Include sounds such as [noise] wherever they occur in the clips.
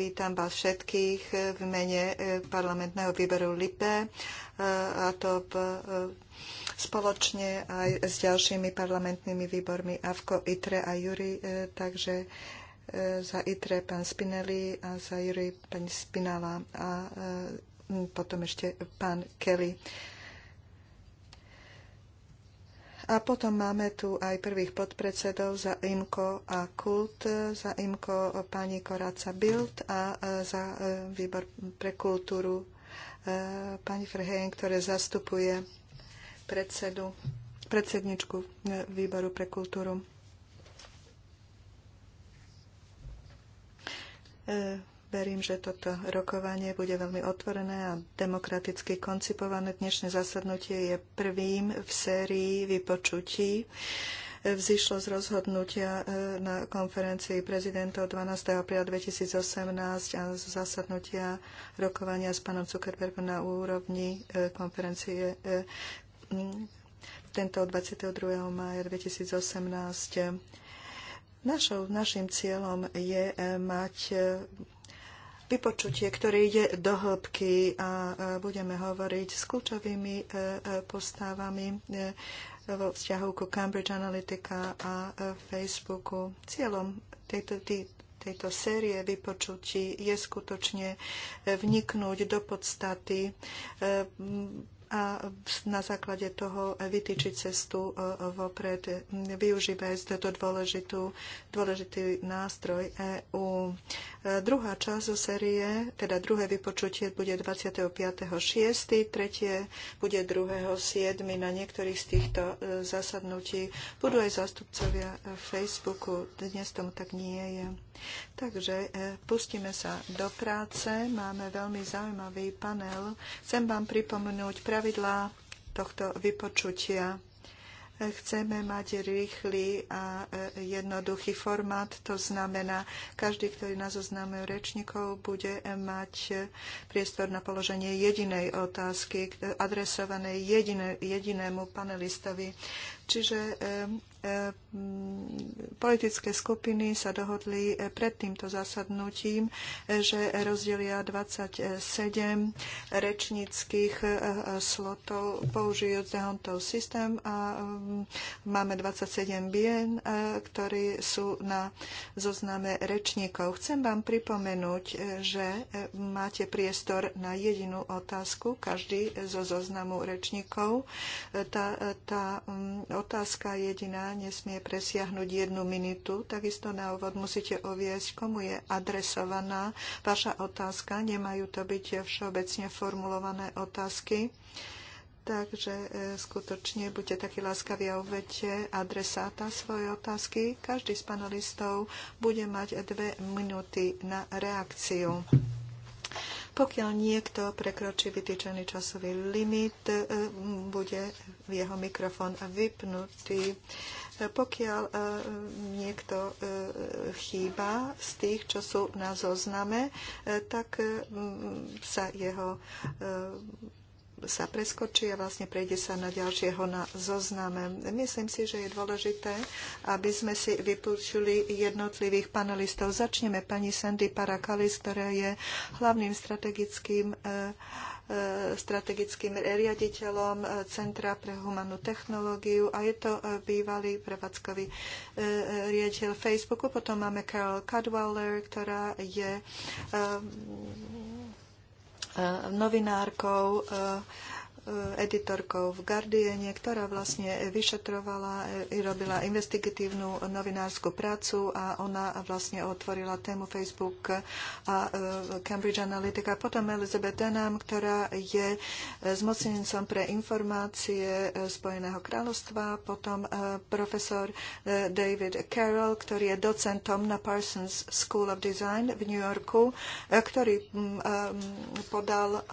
Vítam vás všetkých v mene e, parlamentného výberu LIPE e, a to v, e, spoločne aj s ďalšími parlamentnými výbormi AVKO, ITRE a JURI. Takže za ITRE pán Spinelli a za JURI pani Spinala a potom ešte pán Kelly. A potom máme tu aj prvých podpredsedov za IMKO a KULT, za IMCO pani Koráca Bild a e, za e, výbor pre kultúru e, pani Frhejen, ktoré zastupuje predsedu, predsedničku výboru pre kultúru. Verím, že toto rokovanie bude veľmi otvorené a demokraticky koncipované. Dnešné zasadnutie je prvým v sérii vypočutí. Vzýšlo z rozhodnutia e, na konferencii prezidentov 12. apríla 2018 a z zasadnutia rokovania s pánom Zuckerbergom na úrovni e, konferencie e, tento 22. mája 2018. Našou, našim cieľom je mať vypočutie, ktoré ide do hĺbky a budeme hovoriť s kľúčovými e, e, postávami e, vo vzťahu ku Cambridge Analytica a Facebooku. Cieľom tejto, tejto série vypočutí je skutočne vniknúť do podstaty a na základe toho vytýčiť cestu e, vopred. Využíva tento dôležitý nástroj EÚ. E, druhá časť zo série, teda druhé vypočutie, bude 25.6., tretie bude 2.7. Na niektorých z týchto e, zasadnutí budú aj zástupcovia Facebooku. Dnes tomu tak nie je. Takže pustíme sa do práce. Máme veľmi zaujímavý panel. Chcem vám pripomenúť práve pravidlá tohto vypočutia. Chceme mať rýchly a e, jednoduchý formát, to znamená, každý, ktorý nás oznámil rečníkov, bude mať priestor na položenie jedinej otázky, adresovanej jedine, jedinému panelistovi. Čiže politické skupiny sa dohodli eh, pred týmto zasadnutím, eh, že rozdelia 27 rečníckých eh, slotov, použijúc Dehontov systém a máme 27 bien, ktorí sú na zozname rečníkov. Chcem vám pripomenúť, že máte priestor na jedinú otázku, každý zo zoznamu rečníkov. Tá, tá otázka jediná nesmie presiahnuť jednu minútu. Takisto na úvod musíte oviesť, komu je adresovaná vaša otázka. Nemajú to byť všeobecne formulované otázky. Takže e, skutočne buďte takí láskaví a uvedte adresáta svojej otázky. Každý z panelistov bude mať dve minúty na reakciu. Pokiaľ niekto prekročí vytýčený časový limit, e, bude jeho mikrofón vypnutý. E, pokiaľ e, niekto chýba z tých, čo sú na zozname, tak sa jeho sa preskočí a vlastne prejde sa na ďalšieho na zozname. Myslím si, že je dôležité, aby sme si vypočuli jednotlivých panelistov. Začneme pani Sandy Parakalis, ktorá je hlavným strategickým e, e, strategickým riaditeľom e, Centra pre humanú technológiu a je to bývalý prevádzkový riaditeľ Facebooku. Potom máme Carol Cadwaller, ktorá je novinárkou Eh, editorkou v Guardiane, ktorá vlastne vyšetrovala, i eh, robila investigatívnu novinárskú prácu a ona vlastne otvorila tému Facebook a eh, Cambridge Analytica. Potom Elizabeth Denham, ktorá je zmocnencom pre informácie Spojeného kráľovstva. Potom profesor David Carroll, ktorý je docentom na Parsons School of Design v New Yorku, ktorý mm, mm, podal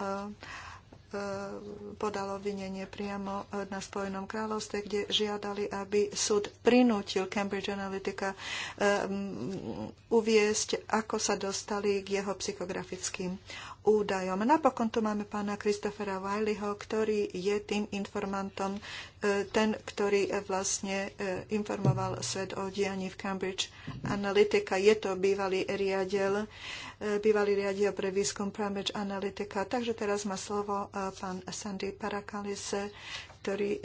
podalo vinenie priamo na Spojenom kráľovstve, kde žiadali, aby súd prinútil Cambridge Analytica um, uviesť, ako sa dostali k jeho psychografickým údajom. Napokon tu máme pána Kristofera Wileyho, ktorý je tým informantom, e, ten, ktorý vlastne e, informoval svet o dianí v Cambridge Analytica. Je to bývalý riadiel, e, bývalý riadiel pre výskum Cambridge Analytica. Takže teraz má slovo pán Sandy Parakalise, ktorý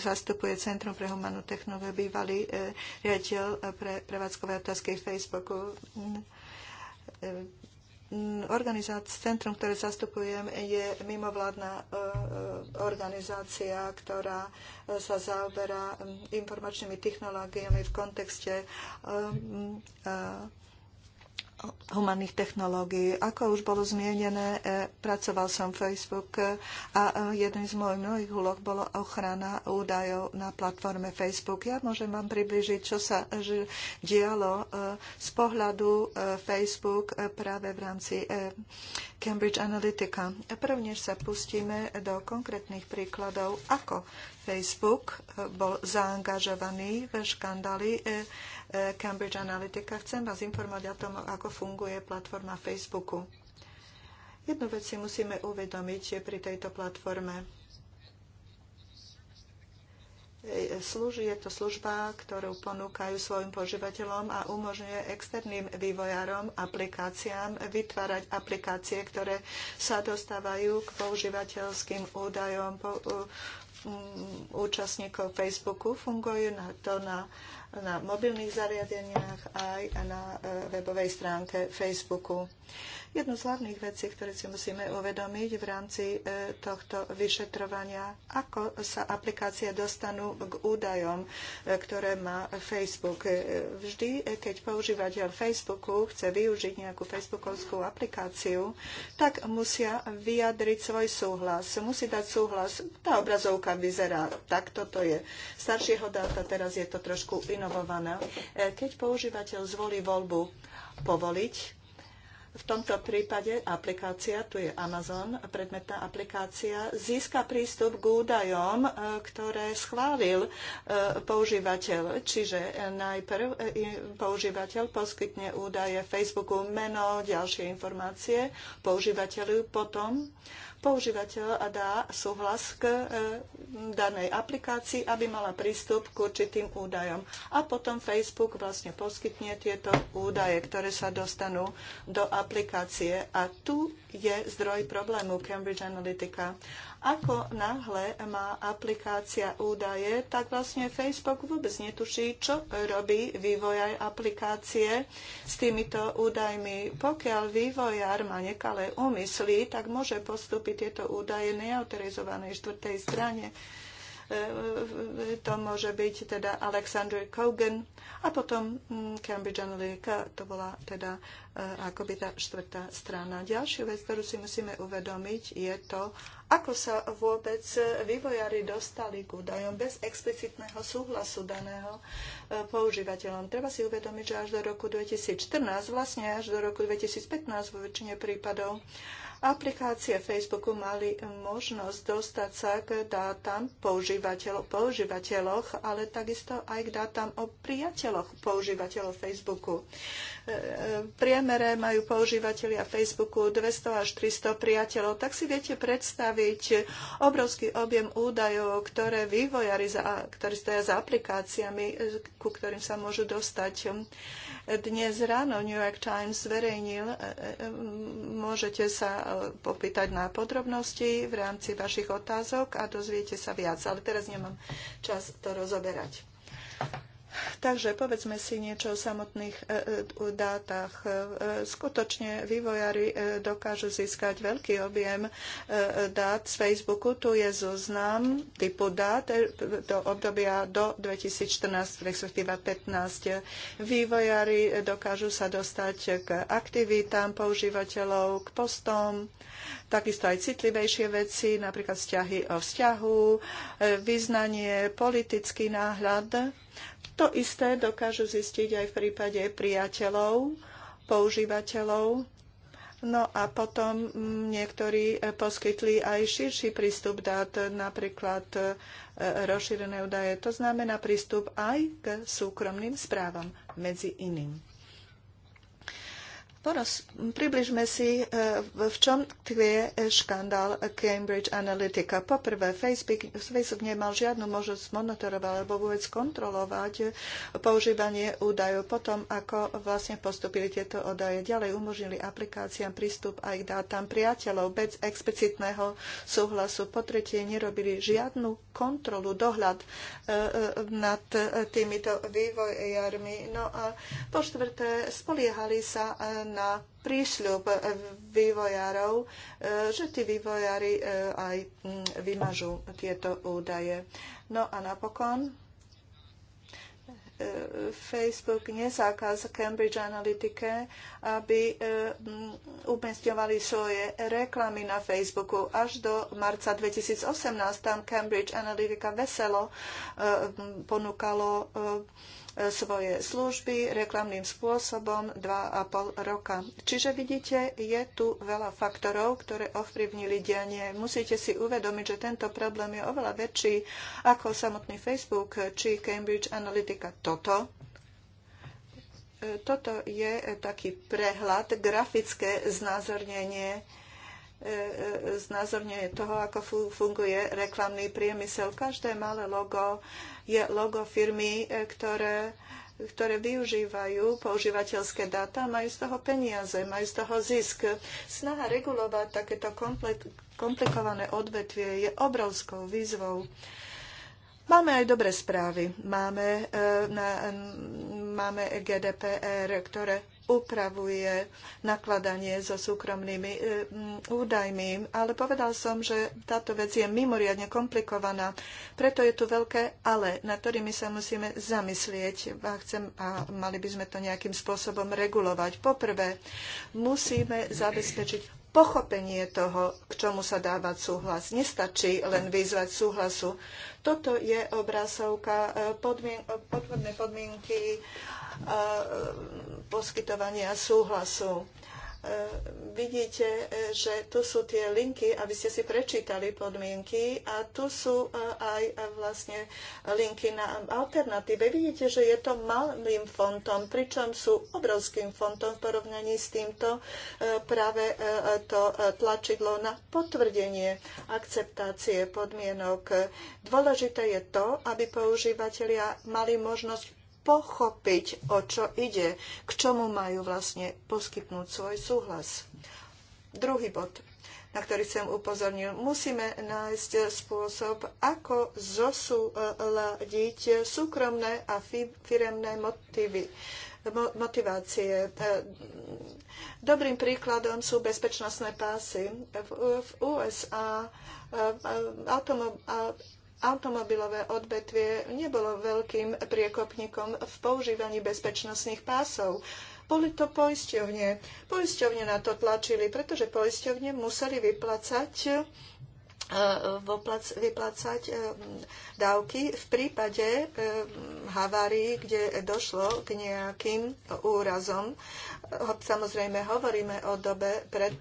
zastupuje Centrum pre humanú technológiu, bývalý riadiel pre prevádzkové otázky Facebooku mm organizácia, centrum, ktoré zastupujem, je mimovládna e, e, organizácia, ktorá e, sa zaoberá informačnými technológiami v kontexte humanných technológií. Ako už bolo zmienené, e, pracoval som Facebook e, a e, jedným z mojich mnohých úloh bolo ochrana údajov na platforme Facebook. Ja môžem vám približiť, čo sa dialo z pohľadu Facebook práve v rámci Cambridge Analytica. Prvnež sa pustíme do konkrétnych príkladov, ako Facebook bol zaangažovaný v škandály Cambridge Analytica, chcem vás informovať o tom, ako funguje platforma Facebooku. Jednu vec si musíme uvedomiť pri tejto platforme. je to služba, ktorú ponúkajú svojim požívateľom a umožňuje externým vývojárom aplikáciám vytvárať aplikácie, ktoré sa dostávajú k používateľským údajom po, mm, účastníkov Facebooku. Funguje na to na na mobilných zariadeniach aj na e, webovej stránke Facebooku. Jednu z hlavných vecí, ktoré si musíme uvedomiť v rámci e, tohto vyšetrovania, ako sa aplikácie dostanú k údajom, e, ktoré má Facebook. E, vždy, keď používateľ Facebooku chce využiť nejakú facebookovskú aplikáciu, tak musia vyjadriť svoj súhlas. Musí dať súhlas. Tá obrazovka vyzerá takto, to je staršieho dáta, teraz je to trošku inovované. Keď používateľ zvolí voľbu povoliť v tomto prípade aplikácia, tu je Amazon, predmetná aplikácia, získa prístup k údajom, e, ktoré schválil e, používateľ. Čiže e, najprv používateľ poskytne údaje Facebooku, meno, ďalšie informácie používateľu, potom používateľ dá súhlas k e, danej aplikácii, aby mala prístup k určitým údajom. A potom Facebook vlastne poskytne tieto údaje, ktoré sa dostanú do aplikácie. A tu je zdroj problému Cambridge Analytica. Ako náhle má aplikácia údaje, tak vlastne Facebook vôbec netuší, čo robí vývojaj aplikácie s týmito údajmi. Pokiaľ vývojár má nekalé úmysly, tak môže postúpiť tieto údaje neautorizovanej štvrtej strane E, e, e, to môže byť teda Alexander Cogan a potom mm, Cambridge Analytica, to bola teda akoby tá štvrtá strana. Ďalšiu vec, ktorú si musíme uvedomiť, je to, ako sa vôbec vývojári dostali k údajom bez explicitného súhlasu daného používateľom. Treba si uvedomiť, že až do roku 2014, vlastne až do roku 2015 vo väčšine prípadov, aplikácie Facebooku mali možnosť dostať sa k dátam používateľov, používateľoch, ale takisto aj k dátam o priateľoch používateľov Facebooku. V priemere majú používateľia Facebooku 200 až 300 priateľov. Tak si viete predstaviť obrovský objem údajov, ktoré vývojári, ktorí stoja za aplikáciami, ku ktorým sa môžu dostať. Dnes ráno New York Times zverejnil, e, e, môžete sa popýtať na podrobnosti v rámci vašich otázok a dozviete sa viac. Ale teraz nemám čas to rozoberať. Takže povedzme si niečo o samotných e, e, dátach. E, skutočne vývojári dokážu získať veľký objem dát z Facebooku. Tu je zoznam typu dát do obdobia do 2014, respektíva 15. Vývojári dokážu sa dostať k aktivitám používateľov, k postom, takisto aj citlivejšie veci, napríklad vzťahy o vzťahu, vyznanie, politický náhľad to isté dokážu zistiť aj v prípade priateľov, používateľov. No a potom niektorí eh, poskytli aj širší prístup dát, napríklad eh, rozšírené údaje. To znamená prístup aj k súkromným správam, medzi iným približme si, e, v čom tkvie škandál Cambridge Analytica. Poprvé, Facebook, Facebook nemal žiadnu možnosť monitorovať alebo vôbec kontrolovať používanie údajov. Potom, ako vlastne postupili tieto údaje, ďalej umožnili aplikáciám prístup aj k dátam priateľov bez explicitného súhlasu. Po tretie, nerobili žiadnu kontrolu, dohľad e, e, nad týmito vývojármi. No a po štvrté, spoliehali sa na prísľub eh, vývojárov, eh, že tí vývojári eh, aj hm, vymažú tieto údaje. No a napokon Facebook nezákaz Cambridge Analytica, aby hm, umiestňovali svoje reklamy na Facebooku. Až do marca 2018 tam Cambridge Analytica veselo hm, ponúkalo E, svoje služby reklamným spôsobom 2,5 roka. Čiže vidíte, je tu veľa faktorov, ktoré ovplyvnili dianie. Musíte si uvedomiť, že tento problém je oveľa väčší ako samotný Facebook či Cambridge Analytica. Toto e, toto je taký prehľad, grafické znázornenie E, e, znázorňuje toho, ako funguje reklamný priemysel. Každé malé logo je logo firmy, e, ktoré ktoré využívajú používateľské dáta, majú z toho peniaze, majú z toho zisk. Snaha regulovať takéto komplikované odvetvie je obrovskou výzvou. Máme aj dobré správy. Máme, e, na, máme GDPR, ktoré upravuje nakladanie so súkromnými e, údajmi. Ale povedal som, že táto vec je mimoriadne komplikovaná. Preto je tu veľké ale, na ktorými sa musíme zamyslieť a, chcem, a mali by sme to nejakým spôsobom regulovať. Poprvé, musíme zabezpečiť pochopenie toho, k čomu sa dávať súhlas. Nestačí len vyzvať súhlasu. Toto je obrazovka e, podmien- podmienky e, e, poskytovania súhlasu. E, vidíte, e, že tu sú tie linky, aby ste si prečítali podmienky a tu sú e, aj vlastne linky na alternatíve. Vidíte, že je to malým fontom, pričom sú obrovským fontom v porovnaní s týmto práve to tlačidlo na potvrdenie akceptácie podmienok. Dôležité je to, aby používateľia mali možnosť pochopiť, o čo ide, k čomu majú vlastne poskytnúť svoj súhlas. Druhý bod, na ktorý som upozornil, musíme nájsť spôsob, ako zosúľadiť súkromné a firemné motivy motivácie. Dobrým príkladom sú bezpečnostné pásy. V USA automobilové odbetvie nebolo veľkým priekopníkom v používaní bezpečnostných pásov. Boli to poisťovne. Poisťovne na to tlačili, pretože poisťovne museli vyplacať vyplácať e, e, dávky v prípade e, havárií, kde došlo k nejakým úrazom samozrejme hovoríme o dobe pred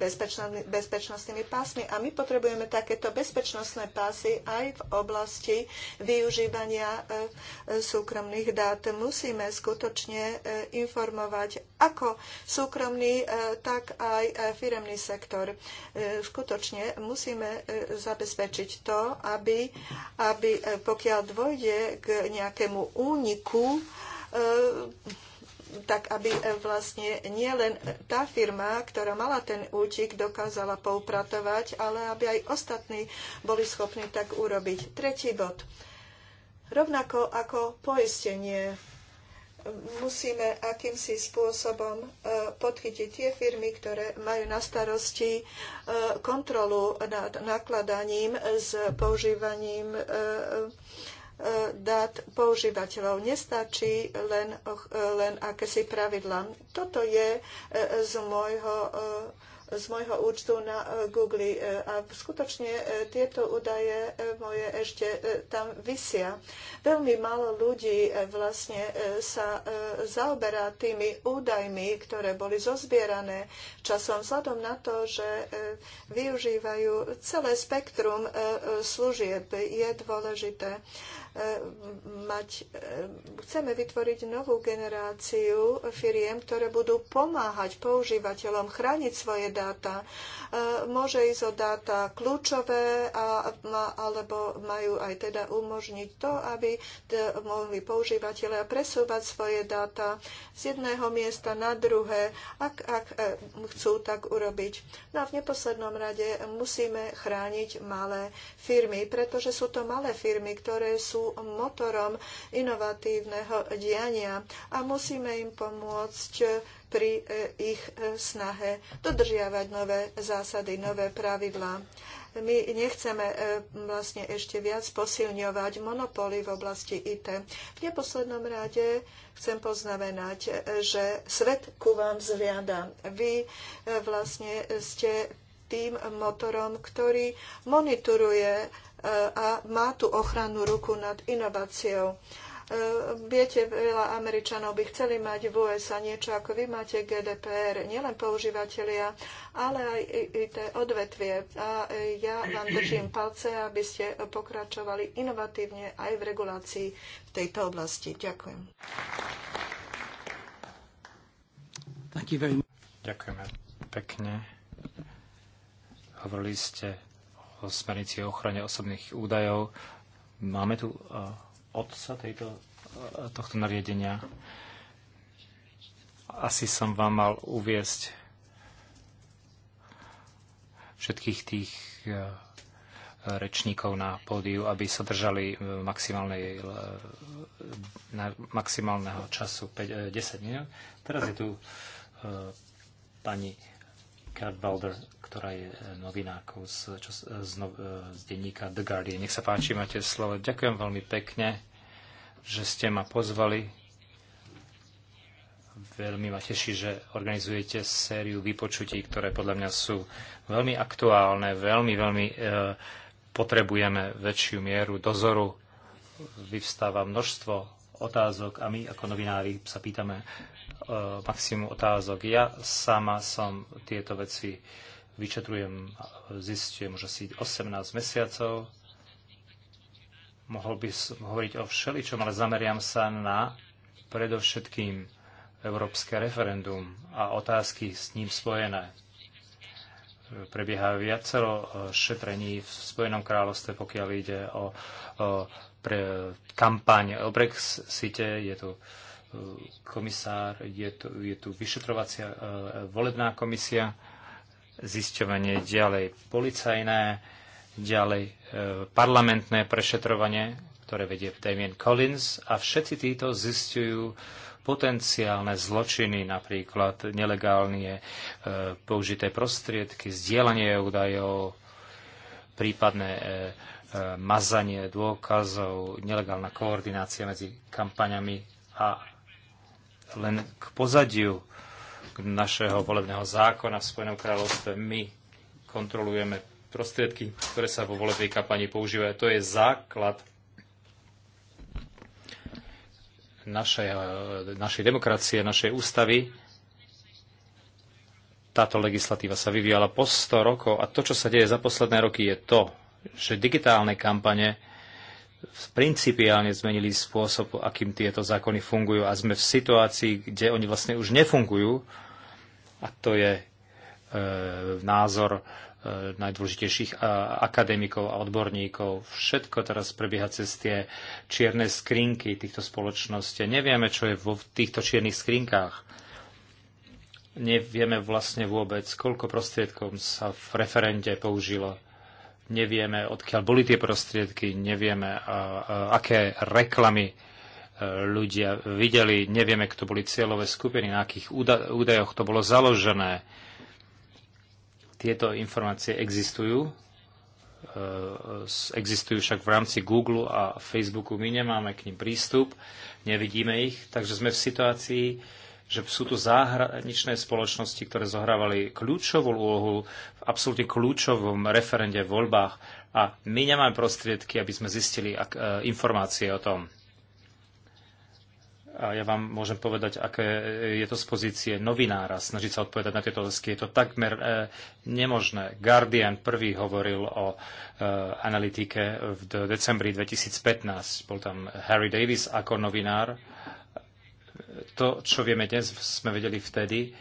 bezpečnostnými pásmi a my potrebujeme takéto bezpečnostné pásy aj v oblasti využívania e, e, súkromných dát. Musíme skutočne e, informovať ako súkromný, tak aj firemný sektor. Skutočne musíme zabezpečiť to, aby, aby pokiaľ dôjde k nejakému úniku, tak aby e, vlastne nie len tá firma, ktorá mala ten útik, dokázala poupratovať, ale aby aj ostatní boli schopní tak urobiť. Tretí bod. Rovnako ako poistenie musíme akýmsi spôsobom e, podchytiť tie firmy, ktoré majú na starosti e, kontrolu nad nakladaním s používaním dát používateľov. Nestačí len, len akési pravidla. Toto je e, z môjho e, z môjho účtu na e, Google a skutočne tieto údaje moje ešte tam vysia. Veľmi málo ľudí vlastne sa zaoberá tými údajmi, ktoré boli zozbierané časom vzhľadom na to, že využívajú celé spektrum služieb. Je dôležité mať, chceme vytvoriť novú generáciu firiem, ktoré budú pomáhať používateľom chrániť svoje dáta. E, môže ísť o dáta kľúčové, alebo majú aj teda umožniť to, aby mohli používateľia presúvať svoje dáta z jedného miesta na druhé, ak, ak e, chcú tak urobiť. No a v neposlednom rade musíme chrániť malé firmy, pretože sú to malé firmy, ktoré sú sú motorom inovatívneho diania a musíme im pomôcť pri e, ich snahe dodržiavať nové zásady, nové pravidlá. My nechceme e, vlastne ešte viac posilňovať monopoly v oblasti IT. V neposlednom rade chcem poznamenať, e, že svet ku vám zliada. Vy vlastne ste tým motorom, ktorý monitoruje a má tu ochrannú ruku nad inováciou. E, viete, veľa Američanov by chceli mať v USA niečo, ako vy máte GDPR, nielen používateľia, ale aj IT odvetvie. A ja vám držím palce, aby ste pokračovali inovatívne aj v regulácii v tejto oblasti. Ďakujem. Ďakujem pekne. Hovorili ste o smernici o ochrane osobných údajov. Máme tu e, odca tejto, e, tohto nariadenia. Asi som vám mal uviesť všetkých tých e, rečníkov na pódiu, aby sa držali maximálneho času 5, 10 minút. Teraz je tu pani Cadbalder, ktorá je eh, novinákou z, čo, eh, z, no, z denníka The Guardian. Nech sa páči, máte slovo. Ďakujem veľmi pekne, že ste ma pozvali. Veľmi ma teší, že organizujete sériu vypočutí, ktoré podľa mňa sú veľmi aktuálne, veľmi, veľmi e, potrebujeme väčšiu mieru dozoru. Vyvstáva množstvo otázok a my ako novinári sa pýtame, E, maximum otázok. Ja sama som tieto veci vyčetrujem, zistujem už asi 18 mesiacov. Mohol by som hovoriť o všeličom, ale zameriam sa na predovšetkým európske referendum a otázky s ním spojené. Prebieha viacero e, šetrení v Spojenom kráľovstve, pokiaľ ide o, o pre, kampaň o Brexite. Je tu komisár, je tu, je tu vyšetrovacia e, volebná komisia, zisťovanie ďalej policajné, ďalej e, parlamentné prešetrovanie, ktoré vedie Damien Collins a všetci títo zistujú potenciálne zločiny, napríklad nelegálne e, použité prostriedky, zdieľanie údajov, prípadné mazanie dôkazov, nelegálna koordinácia medzi kampaňami a len k pozadiu našeho volebného zákona v Spojenom kráľovstve. My kontrolujeme prostriedky, ktoré sa vo volebnej kampani používajú. To je základ našej, našej demokracie, našej ústavy. Táto legislatíva sa vyvíjala po 100 rokov a to, čo sa deje za posledné roky, je to, že digitálne kampane principiálne zmenili spôsob, akým tieto zákony fungujú a sme v situácii, kde oni vlastne už nefungujú a to je e, názor e, najdôležitejších a, akademikov a odborníkov. Všetko teraz prebieha cez tie čierne skrinky týchto spoločností. Nevieme, čo je vo týchto čiernych skrinkách. Nevieme vlastne vôbec, koľko prostriedkom sa v referende použilo nevieme, odkiaľ boli tie prostriedky, nevieme, aké reklamy e, ľudia videli, nevieme, kto boli cieľové skupiny, na akých údajoch to bolo založené. Tieto informácie existujú, e, existujú však v rámci Google a Facebooku. My nemáme k nim prístup, nevidíme ich, takže sme v situácii, že sú tu zahraničné spoločnosti, ktoré zohrávali kľúčovú úlohu v absolútne kľúčovom referende v voľbách a my nemáme prostriedky, aby sme zistili ak, e, informácie o tom. A ja vám môžem povedať, aké je to z pozície novinára snažiť sa odpovedať na tieto otázky. Je to takmer e, nemožné. Guardian prvý hovoril o e, analytike v decembri 2015. Bol tam Harry Davis ako novinár. E, to, čo vieme dnes, sme vedeli vtedy.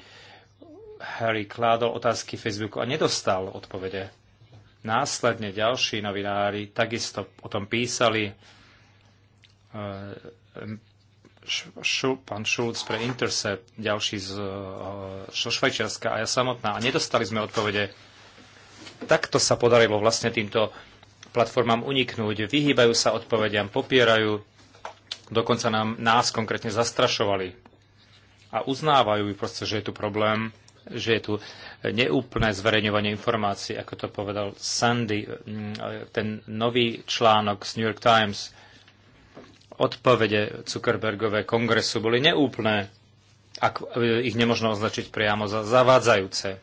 Harry kládol otázky Facebooku a nedostal odpovede. Následne ďalší novinári takisto o tom písali. Eh, pán Schulz pre Intercept, ďalší z eh, Švajčiarska a ja samotná. A nedostali sme odpovede. Takto sa podarilo vlastne týmto platformám uniknúť. Vyhýbajú sa odpovediam, popierajú Dokonca nám, nás konkrétne zastrašovali. A uznávajú proste, že je tu problém, že je tu neúplné zverejňovanie informácií, ako to povedal Sandy, mm, ten nový článok z New York Times. Odpovede Zuckerbergové kongresu boli neúplné, ak e, ich nemožno označiť priamo za zavádzajúce.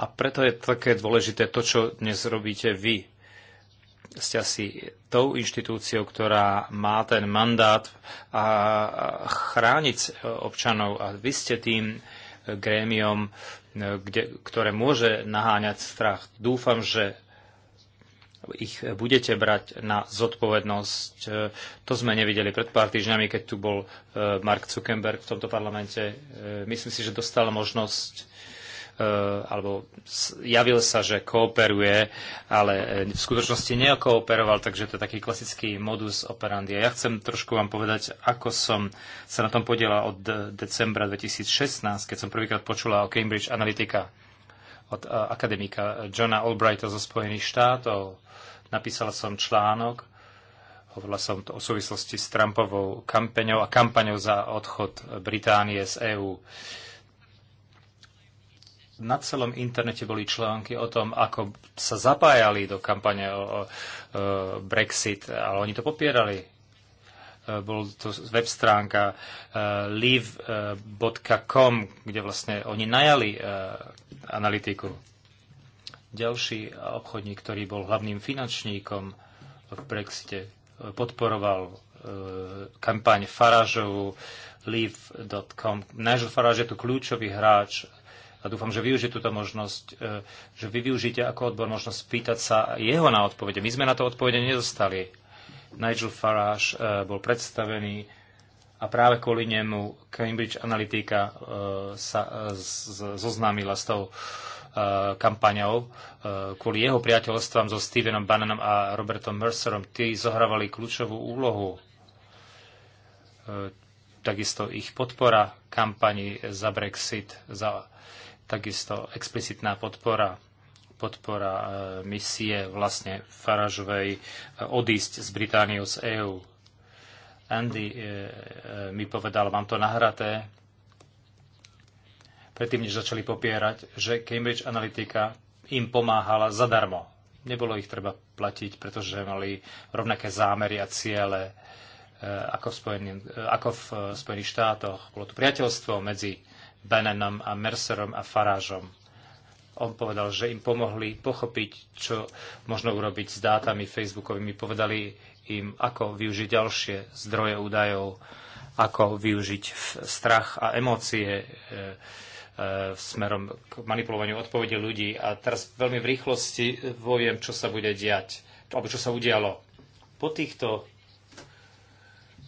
A preto je také dôležité to, čo dnes robíte vy ste asi tou inštitúciou, ktorá má ten mandát a chrániť občanov a vy ste tým grémiom, kde, ktoré môže naháňať strach. Dúfam, že ich budete brať na zodpovednosť. To sme nevideli pred pár týždňami, keď tu bol eh, Mark Zuckerberg v tomto parlamente. Eh, myslím si, že dostal možnosť Eh, alebo javil sa, že kooperuje, ale eh, v skutočnosti neokooperoval, takže to je taký klasický modus operandi. A ja chcem trošku vám povedať, ako som sa na tom podielal od decembra 2016, keď som prvýkrát počula o Cambridge Analytica od eh, akademika Johna Albrighta zo Spojených štátov. Napísala som článok, hovorila som to o súvislosti s Trumpovou kampaňou a kampaňou za odchod Británie z EÚ. Uh, na celom internete boli články o tom, ako sa zapájali do kampane o, o e, Brexit, ale oni to popierali. E, bol to web stránka e, live.com, kde vlastne oni najali analytiku. Ďalší obchodník, ktorý bol hlavným finančníkom v Brexite, podporoval kampaň Faražovu, leave.com. Nigel Farage je tu kľúčový hráč a dúfam, že využije túto možnosť, e, že vy využite ako odbor možnosť spýtať sa jeho na odpovede. My sme na to odpovede nedostali. Nigel Farage e, bol predstavený a práve kvôli nemu Cambridge Analytica e, sa zoznámila s tou kampaňou. Kvôli jeho priateľstvám so Stevenom Bannonom a Robertom Mercerom tí zohrávali kľúčovú úlohu takisto ich podpora kampani za Brexit, za takisto explicitná podpora podpora e, misie vlastne Faražovej e, odísť z Britániu z EÚ. Andy e, mi povedal, mám to nahraté, predtým, než začali popierať, že Cambridge Analytica im pomáhala zadarmo. Nebolo ich treba platiť, pretože mali rovnaké zámery a ciele ako v, Spojených, ako v Spojených štátoch. Bolo to priateľstvo medzi Bannanom a Mercerom a Farážom. On povedal, že im pomohli pochopiť, čo možno urobiť s dátami facebookovými. Povedali im, ako využiť ďalšie zdroje údajov, ako využiť strach a emócie e, e, smerom k manipulovaniu odpovedí ľudí. A teraz veľmi v rýchlosti poviem, čo sa bude diať, alebo čo sa udialo. Po týchto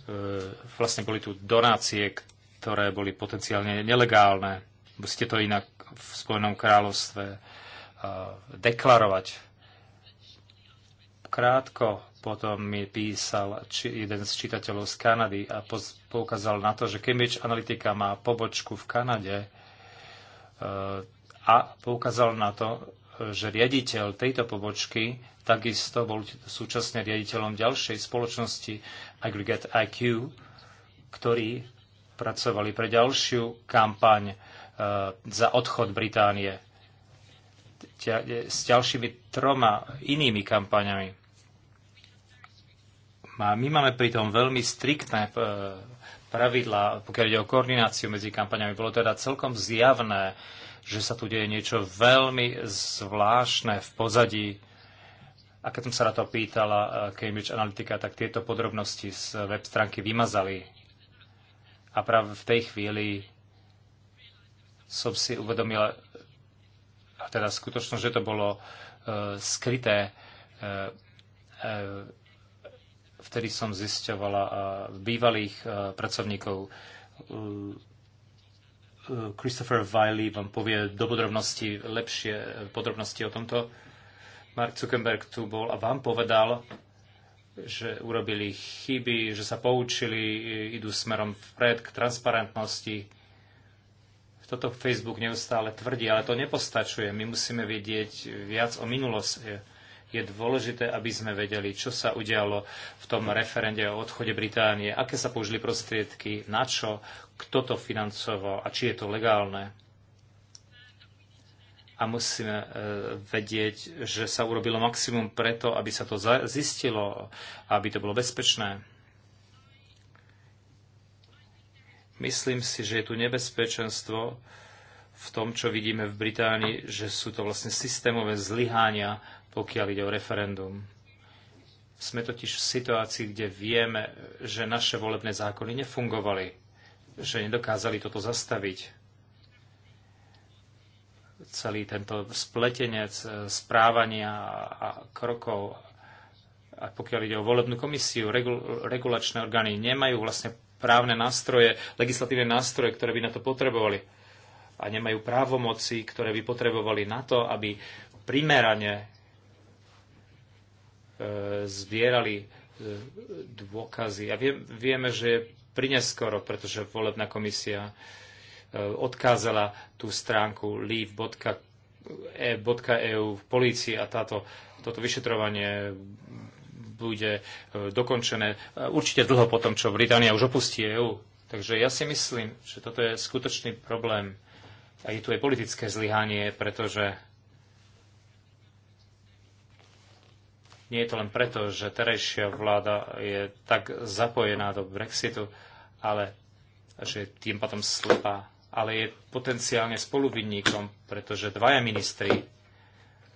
e, vlastne boli tu donácie, ktoré boli potenciálne nelegálne. Musíte to inak v Spojenom kráľovstve eh, deklarovať. Krátko potom mi písal či, jeden z čitateľov z Kanady a poz, poukázal na to, že Cambridge Analytica má pobočku v Kanade eh, a poukázal na to, že riaditeľ tejto pobočky takisto bol súčasne riaditeľom ďalšej spoločnosti Aggregate IQ, ktorý pracovali pre ďalšiu kampaň e, za odchod Británie e, s ďalšími troma inými kampaňami. My máme pritom veľmi striktné e, pravidlá, pokiaľ ide o koordináciu medzi kampaňami. Bolo teda celkom zjavné, že sa tu deje niečo veľmi zvláštne v pozadí. A keď som sa na to pýtala Cambridge Analytica, tak tieto podrobnosti z web stránky vymazali a práve v tej chvíli som si uvedomil, a teda skutočnosť, že to bolo uh, skryté, uh, uh, vtedy som zisťovala uh, bývalých uh, pracovníkov. Uh, Christopher Wiley vám povie do podrobnosti, lepšie podrobnosti o tomto. Mark Zuckerberg tu bol a vám povedal, že urobili chyby, že sa poučili, idú smerom vpred k transparentnosti. Toto Facebook neustále tvrdí, ale to nepostačuje. My musíme vedieť viac o minulosti. Je dôležité, aby sme vedeli, čo sa udialo v tom referende o odchode Británie, aké sa použili prostriedky, na čo, kto to financoval a či je to legálne a musíme e, vedieť, že sa urobilo maximum preto, aby sa to zistilo, aby to bolo bezpečné. Myslím si, že je tu nebezpečenstvo v tom, čo vidíme v Británii, že sú to vlastne systémové zlyhania, pokiaľ ide o referendum. Sme totiž v situácii, kde vieme, že naše volebné zákony nefungovali, že nedokázali toto zastaviť celý tento spletenec e, správania a krokov. A pokiaľ ide o volebnú komisiu, regulačné orgány nemajú vlastne právne nástroje, legislatívne nástroje, ktoré by na to potrebovali. A nemajú právomoci, ktoré by potrebovali na to, aby primerane e, zbierali e, dôkazy. A vieme, že je prineskoro, pretože volebná komisia Eh, odkázala tú stránku leave.eu e, e v polícii a táto, toto vyšetrovanie bude eh, dokončené eh, určite dlho potom, čo Británia už opustí EÚ. Takže ja si myslím, že toto je skutočný problém a je tu aj politické zlyhanie, pretože nie je to len preto, že terajšia vláda je tak zapojená do Brexitu, ale že je tým potom slepá ale je potenciálne spoluvinníkom, pretože dvaja ministri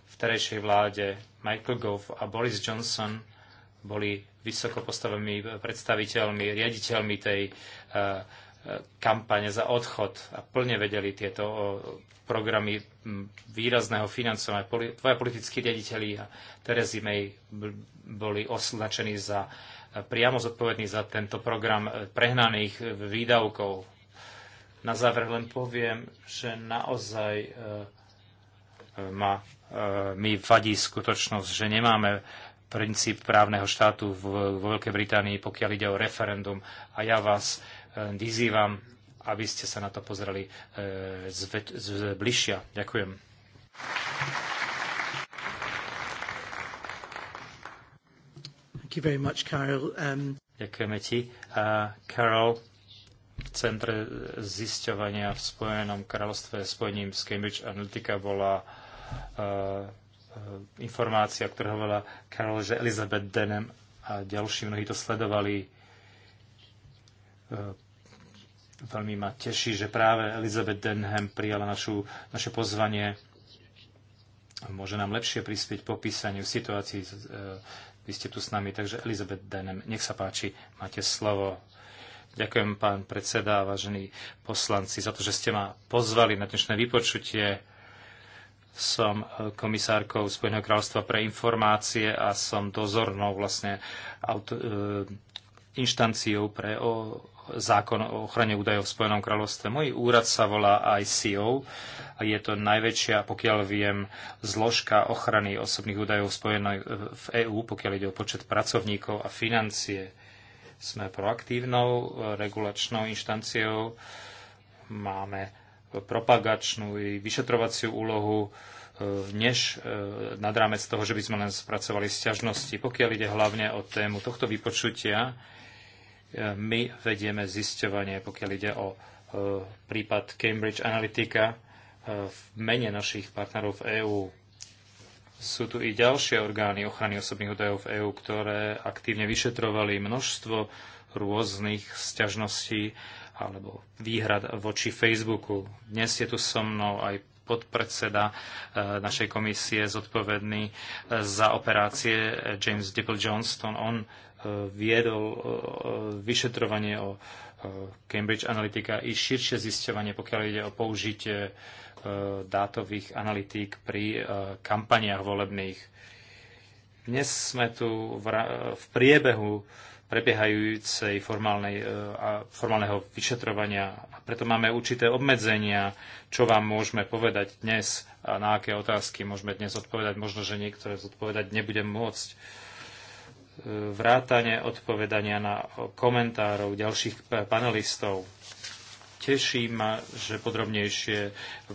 v terejšej vláde, Michael Gove a Boris Johnson, boli vysoko postavenými predstaviteľmi, riaditeľmi tej eh, eh, kampane za odchod a plne vedeli tieto eh, programy hm, výrazného financovania. Dvaja politickí riaditeľi a Terezy May boli označení za priamo zodpovední za tento program prehnaných výdavkov na záver len poviem, že naozaj e, e, ma, e, mi vadí skutočnosť, že nemáme princíp právneho štátu vo Veľkej Británii, pokiaľ ide o referendum. A ja vás vyzývam, aby ste sa na to pozreli bližšia. Ďakujem. Thank you very much, Carol. Um... Ďakujeme ti. Uh, Carol, v centre zisťovania v Spojenom kráľovstve spojením s Cambridge Analytica bola uh, informácia, ktorá hovorila že Elizabeth Denem a ďalší mnohí to sledovali. E, veľmi ma teší, že práve Elizabeth Denham prijala našu, naše pozvanie. Môže nám lepšie prispieť popísaniu situácií. vy ste tu s nami, takže Elizabeth Denham, nech sa páči, máte slovo. Ďakujem, pán predseda, vážení poslanci, za to, že ste ma pozvali na dnešné vypočutie. Som e, komisárkou Spojeného kráľovstva pre informácie a som dozornou vlastne auto, e, inštanciou pre o, zákon o ochrane údajov v Spojenom kráľovstve. Môj úrad sa volá ICO a je to najväčšia, pokiaľ viem, zložka ochrany osobných údajov v, v EÚ, pokiaľ ide o počet pracovníkov a financie sme proaktívnou e, regulačnou inštanciou, máme propagačnú i vyšetrovaciu úlohu, e, než e, nad rámec toho, že by sme len spracovali sťažnosti. Pokiaľ ide hlavne o tému tohto vypočutia, my vedieme zisťovanie, pokiaľ ide o prípad Cambridge Analytica v mene našich partnerov v EÚ. Sú tu i ďalšie orgány ochrany osobných údajov v EÚ, ktoré aktívne vyšetrovali množstvo rôznych sťažností alebo výhrad voči Facebooku. Dnes je tu so mnou aj podpredseda e, našej komisie zodpovedný e, za operácie James Dipple Johnston. On viedol e, e, vyšetrovanie o e, Cambridge Analytica i širšie zisťovanie, pokiaľ ide o použitie dátových analytík pri kampaniách volebných. Dnes sme tu v priebehu prebiehajúcej formálnej, formálneho vyšetrovania a preto máme určité obmedzenia, čo vám môžeme povedať dnes a na aké otázky môžeme dnes odpovedať. Možno, že niektoré zodpovedať nebudem môcť vrátane odpovedania na komentárov ďalších panelistov. Teší ma, že podrobnejšie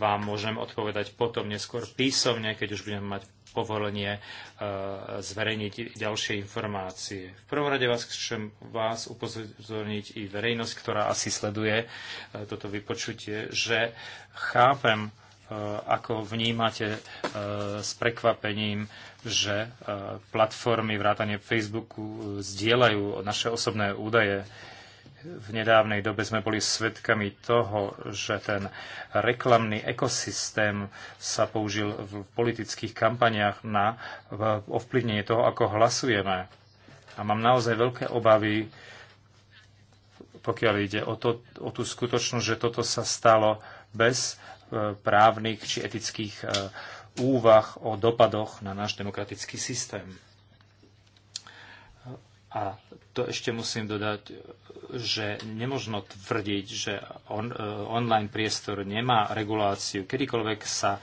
vám môžem odpovedať potom neskôr písomne, keď už budem mať povolenie e, zverejniť ďalšie informácie. V prvom rade vás chcem vás upozorniť i verejnosť, ktorá asi sleduje e, toto vypočutie, že chápem ako vnímate e, s prekvapením, že e, platformy vrátane Facebooku e, zdieľajú naše osobné údaje. V nedávnej dobe sme boli svedkami toho, že ten reklamný ekosystém sa použil v politických kampaniách na ovplyvnenie toho, ako hlasujeme. A mám naozaj veľké obavy, pokiaľ ide o, to, o tú skutočnosť, že toto sa stalo bez právnych či etických e, úvah o dopadoch na náš demokratický systém. A to ešte musím dodať, že nemožno tvrdiť, že on, e, online priestor nemá reguláciu. Kedykoľvek sa e,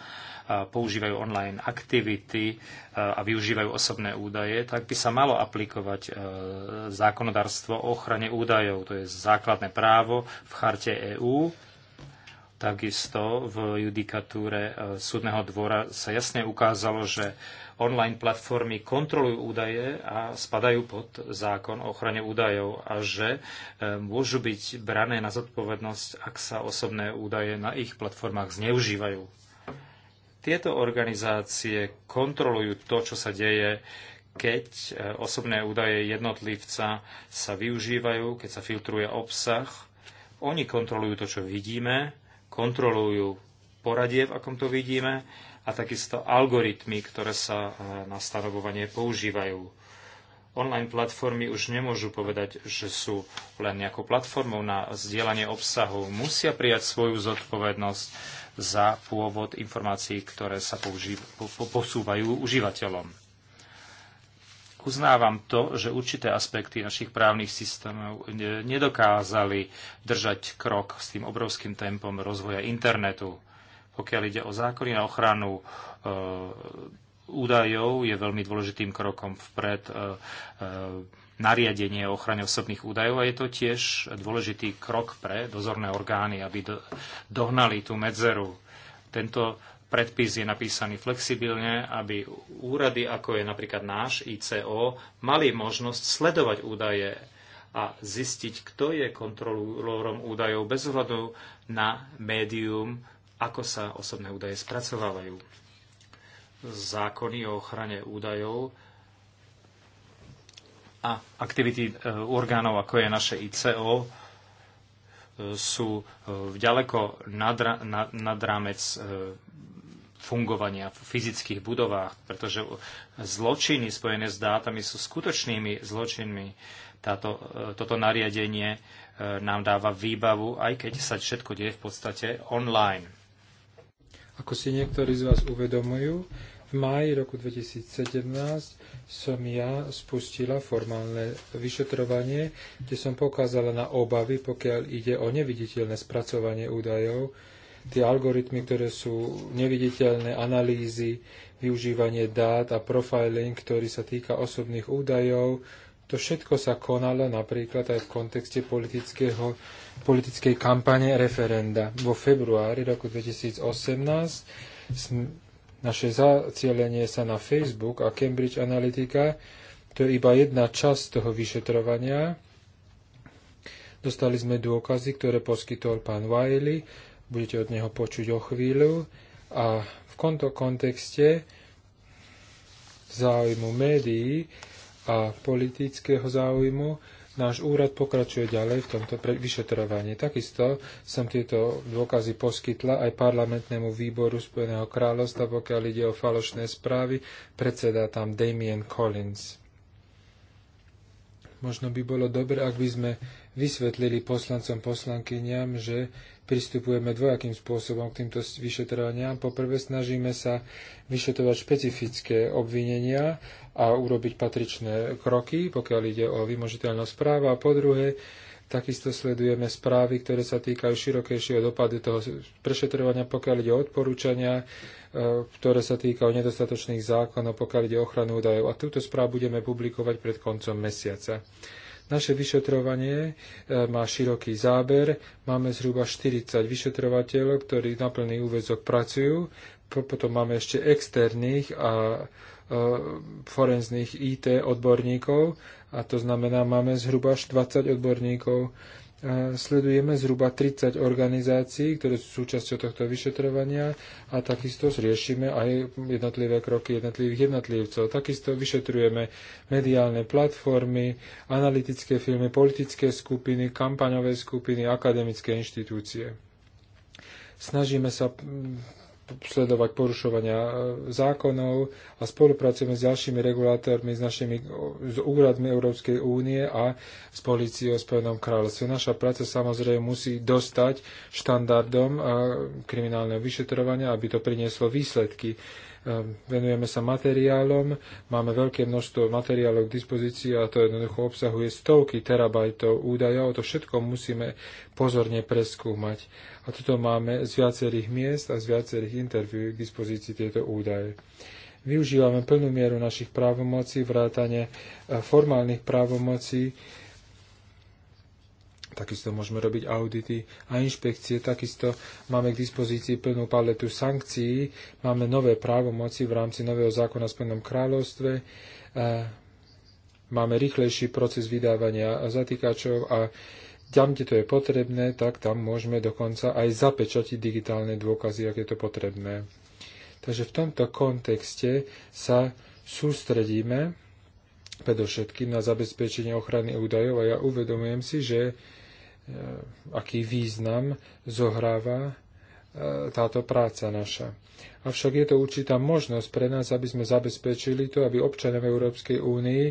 používajú online aktivity a využívajú osobné údaje, tak by sa malo aplikovať zákonodárstvo o ochrane údajov. To je základné právo v charte EÚ Takisto v judikatúre e, súdneho dvora sa jasne ukázalo, že online platformy kontrolujú údaje a spadajú pod zákon o ochrane údajov a že e, môžu byť brané na zodpovednosť, ak sa osobné údaje na ich platformách zneužívajú. Tieto organizácie kontrolujú to, čo sa deje, keď e, osobné údaje jednotlivca sa využívajú, keď sa filtruje obsah. Oni kontrolujú to, čo vidíme, kontrolujú poradie, v akom to vidíme, a takisto algoritmy, ktoré sa e, na stanovovanie používajú. Online platformy už nemôžu povedať, že sú len nejakou platformou na zdieľanie obsahu. Musia prijať svoju zodpovednosť za pôvod informácií, ktoré sa po- posúvajú užívateľom uznávam to, že určité aspekty našich právnych systémov nedokázali držať krok s tým obrovským tempom rozvoja internetu. Pokiaľ ide o zákony na ochranu e, údajov, je veľmi dôležitým krokom vpred e, e, nariadenie o ochrane osobných údajov a je to tiež dôležitý krok pre dozorné orgány, aby do, dohnali tú medzeru. Tento Predpis je napísaný flexibilne, aby úrady, ako je napríklad náš ICO, mali možnosť sledovať údaje a zistiť, kto je kontrolórom údajov bez ohľadu na médium, ako sa osobné údaje spracovávajú. Zákony o ochrane údajov a aktivity e, orgánov, ako je naše ICO, e, sú e, ďaleko nad, nad, nad rámec fungovania v fyzických budovách, pretože zločiny spojené s dátami sú skutočnými zločinmi. Táto, e, toto nariadenie e, nám dáva výbavu, aj keď sa všetko deje v podstate online. Ako si niektorí z vás uvedomujú, v máji roku 2017 som ja spustila formálne vyšetrovanie, kde som pokázala na obavy, pokiaľ ide o neviditeľné spracovanie údajov, tie algoritmy, ktoré sú neviditeľné, analýzy, využívanie dát a profiling, ktorý sa týka osobných údajov, to všetko sa konalo napríklad aj v kontexte politickej kampane referenda. Vo februári roku 2018 naše zacielenie sa na Facebook a Cambridge Analytica, to je iba jedna časť toho vyšetrovania. Dostali sme dôkazy, ktoré poskytol pán Wiley budete od neho počuť o chvíľu. A v tomto kontexte záujmu médií a politického záujmu náš úrad pokračuje ďalej v tomto vyšetrovaní. Takisto som tieto dôkazy poskytla aj parlamentnému výboru Spojeného kráľovstva, pokiaľ ide o falošné správy, predseda tam Damien Collins. Možno by bolo dobre, ak by sme vysvetlili poslancom poslankyňam, že pristupujeme dvojakým spôsobom k týmto vyšetrovaniam. Poprvé snažíme sa vyšetrovať špecifické obvinenia a urobiť patričné kroky, pokiaľ ide o vymožiteľnosť práva. A po druhé, Takisto sledujeme správy, ktoré sa týkajú širokejšieho dopadu toho prešetrovania, pokiaľ ide o odporúčania, e, ktoré sa týkajú nedostatočných zákonov, pokiaľ ide o ochranu údajov. A túto správu budeme publikovať pred koncom mesiaca. Naše vyšetrovanie e, má široký záber. Máme zhruba 40 vyšetrovateľov, ktorí na plný úvezok pracujú. Potom máme ešte externých a e, forenzných IT odborníkov a to znamená, máme zhruba 20 odborníkov. Sledujeme zhruba 30 organizácií, ktoré sú súčasťou tohto vyšetrovania a takisto riešime aj jednotlivé kroky jednotlivých jednotlivcov. Takisto vyšetrujeme mediálne platformy, analytické filmy, politické skupiny, kampaňové skupiny, akademické inštitúcie snažíme sa sledovať porušovania e, zákonov a spolupracujeme s ďalšími regulátormi, s našimi e, s úradmi Európskej únie a s políciou Spojenom kráľovstve. Naša práca samozrejme musí dostať štandardom e, kriminálneho vyšetrovania, aby to prinieslo výsledky. Venujeme sa materiálom, máme veľké množstvo materiálov k dispozícii a to jednoducho obsahuje stovky terabajtov údajov. To všetko musíme pozorne preskúmať a toto máme z viacerých miest a z viacerých interviú k dispozícii tieto údaje. Využívame plnú mieru našich právomocí, vrátane e, formálnych právomocí, takisto môžeme robiť audity a inšpekcie, takisto máme k dispozícii plnú paletu sankcií, máme nové právomoci v rámci nového zákona v Spojenom kráľovstve, e, máme rýchlejší proces vydávania zatýkačov a tam, kde to je potrebné, tak tam môžeme dokonca aj zapečatiť digitálne dôkazy, ak je to potrebné. Takže v tomto kontexte sa sústredíme predovšetkým na zabezpečenie ochrany údajov a ja uvedomujem si, že e, aký význam zohráva e, táto práca naša. Avšak je to určitá možnosť pre nás, aby sme zabezpečili to, aby občanom Európskej únii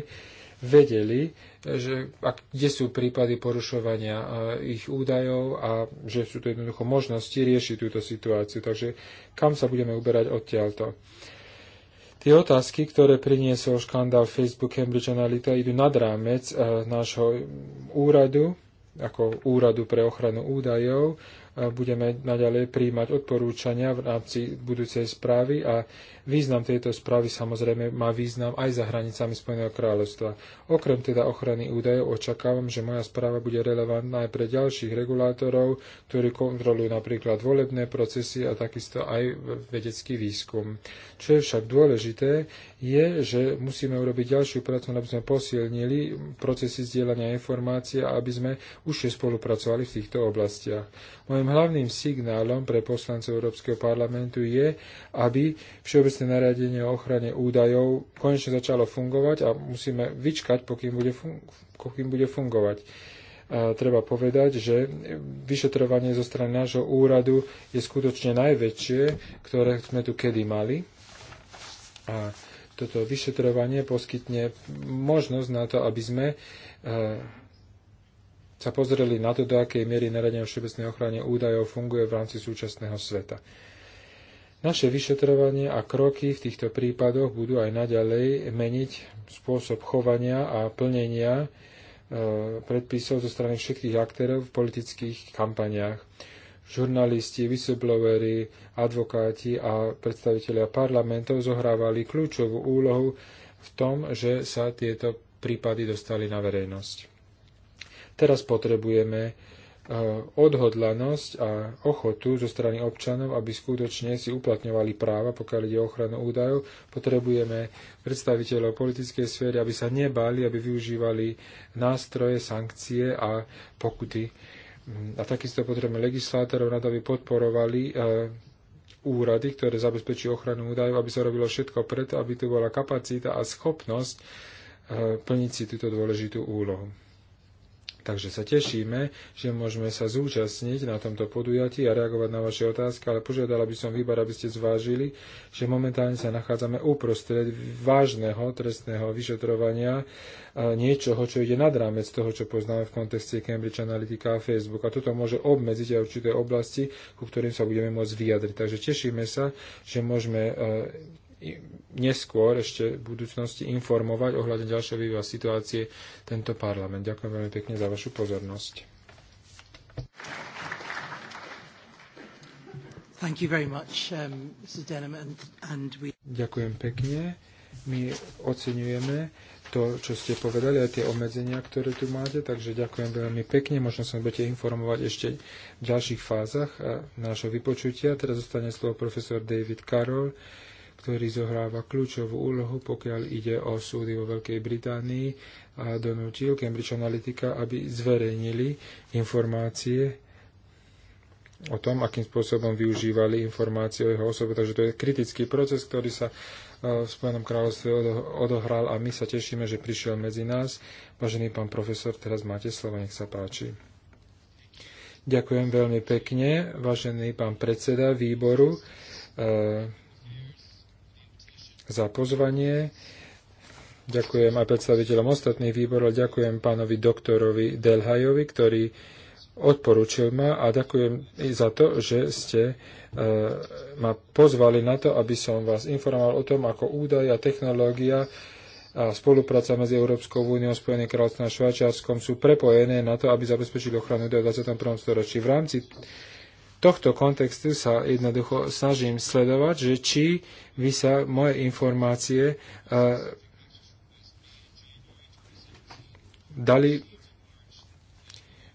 vedeli, že ak, kde sú prípady porušovania e, ich údajov a že sú to jednoducho možnosti riešiť túto situáciu. Takže kam sa budeme uberať odtiaľto? Tie otázky, ktoré priniesol škandál Facebook Cambridge Analytica, idú nad rámec e, nášho úradu, ako úradu pre ochranu údajov. E, budeme naďalej príjmať odporúčania v rámci budúcej správy a Význam tejto správy samozrejme má význam aj za hranicami Spojeného kráľovstva. Okrem teda ochrany údajov očakávam, že moja správa bude relevantná aj pre ďalších regulátorov, ktorí kontrolujú napríklad volebné procesy a takisto aj vedecký výskum. Čo je však dôležité, je, že musíme urobiť ďalšiu prácu, aby sme posilnili procesy zdieľania informácií a aby sme užšie spolupracovali v týchto oblastiach. Mojím hlavným signálom pre poslancov Európskeho parlamentu je, aby všeobecne všeobecné nariadenie o ochrane údajov konečne začalo fungovať a musíme vyčkať, pokým bude, fun- pokým bude fungovať. A treba povedať, že vyšetrovanie zo strany nášho úradu je skutočne najväčšie, ktoré sme tu kedy mali. A toto vyšetrovanie poskytne možnosť na to, aby sme e, sa pozreli na to, do akej miery naradenie o všeobecnej ochrane údajov funguje v rámci súčasného sveta. Naše vyšetrovanie a kroky v týchto prípadoch budú aj naďalej meniť spôsob chovania a plnenia e, predpisov zo strany všetkých aktérov v politických kampaniách. Žurnalisti, whistleblowery, advokáti a predstavitelia parlamentov zohrávali kľúčovú úlohu v tom, že sa tieto prípady dostali na verejnosť. Teraz potrebujeme E, odhodlanosť a ochotu zo strany občanov, aby skutočne si uplatňovali práva, pokiaľ ide o ochranu údajov. Potrebujeme predstaviteľov politickej sféry, aby sa nebali, aby využívali nástroje, sankcie a pokuty. Mm, a takisto potrebujeme legislátorov na to, aby podporovali e, úrady, ktoré zabezpečujú ochranu údajov, aby sa robilo všetko preto, aby tu bola kapacita a schopnosť e, plniť si túto dôležitú úlohu. Takže sa tešíme, že môžeme sa zúčastniť na tomto podujatí a reagovať na vaše otázky, ale požiadala by som výbor, aby ste zvážili, že momentálne sa nachádzame uprostred vážneho trestného vyšetrovania niečoho, čo ide nad rámec toho, čo poznáme v kontexte Cambridge Analytica a Facebook. A toto môže obmedziť aj určité oblasti, ku ktorým sa budeme môcť vyjadriť. Takže tešíme sa, že môžeme e, neskôr ešte v budúcnosti informovať ohľadne ďalšieho vývoja situácie tento parlament. Ďakujem veľmi pekne za vašu pozornosť. Thank you very much, um, Mr. Denham, and, and we... Ďakujem pekne. My oceňujeme to, čo ste povedali, aj tie obmedzenia, ktoré tu máte, takže ďakujem veľmi pekne. Možno sa budete informovať ešte v ďalších fázach nášho vypočutia. Teraz zostane slovo profesor David Carroll, ktorý zohráva kľúčovú úlohu, pokiaľ ide o súdy vo Veľkej Británii a donútil Cambridge Analytica, aby zverejnili informácie o tom, akým spôsobom využívali informácie o jeho osobe. Takže to je kritický proces, ktorý sa e, v Spojenom kráľovstve odohral a my sa tešíme, že prišiel medzi nás. Vážený pán profesor, teraz máte slovo, nech sa páči. Ďakujem veľmi pekne, vážený pán predseda výboru. E, za pozvanie. Ďakujem aj predstaviteľom ostatných výborov, ďakujem pánovi doktorovi Delhajovi, ktorý odporučil ma a ďakujem i za to, že ste e, ma pozvali na to, aby som vás informoval o tom, ako údaj a technológia a spolupráca medzi Európskou úniou, Spojeným kráľovstvom a Švajčiarskom sú prepojené na to, aby zabezpečili ochranu údajov v 21. storočí. V rámci tohto kontextu sa jednoducho snažím sledovať, že či by sa moje informácie uh, dali,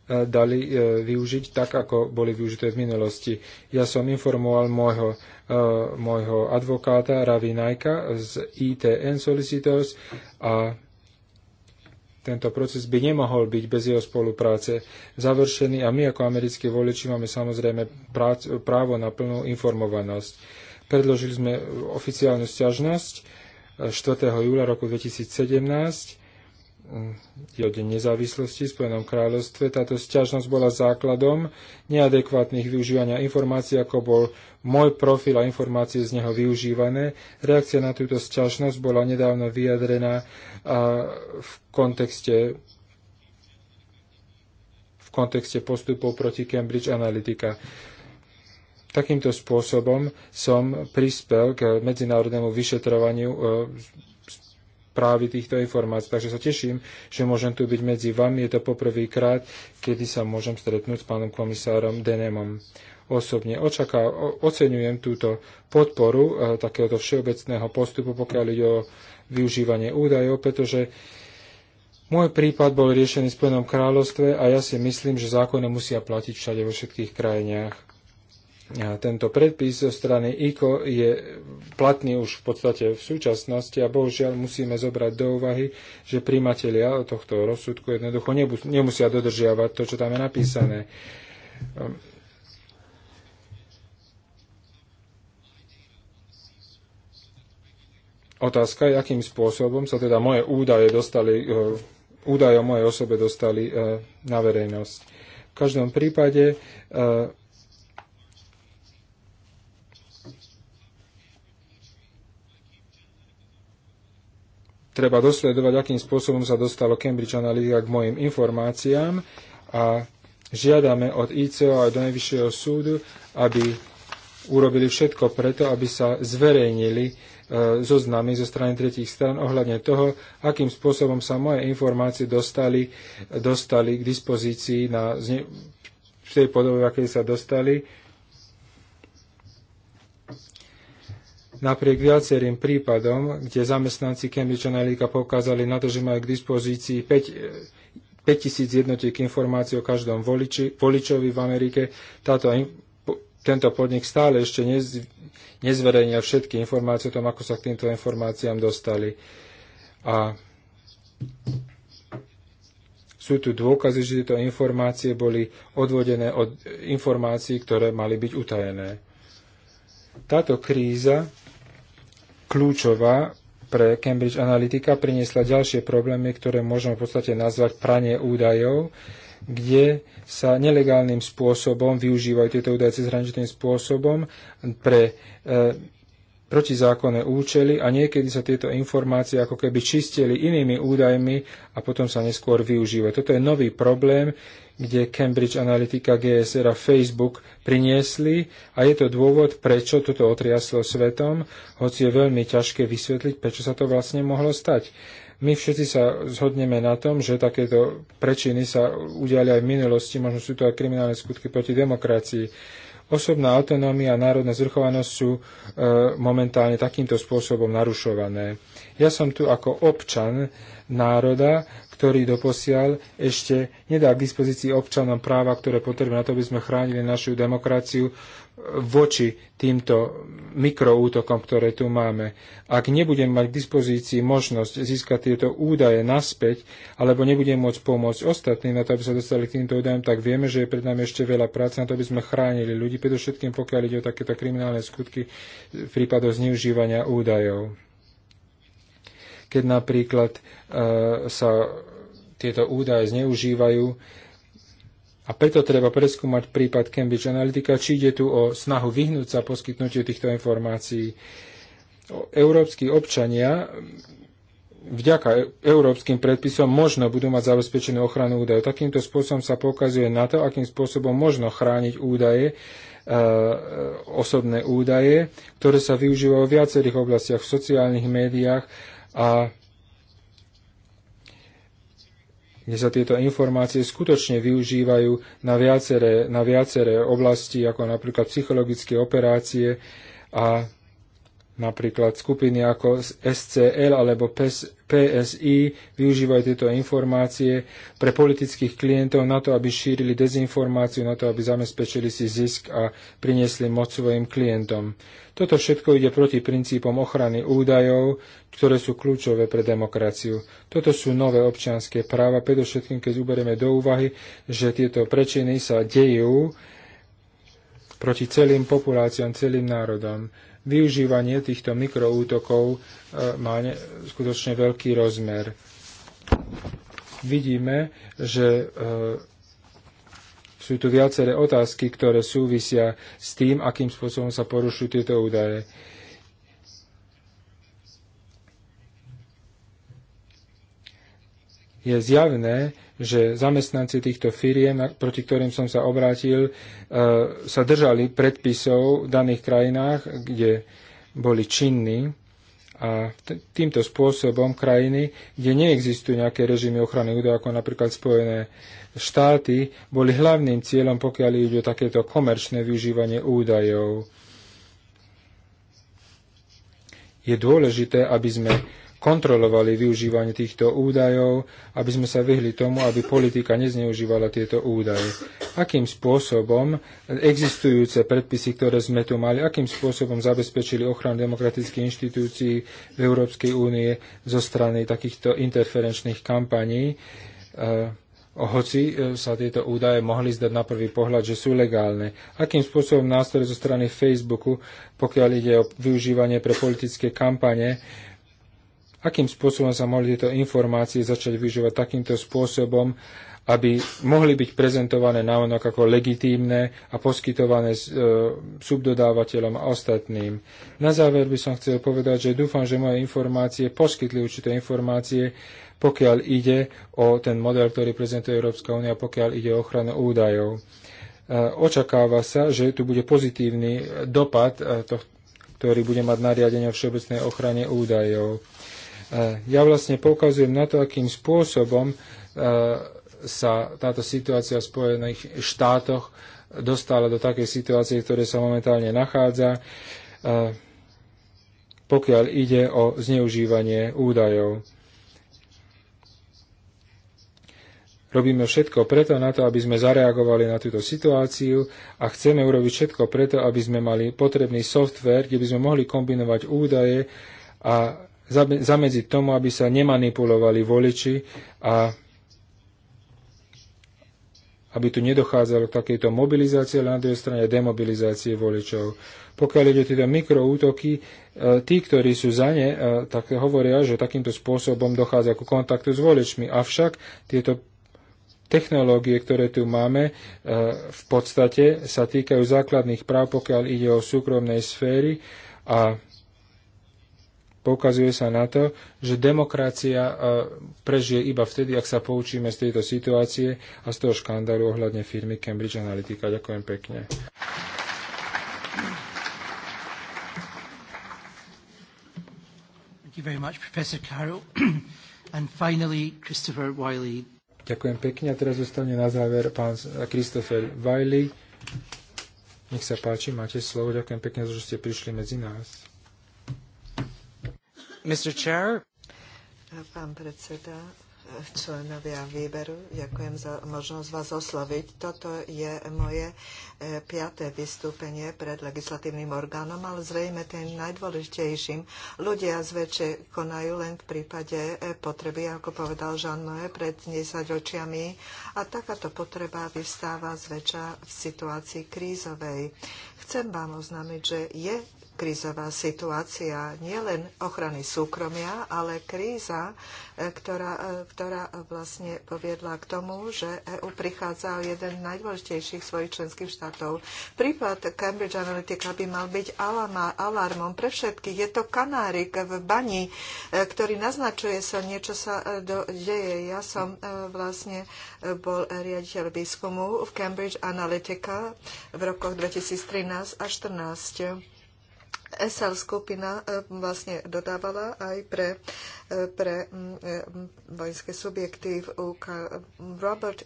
uh, dali uh, využiť tak, ako boli využité v minulosti. Ja som informoval môjho, môjho advokáta Ravi Najka z ITN Solicitors a tento proces by nemohol byť bez jeho spolupráce završený a my ako americkí voliči máme samozrejme právo na plnú informovanosť. Predložili sme oficiálnu stiažnosť 4. E, júla roku 2017 o deň nezávislosti v Spojenom kráľovstve. Táto sťažnosť bola základom neadekvátnych využívania informácií, ako bol môj profil a informácie z neho využívané. Reakcia na túto sťažnosť bola nedávno vyjadrená v kontexte v kontexte postupov proti Cambridge Analytica. Takýmto spôsobom som prispel k medzinárodnému vyšetrovaniu e, práve týchto informácií. Takže sa teším, že môžem tu byť medzi vami. Je to poprvýkrát, kedy sa môžem stretnúť s pánom komisárom Denemom osobne. Očaká, oceňujem túto podporu e, takéhoto všeobecného postupu, pokiaľ ide o využívanie údajov, pretože môj prípad bol riešený v Spojenom kráľovstve a ja si myslím, že zákony musia platiť všade vo všetkých krajinách tento predpis zo strany ICO je platný už v podstate v súčasnosti a bohužiaľ musíme zobrať do úvahy, že príjmatelia tohto rozsudku jednoducho nemusia dodržiavať to, čo tam je napísané. Otázka je, akým spôsobom sa teda moje údaje dostali, e, údaje o mojej osobe dostali e, na verejnosť. V každom prípade e, treba dosledovať, akým spôsobom sa dostalo Cambridge Analytica k mojim informáciám a žiadame od ICO aj do Najvyššieho súdu, aby urobili všetko preto, aby sa zverejnili e, zoznamy zo strany tretich stran ohľadne toho, akým spôsobom sa moje informácie dostali, dostali k dispozícii na, v tej podobe, akej sa dostali Napriek viacerým prípadom, kde zamestnanci Cambridge Analytica poukázali na to, že majú k dispozícii 5, 5000 e, jednotiek informácií o každom voliči, voličovi v Amerike, táto, tento podnik stále ešte nez, nezverejnia všetky informácie o tom, ako sa k týmto informáciám dostali. A sú tu dôkazy, že tieto informácie boli odvodené od informácií, ktoré mali byť utajené. Táto kríza kľúčová pre Cambridge Analytica, priniesla ďalšie problémy, ktoré môžeme v podstate nazvať pranie údajov, kde sa nelegálnym spôsobom využívajú tieto údaje cezhraničným spôsobom pre e, protizákonné účely a niekedy sa tieto informácie ako keby čistili inými údajmi a potom sa neskôr využívajú. Toto je nový problém, kde Cambridge Analytica, GSR a Facebook priniesli a je to dôvod, prečo toto otriaslo svetom, hoci je veľmi ťažké vysvetliť, prečo sa to vlastne mohlo stať. My všetci sa zhodneme na tom, že takéto prečiny sa udiali aj v minulosti, možno sú to aj kriminálne skutky proti demokracii. Osobná autonómia a národná zvrchovanosť sú e, momentálne takýmto spôsobom narušované. Ja som tu ako občan, národa, ktorý doposiaľ ešte nedá k dispozícii občanom práva, ktoré potrebujú na to, aby sme chránili našu demokraciu voči týmto mikroútokom, ktoré tu máme. Ak nebudem mať k dispozícii možnosť získať tieto údaje naspäť, alebo nebudem môcť pomôcť ostatným na to, aby sa dostali k týmto údajom, tak vieme, že je pred nami ešte veľa práce na to, aby sme chránili ľudí, predovšetkým pokiaľ ide o takéto kriminálne skutky v prípadoch zneužívania údajov keď napríklad e, sa tieto údaje zneužívajú. A preto treba preskúmať prípad Cambridge Analytica, či ide tu o snahu vyhnúť sa poskytnutiu týchto informácií. Európsky občania vďaka e, európskym predpisom možno budú mať zabezpečenú ochranu údajov. Takýmto spôsobom sa pokazuje na to, akým spôsobom možno chrániť údaje, e, osobné údaje, ktoré sa využívajú v viacerých oblastiach, v sociálnych médiách a kde sa tieto informácie skutočne využívajú na viaceré, na viaceré oblasti, ako napríklad psychologické operácie a napríklad skupiny ako SCL alebo PES PSI využívajú tieto informácie pre politických klientov na to, aby šírili dezinformáciu, na to, aby zabezpečili si zisk a priniesli moc svojim klientom. Toto všetko ide proti princípom ochrany údajov, ktoré sú kľúčové pre demokraciu. Toto sú nové občianské práva, predovšetkým keď uberieme do úvahy, že tieto prečiny sa dejú proti celým populáciám, celým národom využívanie týchto mikroútokov e, má skutočne veľký rozmer. Vidíme, že e, sú tu viaceré otázky, ktoré súvisia s tým, akým spôsobom sa porušujú tieto údaje. je zjavné, že zamestnanci týchto firiem, proti ktorým som sa obrátil, e, sa držali predpisov v daných krajinách, kde boli činní a týmto spôsobom krajiny, kde neexistujú nejaké režimy ochrany údajov, ako napríklad Spojené štáty, boli hlavným cieľom, pokiaľ ide o takéto komerčné využívanie údajov. Je dôležité, aby sme kontrolovali využívanie týchto údajov, aby sme sa vyhli tomu, aby politika nezneužívala tieto údaje. Akým spôsobom existujúce predpisy, ktoré sme tu mali, akým spôsobom zabezpečili ochranu demokratických inštitúcií v Európskej únie zo strany takýchto interferenčných kampaní, e, hoci e, sa tieto údaje mohli zdať na prvý pohľad, že sú legálne. Akým spôsobom nástroje zo strany Facebooku, pokiaľ ide o využívanie pre politické kampane, akým spôsobom sa mohli tieto informácie začať využívať takýmto spôsobom, aby mohli byť prezentované návonok ako legitímne a poskytované e, subdodávateľom a ostatným. Na záver by som chcel povedať, že dúfam, že moje informácie poskytli určité informácie, pokiaľ ide o ten model, ktorý prezentuje Európska únia, pokiaľ ide o ochranu údajov. E, očakáva sa, že tu bude pozitívny dopad, e, ktorý bude mať nariadenie o všeobecnej ochrane údajov E, ja vlastne poukazujem na to, akým spôsobom e, sa táto situácia v Spojených štátoch dostala do takej situácie, ktoré sa momentálne nachádza, e, pokiaľ ide o zneužívanie údajov. Robíme všetko preto na to, aby sme zareagovali na túto situáciu a chceme urobiť všetko preto, aby sme mali potrebný software, kde by sme mohli kombinovať údaje a zamedziť tomu, aby sa nemanipulovali voliči a aby tu nedochádzalo k takejto mobilizácii, ale na druhej strane demobilizácie voličov. Pokiaľ ide tieto teda mikroútoky, e, tí, ktorí sú za ne, e, tak hovoria, že takýmto spôsobom dochádza ku kontaktu s voličmi. Avšak tieto technológie, ktoré tu máme, e, v podstate sa týkajú základných práv, pokiaľ ide o súkromnej sféry a Poukazuje sa na to, že demokracia e, prežije iba vtedy, ak sa poučíme z tejto situácie a z toho škandálu ohľadne firmy Cambridge Analytica. Ďakujem pekne. Thank you very much, Professor Carroll. [clears throat] And finally, Christopher Wiley. Ďakujem pekne. A teraz zostane na záver pán Christopher Wiley. Nech sa páči, máte slovo. Ďakujem pekne, že ste prišli medzi nás. Mr. Chair. Pán predseda, členovia výberu. Ďakujem za možnosť vás osloviť. Toto je moje e, piaté vystúpenie pred legislatívnym orgánom, ale zrejme tým najdôležitejším. Ľudia zväčšie konajú len v prípade e, potreby, ako povedal Jean Noé pred 10 očiami. A takáto potreba vystáva zväčša v situácii krízovej. Chcem vám oznámiť, že je krízová situácia nielen ochrany súkromia, ale kríza, e, ktorá, e, ktorá vlastne poviedla k tomu, že EU prichádza o jeden z najdôležitejších svojich členských štátov. Prípad Cambridge Analytica by mal byť alama, alarmom pre všetkých. Je to kanárik v bani, e, ktorý naznačuje sa, niečo sa deje. Ja som vlastne bol riaditeľ výskumu v Cambridge Analytica v rokoch 2013 a 2014 SL skupina e, vlastne dodávala aj pre, e, pre e, vojenské subjekty v UK. Robert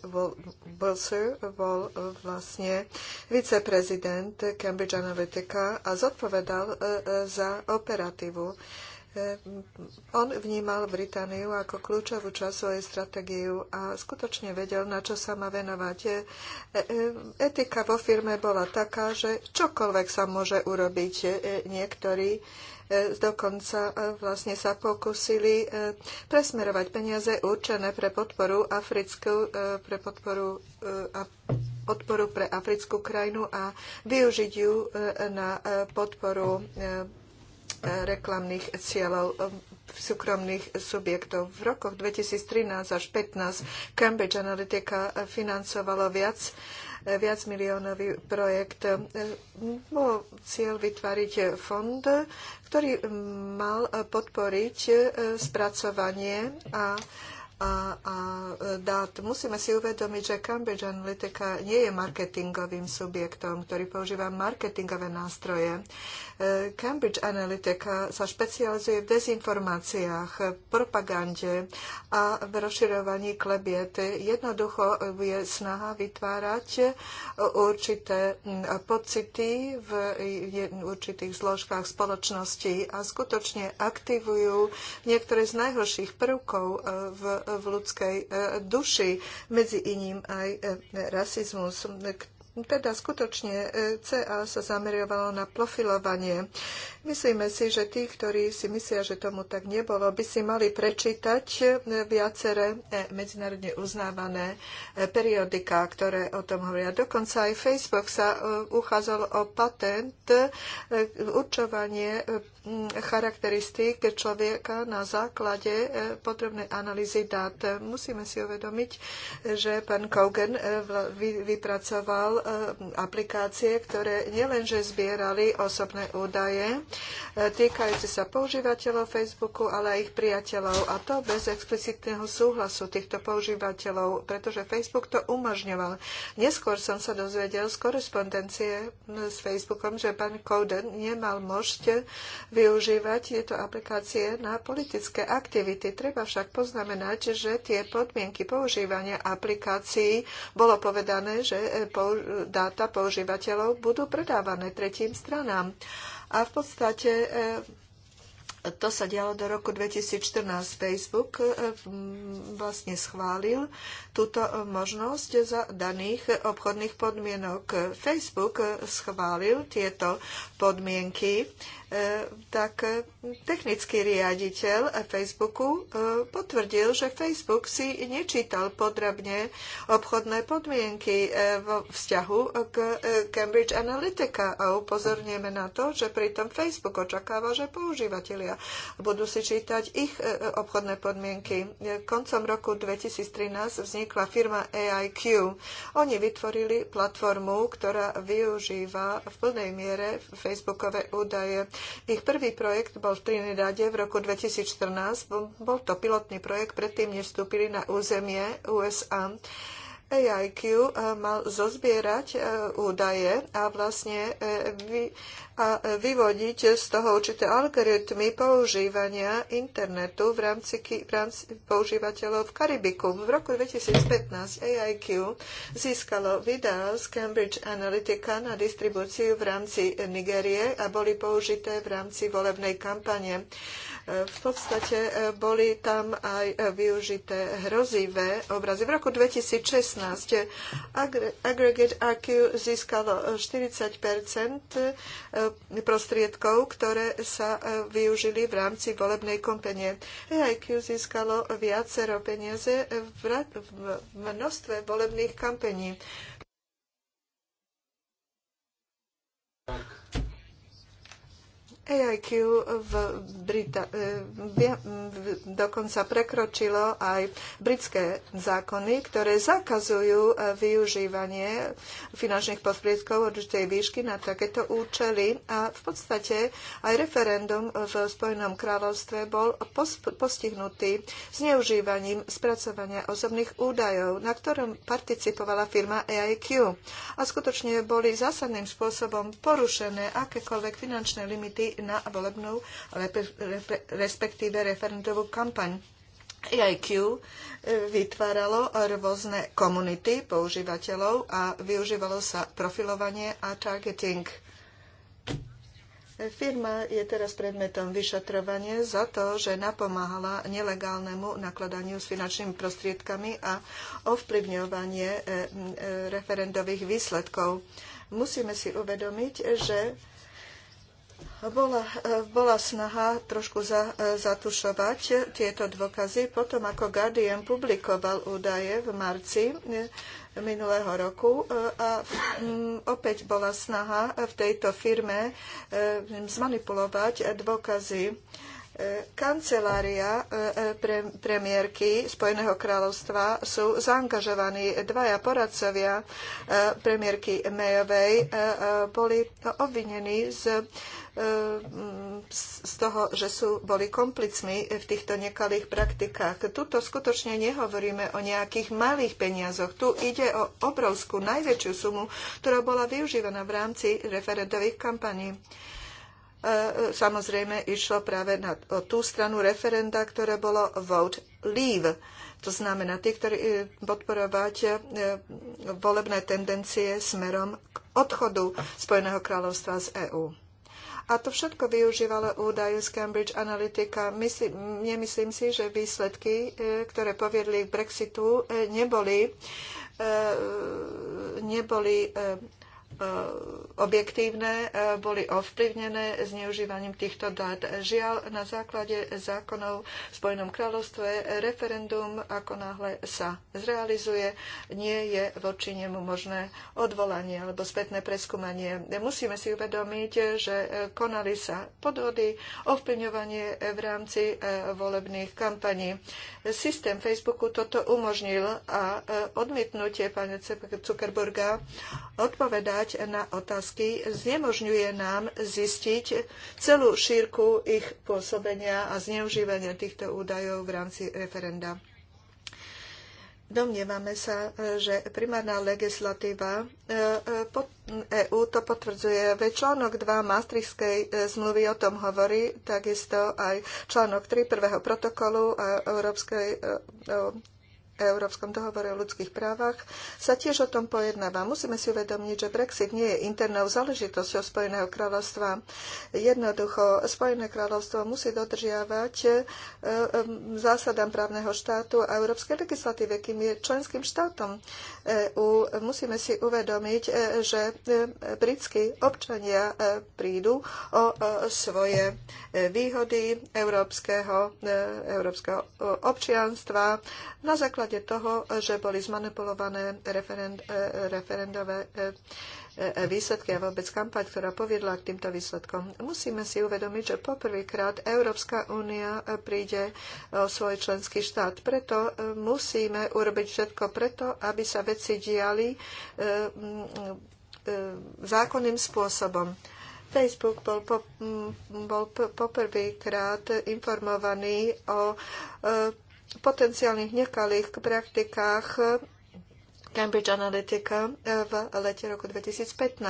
Wilson bol vlastne viceprezident Cambridge Analytica a zodpovedal za operatívu on vnímal Britániu ako kľúčovú časovej stratégiu a skutočne vedel, na čo sa má venovať. E, e, etika vo firme bola taká, že čokoľvek sa môže urobiť. E, niektorí dokonca vlastne sa pokusili presmerovať peniaze určené pre podporu africkú, pre podporu, podporu pre africkú krajinu a využiť ju na podporu reklamných cieľov um, súkromných subjektov. V rokoch 2013 až 2015 Cambridge Analytica financovalo viac eh, viac miliónový projekt. Eh, Bol cieľ vytvoriť fond, ktorý mal podporiť eh, spracovanie a a, a dát. Musíme si uvedomiť, že Cambridge Analytica nie je marketingovým subjektom, ktorý používa marketingové nástroje. Cambridge Analytica sa špecializuje v dezinformáciách, propagande a v rozširovaní klebiet. Jednoducho je snaha vytvárať určité pocity v určitých zložkách spoločnosti a skutočne aktivujú niektoré z najhorších prvkov eh, v, v ľudskej eh, duši, medzi iným aj eh, rasizmus, No teda skutočne e, CA sa zameriovalo na profilovanie. Myslíme si, že tí, ktorí si myslia, že tomu tak nebolo, by si mali prečítať e, viaceré e, medzinárodne uznávané periodika, ktoré o tom hovoria. Dokonca aj Facebook sa uchádzal o patent určovanie charakteristík človeka na základe potrebnej analýzy dát. Musíme si uvedomiť, že pán Kogan vypracoval Eh, aplikácie, ktoré nielenže zbierali osobné údaje eh, týkajúce sa používateľov Facebooku, ale aj ich priateľov. A to bez explicitného súhlasu týchto používateľov, pretože Facebook to umožňoval. Neskôr som sa dozvedel z korespondencie s Facebookom, že pán Coden nemal možnosť využívať tieto aplikácie na politické aktivity. Treba však poznamenať, že tie podmienky používania aplikácií bolo povedané, že dáta používateľov budú predávané tretím stranám. A v podstate e, to sa dialo do roku 2014. Facebook e, vlastne schválil túto možnosť za daných obchodných podmienok. Facebook e, schválil tieto podmienky E, tak e, technický riaditeľ Facebooku e, potvrdil, že Facebook si nečítal podrobne obchodné podmienky vo vzťahu k Cambridge Analytica a upozorníme na to, že pritom Facebook očakáva, že používateľia budú si čítať ich obchodné podmienky. Koncom roku 2013 vznikla firma AIQ. Oni vytvorili platformu, ktorá využíva v plnej miere Facebookové údaje ich prvý projekt bol v Trinidade v roku 2014. Bol to pilotný projekt predtým, než vstúpili na územie USA. AIQ eh, mal zozbierať eh, údaje a vlastne eh, vy, a vyvodiť z toho určité algoritmy používania internetu v rámci, v rámci používateľov v Karibiku. V roku 2015 AIQ získalo videá z Cambridge Analytica na distribúciu v rámci Nigerie a boli použité v rámci volebnej kampane. V podstate e, boli tam aj e, využité hrozivé obrazy. V roku 2016 e, Aggregate IQ získalo 40 prostriedkov, ktoré sa využili v rámci volebnej kompenie. EIQ získalo viacero peniaze v množstve volebných kampení. AIQ v Brita- e, dokonca prekročilo aj britské zákony, ktoré zakazujú e, využívanie finančných prostriedkov od určitej výšky na takéto účely a v podstate aj referendum v Spojenom kráľovstve bol postihnutý zneužívaním spracovania osobných údajov, na ktorom participovala firma AIQ. A skutočne boli zásadným spôsobom porušené akékoľvek finančné limity na volebnú, respektíve referendovú kampaň. EIQ e, vytváralo rôzne komunity používateľov a využívalo sa profilovanie a targeting. Firma je teraz predmetom vyšetrovania za to, že napomáhala nelegálnemu nakladaniu s finančnými prostriedkami a ovplyvňovanie e, e, referendových výsledkov. Musíme si uvedomiť, že bola, eh, bola snaha trošku za, eh, zatušovať tieto dôkazy. Potom, ako Guardian publikoval údaje v marci eh, minulého roku a mm, opäť bola snaha v tejto firme zmanipulovať dôkazy. Kancelária pre, premiérky Spojeného kráľovstva sú zaangažovaní dvaja poradcovia premiérky Mayovej boli obvinení z E, z toho, že sú, boli komplicmi v týchto nekalých praktikách. Tuto skutočne nehovoríme o nejakých malých peniazoch. Tu ide o obrovskú, najväčšiu sumu, ktorá bola využívaná v rámci referendových kampaní e, e, samozrejme išlo práve na tú stranu referenda, ktoré bolo vote leave. To znamená, tí, ktorí podporovať volebné tendencie smerom k odchodu Spojeného kráľovstva z EÚ. A to všetko využívalo údaje z Cambridge Analytica. Myslím, nemyslím si, že výsledky, e, ktoré poviedli k Brexitu, e, neboli, e, neboli E, objektívne, e, boli ovplyvnené zneužívaním týchto dát. Žiaľ, na základe zákonov v Spojenom kráľovstve referendum, ako náhle sa zrealizuje, nie je voči nemu možné odvolanie alebo spätné preskúmanie. Musíme si uvedomiť, že e, konali sa podvody, ovplyvňovanie v rámci volebných kampaní. Systém Facebooku toto umožnil a odmietnutie pána Zuckerberga odpovedá odpovedať na otázky, znemožňuje nám zistiť celú šírku ich pôsobenia a zneužívania týchto údajov v rámci referenda. Domnievame sa, že primárna legislatíva EÚ e, e to potvrdzuje. Veď článok 2 Maastrichtskej e, zmluvy o tom hovorí, takisto aj článok 3 prvého protokolu Európskej Európskom dohovore o ľudských právach, sa tiež o tom pojednáva. Musíme si uvedomiť, že Brexit nie je internou záležitosťou Spojeného kráľovstva. Jednoducho, Spojené kráľovstvo musí dodržiavať e, e, zásadám právneho štátu a európskej legislatívy, kým je členským štátom EU. Musíme si uvedomiť, e, že britskí občania prídu o svoje výhody európskeho, európskeho občianstva na základe základe toho, že boli zmanipulované referend, e, referendové e, e, výsledky a vôbec kampaň, ktorá poviedla k týmto výsledkom. Musíme si uvedomiť, že poprvýkrát Európska únia príde o svoj členský štát. Preto musíme urobiť všetko preto, aby sa veci diali zákonným spôsobom. Facebook bol, po, bol poprvýkrát informovaný o potenciálnych nekalých praktikách Cambridge Analytica e, v lete roku 2015.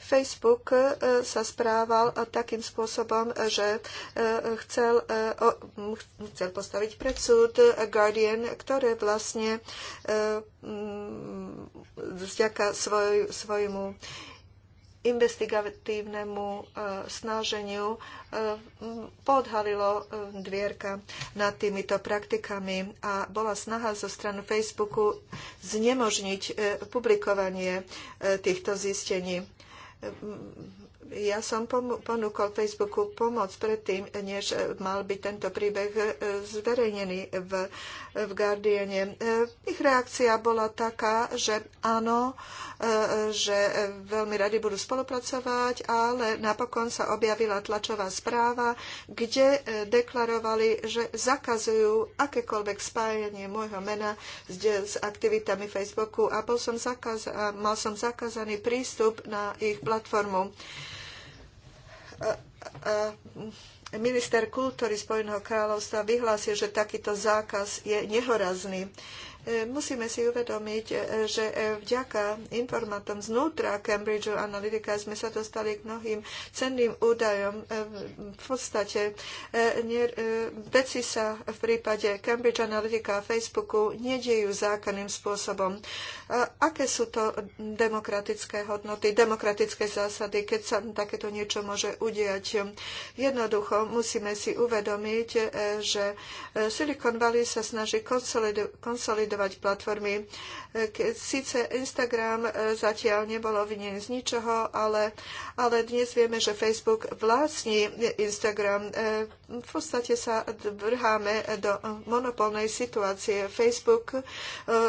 Facebook e, sa správal e, takým spôsobom, že chcel, chcel postaviť pred súd Guardian, ktoré vlastne vďaka svoj, svojmu investigatívnemu e, snaženiu e, podhalilo e, dvierka nad týmito praktikami a bola snaha zo strany Facebooku znemožniť publikovanie týchto zistení ja som ponúkol Facebooku pomoc predtým, než e, mal byť tento príbeh e, zverejnený v, v Guardiane. E, ich reakcia bola taká, že áno, že veľmi radi budú spolupracovať, ale napokon sa objavila tlačová správa, kde deklarovali, že zakazujú akékoľvek spájanie môjho mena s, s aktivitami Facebooku a bol som zakaz, mal som zakázaný prístup na ich platformu minister kultúry Spojeného kráľovstva vyhlásil, že takýto zákaz je nehorazný. E, musíme si uvedomiť, e, že e, vďaka informátom znútra Cambridge Analytica sme sa dostali k mnohým cenným údajom. V podstate veci sa v prípade Cambridge Analytica a Facebooku nediejú zákonným spôsobom aké sú to demokratické hodnoty, demokratické zásady, keď sa takéto niečo môže udiať. Jednoducho musíme si uvedomiť, e, že e, Silicon Valley sa snaží konsolidovať platformy Sice Instagram e, zatiaľ nebolo vinien z ničoho, ale, ale dnes vieme, že Facebook vlastní Instagram. E, v podstate sa vrháme do monopolnej situácie. Facebook e,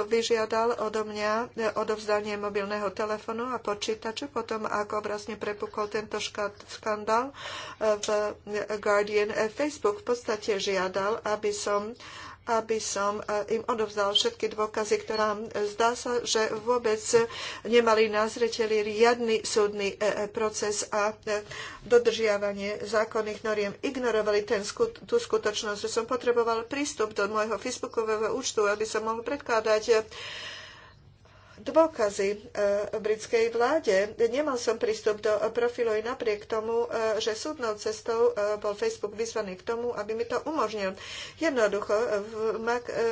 vyžiadal odo mňa odovzdanie mobilného telefónu a počítaču potom, ako obrazne prepukol tento skandal v Guardian. Facebook v podstate žiadal, aby som aby som e, im odovzdal všetky dôkazy, ktorá e, zdá sa, že vôbec nemali na zreteli riadny súdny e, proces a dodržiavanie zákonných noriem. Ignorovali ten, tú skutočnosť, že som potreboval prístup do môjho facebookového účtu, aby som mohol predkladať dôkazy e, britskej vláde. Nemal som prístup do profilu i napriek tomu, e, že súdnou cestou e, bol Facebook vyzvaný k tomu, aby mi to umožnil. Jednoducho,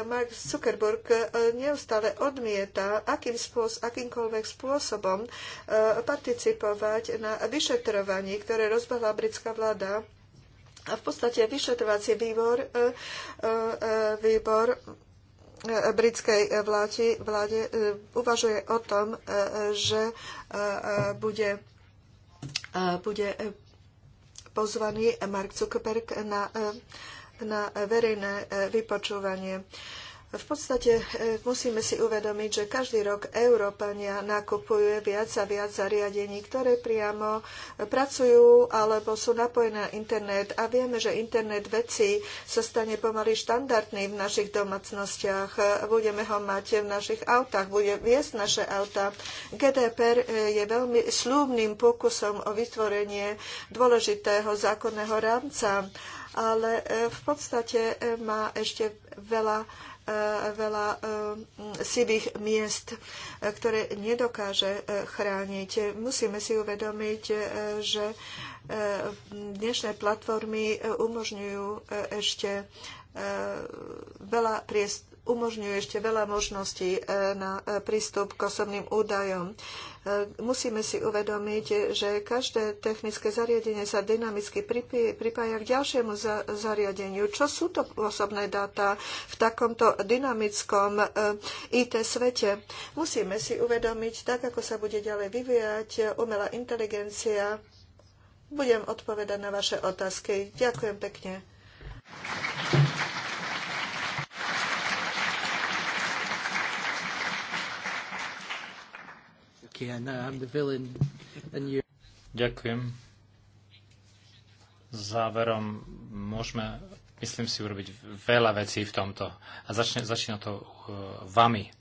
Mark Zuckerberg neustále odmieta akým spôsob, akýmkoľvek spôsobom participovať na vyšetrovaní, ktoré rozbehla britská vláda. A v podstate vyšetrovací výbor, výbor E, britskej e, vláde, vláde uvažuje o tom, e, že bude, bude pozvaný Mark Zuckerberg na, na verejné vypočúvanie. V podstate e, musíme si uvedomiť, že každý rok Európania nakupuje viac a viac zariadení, ktoré priamo e, pracujú alebo sú napojené na internet. A vieme, že internet veci sa stane pomaly štandardný v našich domácnostiach. E, budeme ho mať v našich autách, bude viesť naše auta. GDPR je veľmi slúbným pokusom o vytvorenie dôležitého zákonného rámca ale v podstate má ešte veľa veľa e, sivých miest, e, ktoré nedokáže e, chrániť. Musíme si uvedomiť, že dnešné platformy umožňujú ešte veľa priestorov umožňuje ešte veľa možností e, na e, prístup k osobným údajom. E, musíme si uvedomiť, že každé technické zariadenie sa dynamicky pripája k ďalšiemu zariadeniu. Čo sú to osobné dáta v takomto dynamickom IT svete? Musíme si uvedomiť, tak ako sa bude ďalej vyvíjať umelá inteligencia, budem odpovedať na vaše otázky. Ďakujem pekne. Okay, uh, villain, you... Ďakujem. Záverom môžeme, myslím si, urobiť veľa vecí v tomto. A začne, začína to uh, vami.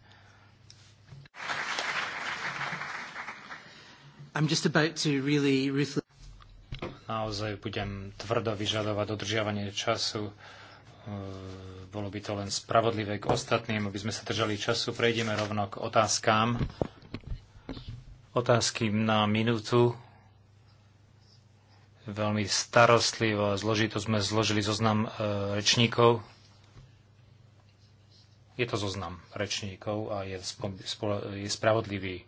I'm just about to really ruthless... Naozaj budem tvrdo vyžadovať dodržiavanie času. Uh, bolo by to len spravodlivé k ostatným, aby sme sa držali času. Prejdeme rovno k otázkám. Otázky na minútu. Veľmi starostlivo a zložito sme zložili zoznam e, rečníkov. Je to zoznam rečníkov a je, je spravodlivý.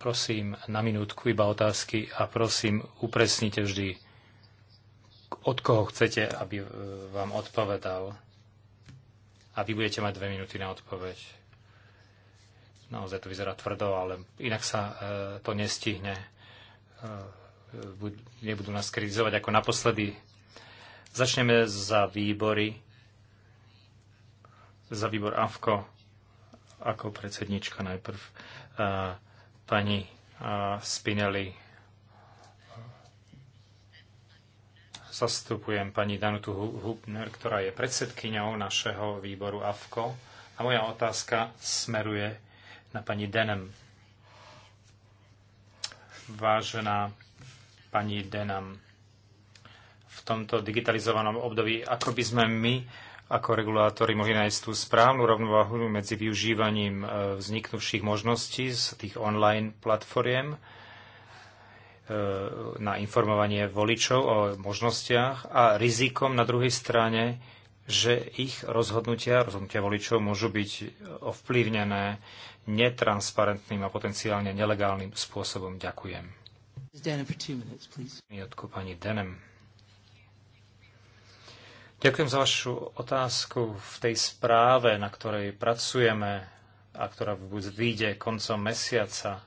Prosím na minútku iba otázky a prosím upresnite vždy, od koho chcete, aby e, vám odpovedal. A vy budete mať dve minúty na odpoveď. Naozaj to vyzerá tvrdo, ale inak sa e, to nestihne. E, nebudú nás kritizovať ako naposledy. Začneme za výbory. Za výbor AFKO ako predsednička najprv e, pani Spinelli. Zastupujem pani Danutu Hubner, ktorá je predsedkyňou našeho výboru AFKO. A moja otázka smeruje na pani Denem. Vážená pani Denam, v tomto digitalizovanom období, ako by sme my ako regulátori mohli nájsť tú správnu rovnováhu medzi využívaním e, vzniknuvších možností z tých online platformiem e, na informovanie voličov o možnostiach a rizikom na druhej strane, že ich rozhodnutia, rozhodnutia voličov môžu byť ovplyvnené netransparentným a potenciálne nelegálnym spôsobom. Ďakujem. pani Denem. Ďakujem za vašu otázku v tej správe, na ktorej pracujeme a ktorá vyjde koncom mesiaca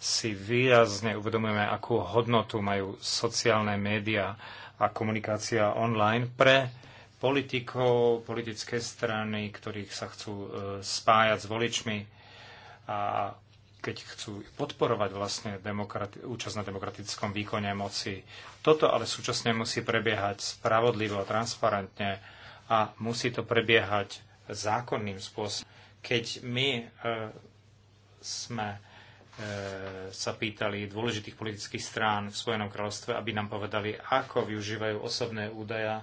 si výrazne uvedomujeme, akú hodnotu majú sociálne médiá a komunikácia online pre politikov, politické strany, ktorých sa chcú e, spájať s voličmi a keď chcú podporovať vlastne účasť na demokratickom výkone moci. Toto ale súčasne musí prebiehať spravodlivo, transparentne a musí to prebiehať zákonným spôsobom. Keď my e, sme e, sa pýtali dôležitých politických strán v Spojenom kráľovstve, aby nám povedali, ako využívajú osobné údaje,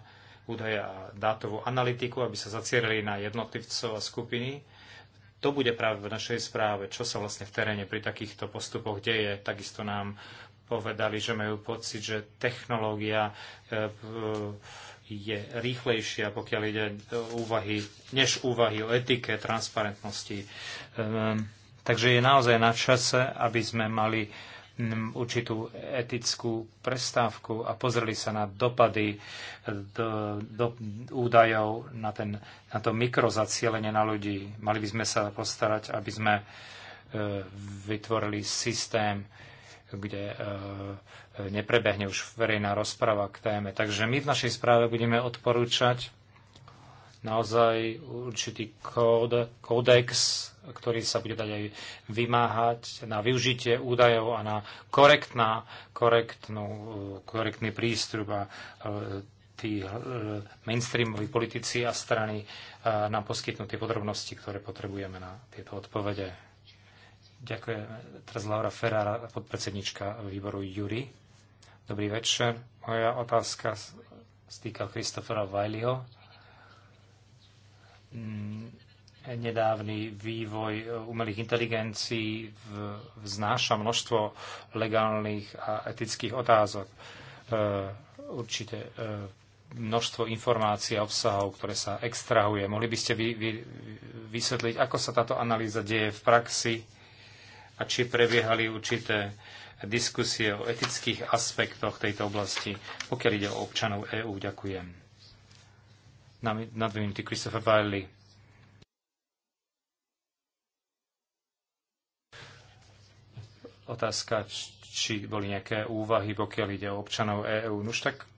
údaje a dátovú analytiku, aby sa zacierili na jednotlivcov a skupiny, to bude práve v našej správe, čo sa vlastne v teréne pri takýchto postupoch deje. Takisto nám povedali, že majú pocit, že technológia e, e, je rýchlejšia, pokiaľ ide úvahy, než úvahy o etike, transparentnosti. Ehm, takže je naozaj na čase, aby sme mali určitú etickú prestávku a pozreli sa na dopady do, do, údajov na, ten, na to mikrozacielenie na ľudí. Mali by sme sa postarať, aby sme e, vytvorili systém, kde e, neprebehne už verejná rozprava k téme. Takže my v našej správe budeme odporúčať naozaj určitý kód, kódex, ktorý sa bude dať aj vymáhať na využitie údajov a na korektná, korektnú, korektný prístup a e, tí e, mainstreamoví politici a strany e, nám poskytnú tie podrobnosti, ktoré potrebujeme na tieto odpovede. Ďakujem. Teraz Laura Ferrara, podpredsednička výboru Jury. Dobrý večer. Moja otázka stýka Kristofera Vajliho Mm, nedávny vývoj e, umelých inteligencií vznáša množstvo legálnych a etických otázok. E, určite e, množstvo informácií a obsahov, ktoré sa extrahuje. Mohli by ste vy, vy, vysvetliť, ako sa táto analýza deje v praxi a či prebiehali určité diskusie o etických aspektoch tejto oblasti, pokiaľ ide o občanov EÚ. Ďakujem. Na, dve minúty Christopher Wiley. Otázka, či boli nejaké úvahy, pokiaľ ide o občanov EÚ. Nuž tak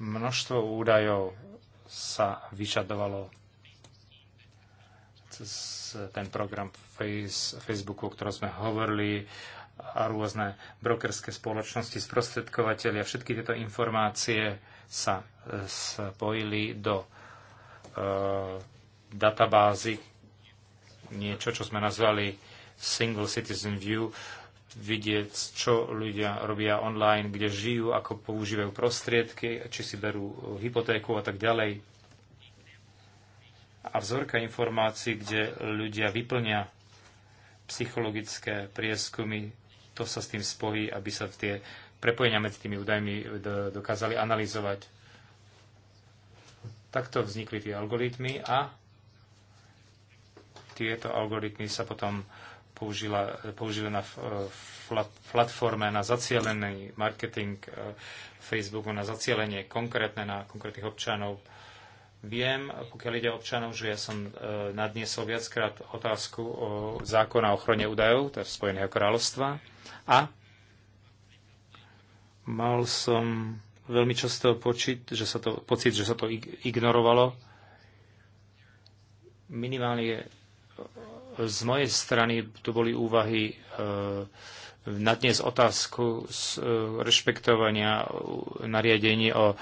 množstvo údajov sa vyžadovalo cez ten program face, Facebooku, o ktorom sme hovorili, a rôzne brokerské spoločnosti, sprostredkovateľia, všetky tieto informácie sa e, spojili do e, databázy, niečo, čo sme nazvali Single Citizen View, vidieť, čo ľudia robia online, kde žijú, ako používajú prostriedky, či si berú hypotéku a tak ďalej. A vzorka informácií, kde ľudia vyplňa psychologické prieskumy to sa s tým spojí, aby sa tie prepojenia medzi tými údajmi eh, dokázali analyzovať. Takto vznikli tie algoritmy a tieto algoritmy sa potom použili na eh, platforme na zacielený marketing eh, Facebooku, na zacielenie konkrétne na konkrétnych občanov, Viem, pokiaľ ide občanov, že ja som e, nadniesol viackrát otázku o zákona o ochrone údajov, to je Spojeného kráľovstva, a mal som veľmi často počit, že sa to, pocit, že sa to ignorovalo. Minimálne z mojej strany tu boli úvahy e, na dnes otázku z e, rešpektovania nariadení o e,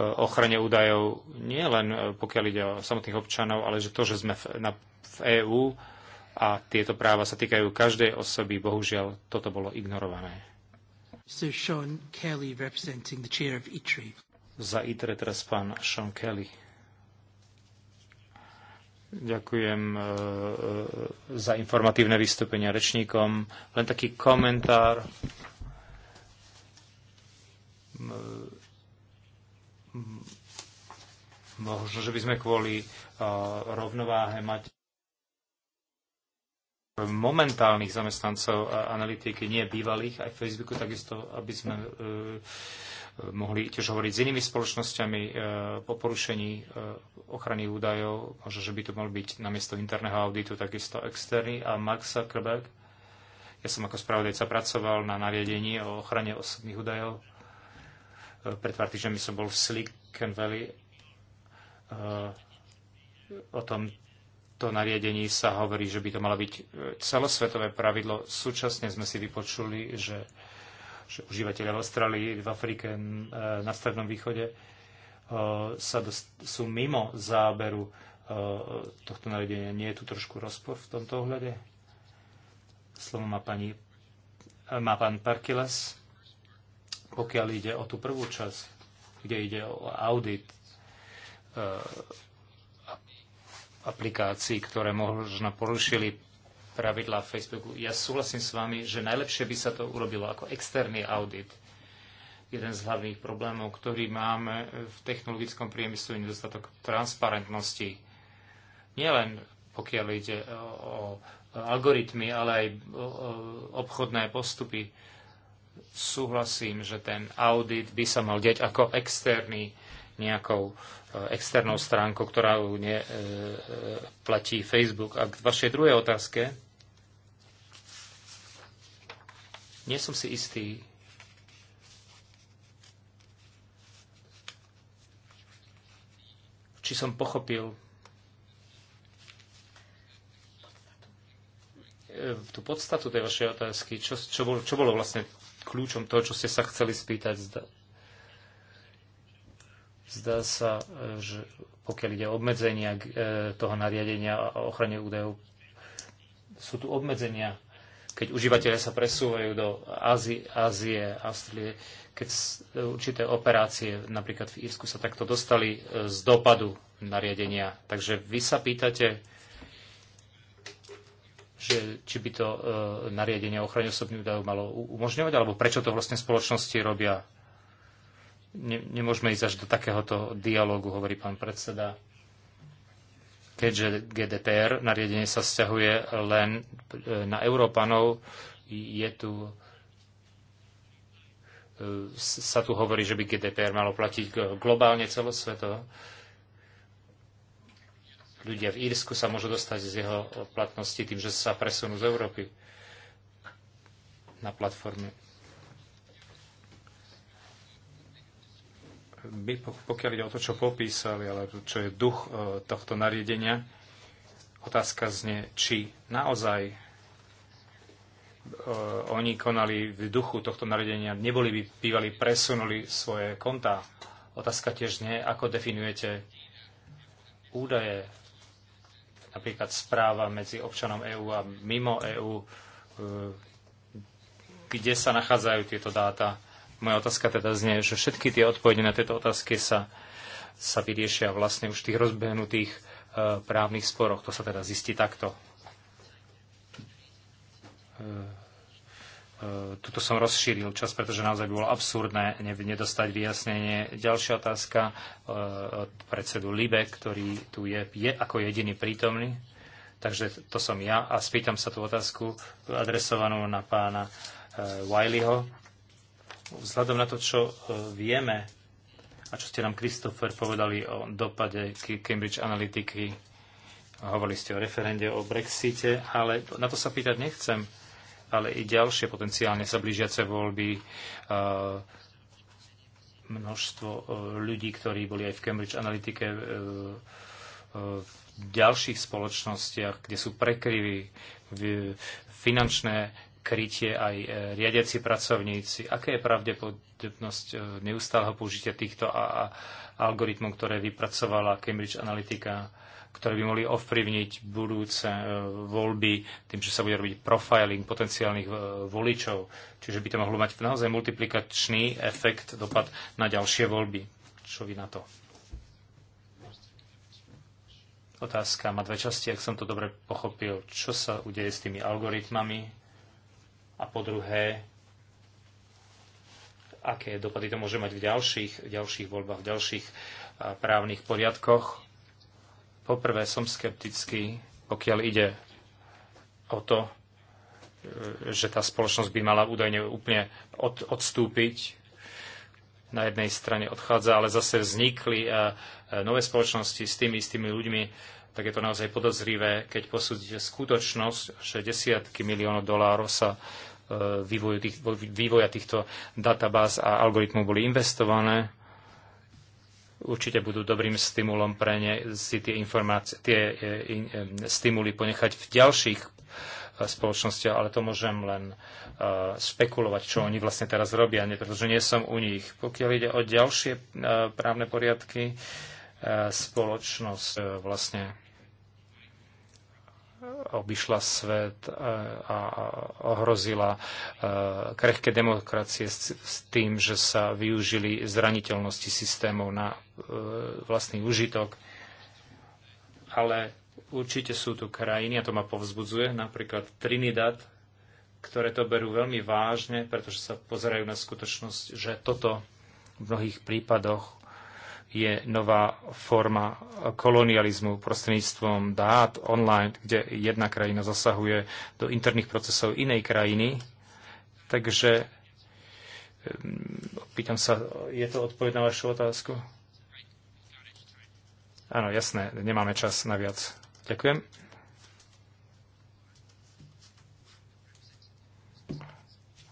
ochrane údajov nie len e, pokiaľ ide o samotných občanov, ale že to, že sme v, na, v EÚ a tieto práva sa týkajú každej osoby, bohužiaľ toto bolo ignorované. So Sean Kelly, representing the chair of ITRE. Za ITRE teraz pán Sean Kelly. Ďakujem e, e, za informatívne vystúpenia rečníkom. Len taký komentár. Možno, že by sme kvôli e, rovnováhe mať momentálnych zamestnancov a analytiky, nie bývalých, aj v Facebooku takisto, aby sme mohli tiež hovoriť s inými spoločnosťami e, po porušení e, ochrany údajov. Možno, že by to mal byť namiesto interného auditu takisto externý. A Mark Zuckerberg, ja som ako spravodajca pracoval na nariadení o ochrane osobných údajov. E, pred pár týždňami som bol v Silicon Valley. O tomto nariadení sa hovorí, že by to malo byť celosvetové pravidlo. Súčasne sme si vypočuli, že že v Austrálii, v Afrike, e, na Strednom východe e, sa sú mimo záberu e, tohto nariadenia. Nie je tu trošku rozpor v tomto ohľade? Slovo má, pani, má pán Parkiles. Pokiaľ ide o tú prvú časť, kde ide o audit aplikácií, ktoré možno porušili pravidlá Facebooku. Ja súhlasím s vami, že najlepšie by sa to urobilo ako externý audit. Jeden z hlavných problémov, ktorý máme v technologickom priemyslu, je nedostatok transparentnosti. Nielen pokiaľ ide o, algoritmy, ale aj obchodné postupy. Súhlasím, že ten audit by sa mal deť ako externý nejakou e, externou stránkou, ktorá e, e, platí Facebook. A k vašej druhej otázke, Nie som si istý, či som pochopil e, tú podstatu tej vašej otázky, čo, čo, bolo, čo bolo vlastne kľúčom toho, čo ste sa chceli spýtať. Zdá, zdá sa, e, že pokiaľ ide o obmedzenia e, toho nariadenia a ochrane údajov, sú tu obmedzenia keď užívateľe sa presúvajú do Ázie, Ázie Austrie, keď určité operácie napríklad v Írsku sa takto dostali e, z dopadu nariadenia. Takže vy sa pýtate, že, či by to e, nariadenie o ochrane osobných údajov malo umožňovať, alebo prečo to vlastne spoločnosti robia. Ne, nemôžeme ísť až do takéhoto dialógu, hovorí pán predseda. Keďže GDPR nariadenie sa vzťahuje len e, na Európanov, je tu e, sa tu hovorí, že by GDPR malo platiť globálne celosveto. Ľudia v Írsku sa môžu dostať z jeho platnosti tým, že sa presunú z Európy na platforme. by, pokiaľ ide o to, čo popísali, ale čo je duch e, tohto nariadenia, otázka znie, či naozaj e, oni konali v duchu tohto nariadenia, neboli by bývali presunuli svoje kontá. Otázka tiež nie, ako definujete údaje, napríklad správa medzi občanom EÚ a mimo EÚ, e, kde sa nachádzajú tieto dáta, moja otázka teda znie, že všetky tie odpovede na tieto otázky sa, sa vyriešia vlastne už v tých rozbehnutých e, právnych sporoch. To sa teda zistí takto. E, e tuto som rozšíril čas, pretože naozaj by bolo absurdné nedostať vyjasnenie. Ďalšia otázka e, od predsedu Libe, ktorý tu je, je ako jediný prítomný. Takže to som ja a spýtam sa tú otázku adresovanú na pána e, Wileyho. Vzhľadom na to, čo e, vieme a čo ste nám, Kristofer, povedali o dopade Cambridge Analytiky, hovorili ste o referende, o Brexite, ale na to sa pýtať nechcem, ale i ďalšie potenciálne sa blížiace voľby, e, množstvo e, ľudí, ktorí boli aj v Cambridge Analytike, v ďalších spoločnostiach, kde sú prekryvy, finančné krytie aj e, riadiaci pracovníci. Aká je pravdepodobnosť e, neustáleho použitia týchto algoritmov, ktoré vypracovala Cambridge Analytica, ktoré by mohli ovplyvniť budúce e, voľby tým, že sa bude robiť profiling potenciálnych voličov. Čiže by to mohlo mať naozaj multiplikačný efekt, dopad na ďalšie voľby. Čo vy na to? Otázka má dve časti, ak som to dobre pochopil. Čo sa udeje s tými algoritmami, a po druhé, aké dopady to môže mať v ďalších, v ďalších voľbách, v ďalších právnych poriadkoch. Poprvé som skeptický, pokiaľ ide o to, e, že tá spoločnosť by mala údajne úplne od, odstúpiť. Na jednej strane odchádza, ale zase vznikli e, e, nové spoločnosti s tými istými ľuďmi, tak je to naozaj podozrivé, keď posúdite skutočnosť, že desiatky miliónov dolárov sa E, vývoju tých, vývoja týchto databáz a algoritmov boli investované. Určite budú dobrým stimulom pre ne si tie, informácie, tie e, e, stimuly ponechať v ďalších spoločnostiach, ale to môžem len spekulovať, čo oni vlastne teraz robia, pretože nie som u nich. Pokiaľ ide o ďalšie právne poriadky, spoločnosť vlastne obišla svet e, a ohrozila e, krehké demokracie s tým, že sa využili zraniteľnosti systémov na e, vlastný užitok. Ale určite sú tu krajiny, a to ma povzbudzuje, napríklad Trinidad, ktoré to berú veľmi vážne, pretože sa pozerajú na skutočnosť, že toto v mnohých prípadoch je nová forma kolonializmu prostredníctvom dát online, kde jedna krajina zasahuje do interných procesov inej krajiny. Takže ehm, pýtam sa, je to odpoveď na vašu otázku? Áno, jasné, nemáme čas na viac. Ďakujem.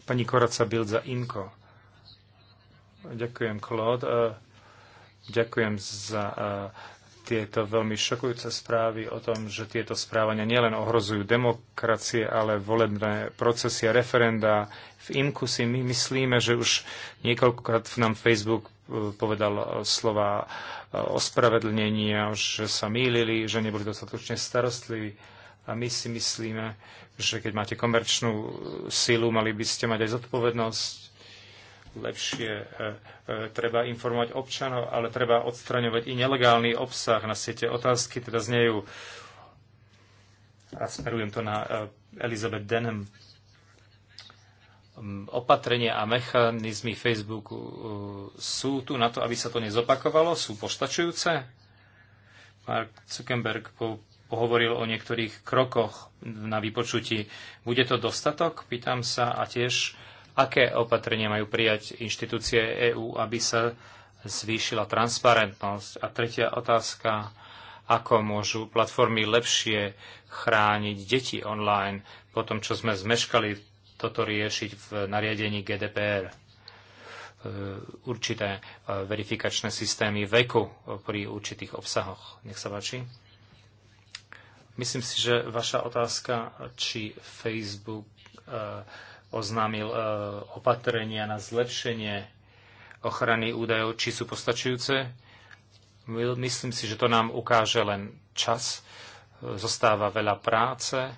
Pani Koraca Bildza za Ďakujem, Claude e, Ďakujem za e, tieto veľmi šokujúce správy o tom, že tieto správania nielen ohrozujú demokracie, ale volebné procesy a referenda. V IMKU si my myslíme, že už niekoľkokrát nám Facebook e, povedal e, slova ospravedlnenia, že sa mýlili, že neboli dostatočne starostliví. A my si myslíme, že keď máte komerčnú silu, mali by ste mať aj zodpovednosť lepšie e, e, treba informovať občanov, ale treba odstraňovať i nelegálny obsah na siete. Otázky teda znejú a smerujem to na e, Elizabeth Denham. Mm, opatrenia a mechanizmy Facebooku sú tu na to, aby sa to nezopakovalo? Sú postačujúce. Mark Zuckerberg po pohovoril o niektorých krokoch na vypočutí. Bude to dostatok? Pýtam sa a tiež aké opatrenia majú prijať inštitúcie EÚ, aby sa zvýšila transparentnosť. A tretia otázka, ako môžu platformy lepšie chrániť deti online po tom, čo sme zmeškali toto riešiť v nariadení GDPR e, určité e, verifikačné systémy veku pri určitých obsahoch. Nech sa páči. Myslím si, že vaša otázka, či Facebook uh, oznámil e, opatrenia na zlepšenie ochrany údajov, či sú postačujúce. Myslím si, že to nám ukáže len čas. E, zostáva veľa práce. E,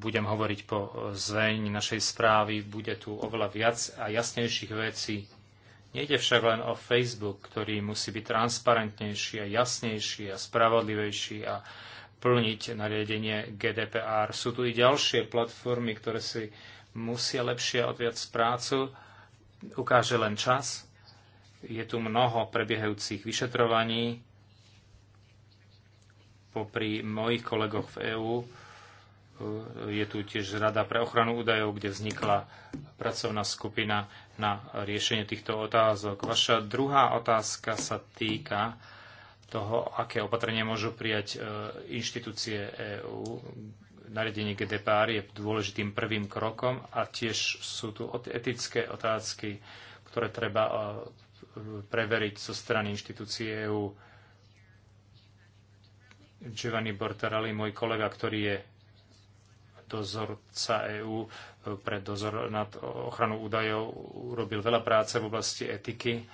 budem hovoriť po zveň našej správy. Bude tu oveľa viac a jasnejších vecí. Nejde však len o Facebook, ktorý musí byť transparentnejší a jasnejší a spravodlivejší a plniť nariadenie GDPR. Sú tu i ďalšie platformy, ktoré si musia lepšie odviať prácu. Ukáže len čas. Je tu mnoho prebiehajúcich vyšetrovaní popri mojich kolegoch v EÚ. Je tu tiež Rada pre ochranu údajov, kde vznikla pracovná skupina na riešenie týchto otázok. Vaša druhá otázka sa týka toho, aké opatrenia môžu prijať e, inštitúcie EÚ. Naredenie GDPR je dôležitým prvým krokom a tiež sú tu etické otázky, ktoré treba e, preveriť zo strany inštitúcie EÚ. Giovanni Bortarelli, môj kolega, ktorý je dozorca EÚ e, pre dozor nad ochranu údajov, urobil veľa práce v oblasti etiky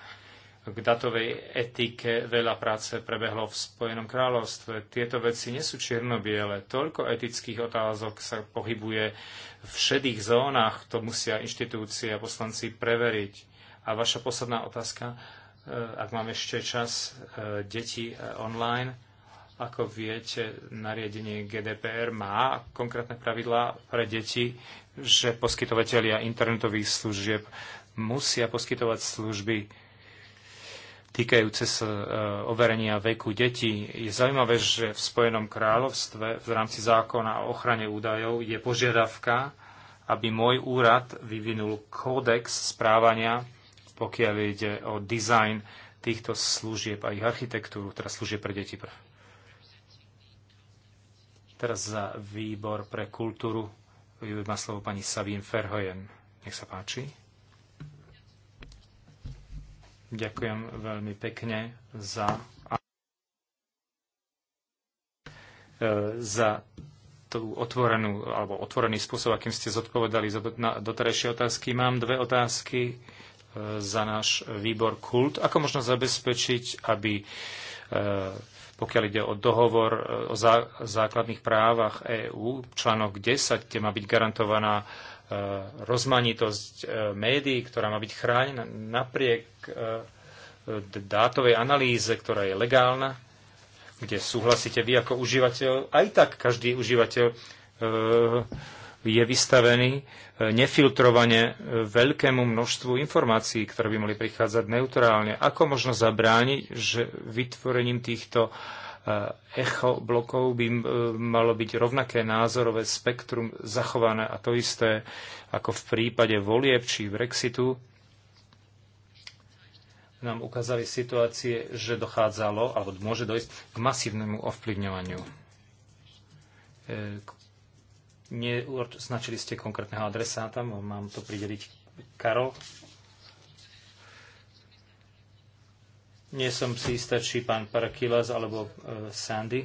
k datovej etike veľa práce prebehlo v Spojenom kráľovstve. Tieto veci nie sú čierno-biele. Toľko etických otázok sa pohybuje v šedých zónach. To musia inštitúcie a poslanci preveriť. A vaša posledná otázka, e, ak mám ešte čas, e, deti e, online. Ako viete, nariadenie GDPR má konkrétne pravidlá pre deti, že poskytovateľia internetových služieb musia poskytovať služby týkajúce sa e, overenia veku detí. Je zaujímavé, že v Spojenom kráľovstve v rámci zákona o ochrane údajov je požiadavka, aby môj úrad vyvinul kódex správania, pokiaľ ide o dizajn týchto služieb a ich architektúru, teda služieb pre deti. Teraz za výbor pre kultúru vyvedma slovo pani Sabine Ferhojen. Nech sa páči. Ďakujem veľmi pekne za, e, za tú otvorenú, alebo otvorený spôsob, akým ste zodpovedali za doterajšie otázky. Mám dve otázky e, za náš výbor KULT. Ako možno zabezpečiť, aby e, pokiaľ ide o dohovor o základných právach EÚ, článok 10, kde má byť garantovaná Eh, rozmanitosť eh, médií, ktorá má byť chránená napriek eh, dátovej analýze, ktorá je legálna, kde súhlasíte vy ako užívateľ. Aj tak každý užívateľ je vystavený nefiltrovane veľkému množstvu informácií, ktoré by mohli prichádzať neutrálne. Ako možno zabrániť, že vytvorením týchto uh, echo blokov by malo byť rovnaké názorové spektrum zachované a to isté ako v prípade volieb či Brexitu nám ukázali situácie, že dochádzalo, alebo môže dojsť k masívnemu ovplyvňovaniu. E, Neznačili ste konkrétneho adresáta, mám to prideliť Karol. Nie som si istá, či pán Parakilas alebo uh, Sandy.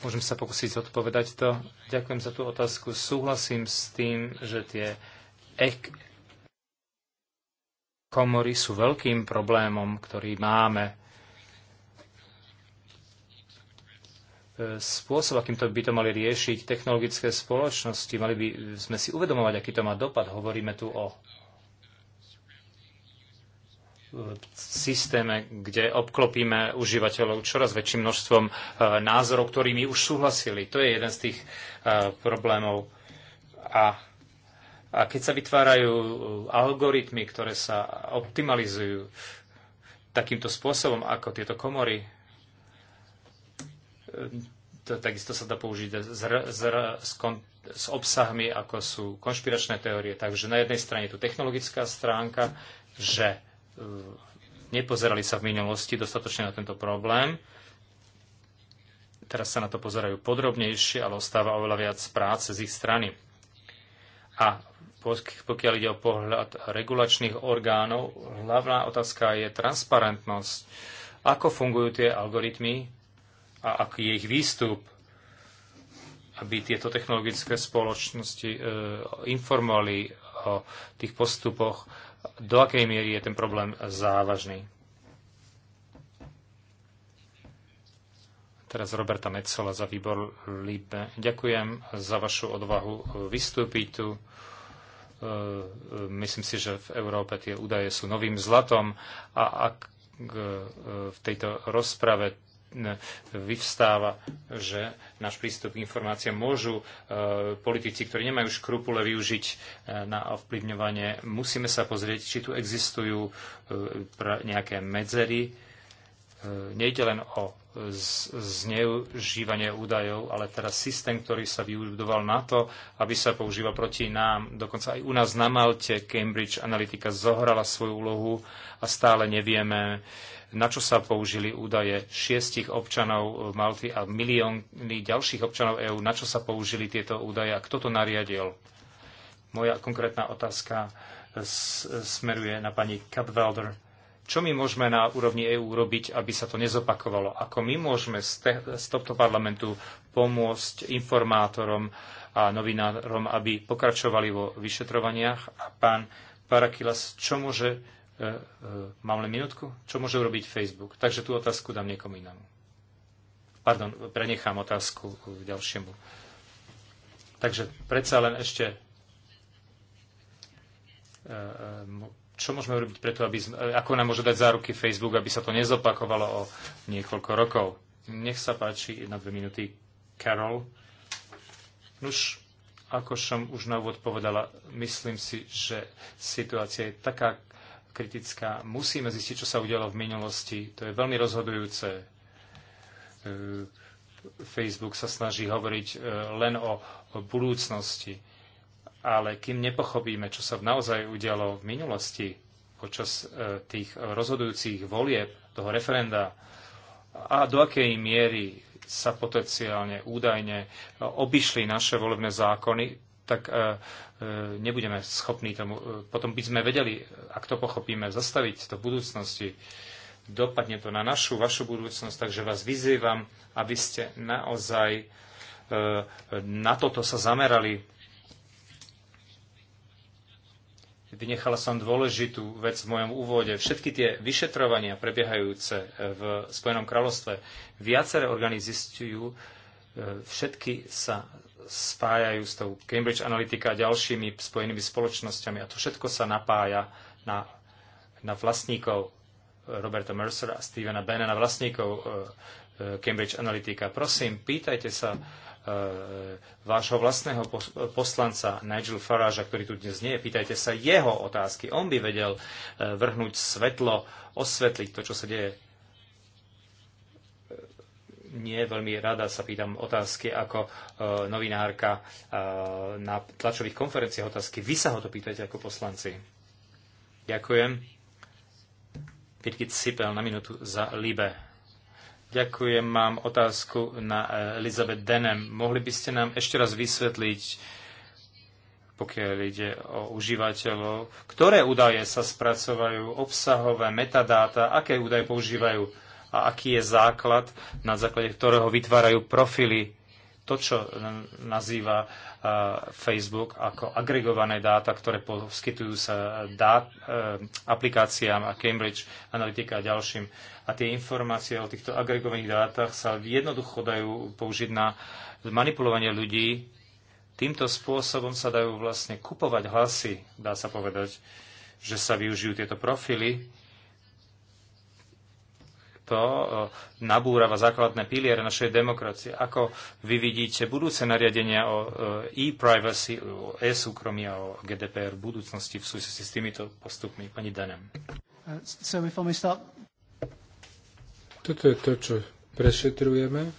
Môžem sa pokúsiť odpovedať to. Ďakujem za tú otázku. Súhlasím s tým, že tie ek- komory sú veľkým problémom, ktorý máme spôsob, akým to by to mali riešiť technologické spoločnosti. Mali by sme si uvedomovať, aký to má dopad. Hovoríme tu o systéme, kde obklopíme užívateľov čoraz väčším množstvom e, názorov, ktorými už súhlasili. To je jeden z tých e, problémov. A, a keď sa vytvárajú e, algoritmy, ktoré sa optimalizujú takýmto spôsobom, ako tieto komory to, takisto sa dá použiť s, s, z, kon, s obsahmi, ako sú konšpiračné teórie. Takže na jednej strane je tu technologická stránka, že e, nepozerali sa v minulosti dostatočne na tento problém. Teraz sa na to pozerajú podrobnejšie, ale ostáva oveľa viac práce z ich strany. A pokiaľ ide o pohľad regulačných orgánov, hlavná otázka je transparentnosť. Ako fungujú tie algoritmy, a aký je ich výstup, aby tieto technologické spoločnosti e, informovali o tých postupoch, do akej miery je ten problém závažný. Teraz Roberta Metzola za výbor LIBE. Ďakujem za vašu odvahu vystúpiť tu. E, myslím si, že v Európe tie údaje sú novým zlatom a ak e, v tejto rozprave vyvstáva, že náš prístup k informáciám môžu e, politici, ktorí nemajú škrupule využiť e, na ovplyvňovanie. Musíme sa pozrieť, či tu existujú e, nejaké medzery. Nejde len o zneužívanie údajov, ale teraz systém, ktorý sa vybudoval na to, aby sa používal proti nám. Dokonca aj u nás na Malte Cambridge Analytica zohrala svoju úlohu a stále nevieme, uh, na čo sa použili údaje šiestich občanov Malty a milióny ďalších občanov EÚ, na čo sa použili tieto údaje a kto to nariadil. Moja konkrétna otázka smeruje na pani Kapwalder. Čo my môžeme na úrovni EÚ robiť, aby sa to nezopakovalo? Ako my môžeme z, z tohto parlamentu pomôcť informátorom a novinárom, aby pokračovali vo vyšetrovaniach? A pán Parakilas, čo môže E, e, mám len minútku? Čo môže urobiť Facebook? Takže tú otázku dám niekomu inému. Pardon, prenechám otázku k ďalšiemu. Takže predsa len ešte, e, čo môžeme urobiť preto, aby sme, ako nám môže dať záruky Facebook, aby sa to nezopakovalo o niekoľko rokov. Nech sa páči, jedna dve minúty, Carol. Nuž, ako som už na úvod povedala, myslím si, že situácia je taká kritická. Musíme zistiť, čo sa udialo v minulosti. To je veľmi rozhodujúce. E, Facebook sa snaží hovoriť e, len o, o budúcnosti. Ale kým nepochopíme, čo sa naozaj udialo v minulosti, počas e, tých rozhodujúcich volieb, toho referenda, a do akej miery sa potenciálne, údajne obišli naše volebné zákony, tak e, e, nebudeme schopní tomu, e, potom by sme vedeli, ak to pochopíme, zastaviť to v budúcnosti. Dopadne to na našu, vašu budúcnosť, takže vás vyzývam, aby ste naozaj na toto sa zamerali. Vynechala som dôležitú vec v mojom úvode. Všetky tie vyšetrovania prebiehajúce v Spojenom kráľovstve, viaceré organizistujú, všetky sa spájajú s tou Cambridge Analytica a ďalšími spojenými spoločnosťami. A to všetko sa napája na, na vlastníkov eh, Roberta Mercera a Stevena Bena, na vlastníkov eh, eh, Cambridge Analytica. Prosím, pýtajte sa vášho vlastného poslanca Nigel Faragea, ktorý tu dnes nie je, pýtajte sa jeho otázky. On by vedel vrhnúť svetlo, osvetliť to, čo sa deje nie veľmi rada sa pýtam otázky ako e, novinárka e, na tlačových konferenciách otázky. Vy sa ho to pýtajte ako poslanci. Ďakujem. Birgit Sipel na minútu za Libe. Ďakujem, mám otázku na e, Elizabeth Denem. Mohli by ste nám ešte raz vysvetliť, pokiaľ ide o užívateľov, ktoré údaje sa spracovajú, obsahové, metadáta, aké údaje používajú? a aký je základ, na základe ktorého vytvárajú profily to, čo nazýva Facebook ako agregované dáta, ktoré poskytujú sa dát, e, aplikáciám a Cambridge Analytica a ďalším. A tie informácie o týchto agregovaných dátach sa jednoducho dajú použiť na manipulovanie ľudí. Týmto spôsobom sa dajú vlastne kupovať hlasy, dá sa povedať, že sa využijú tieto profily to e, nabúrava základné piliere našej demokracie. Ako vy vidíte budúce nariadenia o e, e-privacy, o e-súkromí a o GDPR v budúcnosti v súvislosti s týmito postupmi? Pani Danem. Uh, Toto je to, čo prešetrujeme,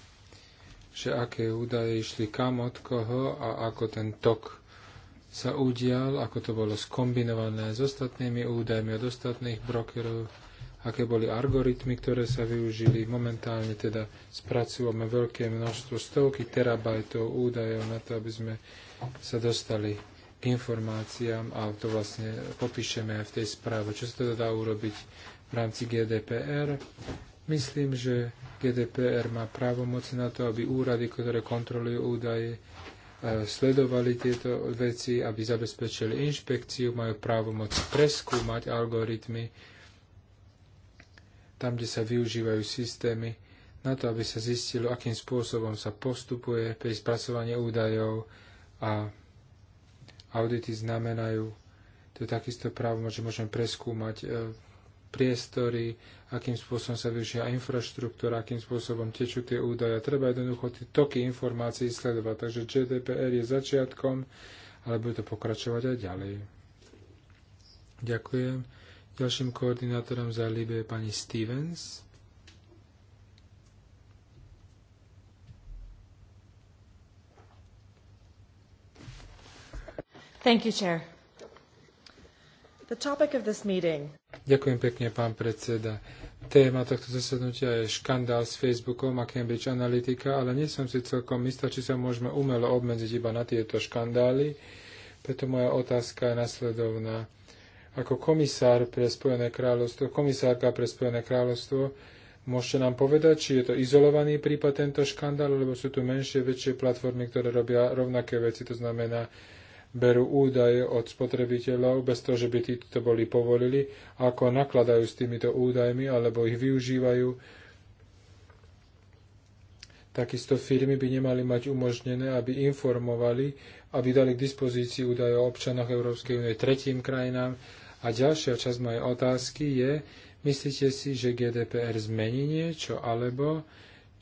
že aké údaje išli kam od koho a ako ten tok sa udial, ako to bolo skombinované s ostatnými údajmi od ostatných brokerov, aké boli algoritmy, ktoré sa využili. Momentálne teda spracúvame veľké množstvo, stovky terabajtov údajov na to, aby sme sa dostali k informáciám a to vlastne popíšeme aj v tej správe. Čo sa teda dá urobiť v rámci GDPR? Myslím, že GDPR má právomoc na to, aby úrady, ktoré kontrolujú údaje, e, sledovali tieto veci, aby zabezpečili inšpekciu, majú právomoc preskúmať algoritmy, tam, kde sa využívajú systémy, na to, aby sa zistilo, akým spôsobom sa postupuje pri spracovaní údajov a audity znamenajú, to je takisto právo, že môžeme preskúmať e, priestory, akým spôsobom sa využíva infraštruktúra, akým spôsobom tečú tie údaje. Treba jednoducho tie toky informácií sledovať. Takže GDPR je začiatkom, ale bude to pokračovať aj ďalej. Ďakujem. Ďalším koordinátorom za Libie je pani Stevens. Thank you, Chair. The topic of this meeting. Ďakujem pekne, pán predseda. Téma tohto zasadnutia je škandál s Facebookom a Cambridge Analytica, ale nie som si celkom istá, či sa môžeme umelo obmedziť iba na tieto škandály. Preto moja otázka je nasledovná ako komisár pre Spojené kráľovstvo, komisárka pre Spojené kráľovstvo, môžete nám povedať, či je to izolovaný prípad tento škandál, lebo sú tu menšie, väčšie platformy, ktoré robia rovnaké veci, to znamená, berú údaje od spotrebiteľov bez toho, že by títo boli povolili, ako nakladajú s týmito údajmi alebo ich využívajú. Takisto firmy by nemali mať umožnené, aby informovali, aby dali k dispozícii údaje o občanoch Európskej únie tretím krajinám, a ďalšia časť mojej otázky je, myslíte si, že GDPR zmení niečo, alebo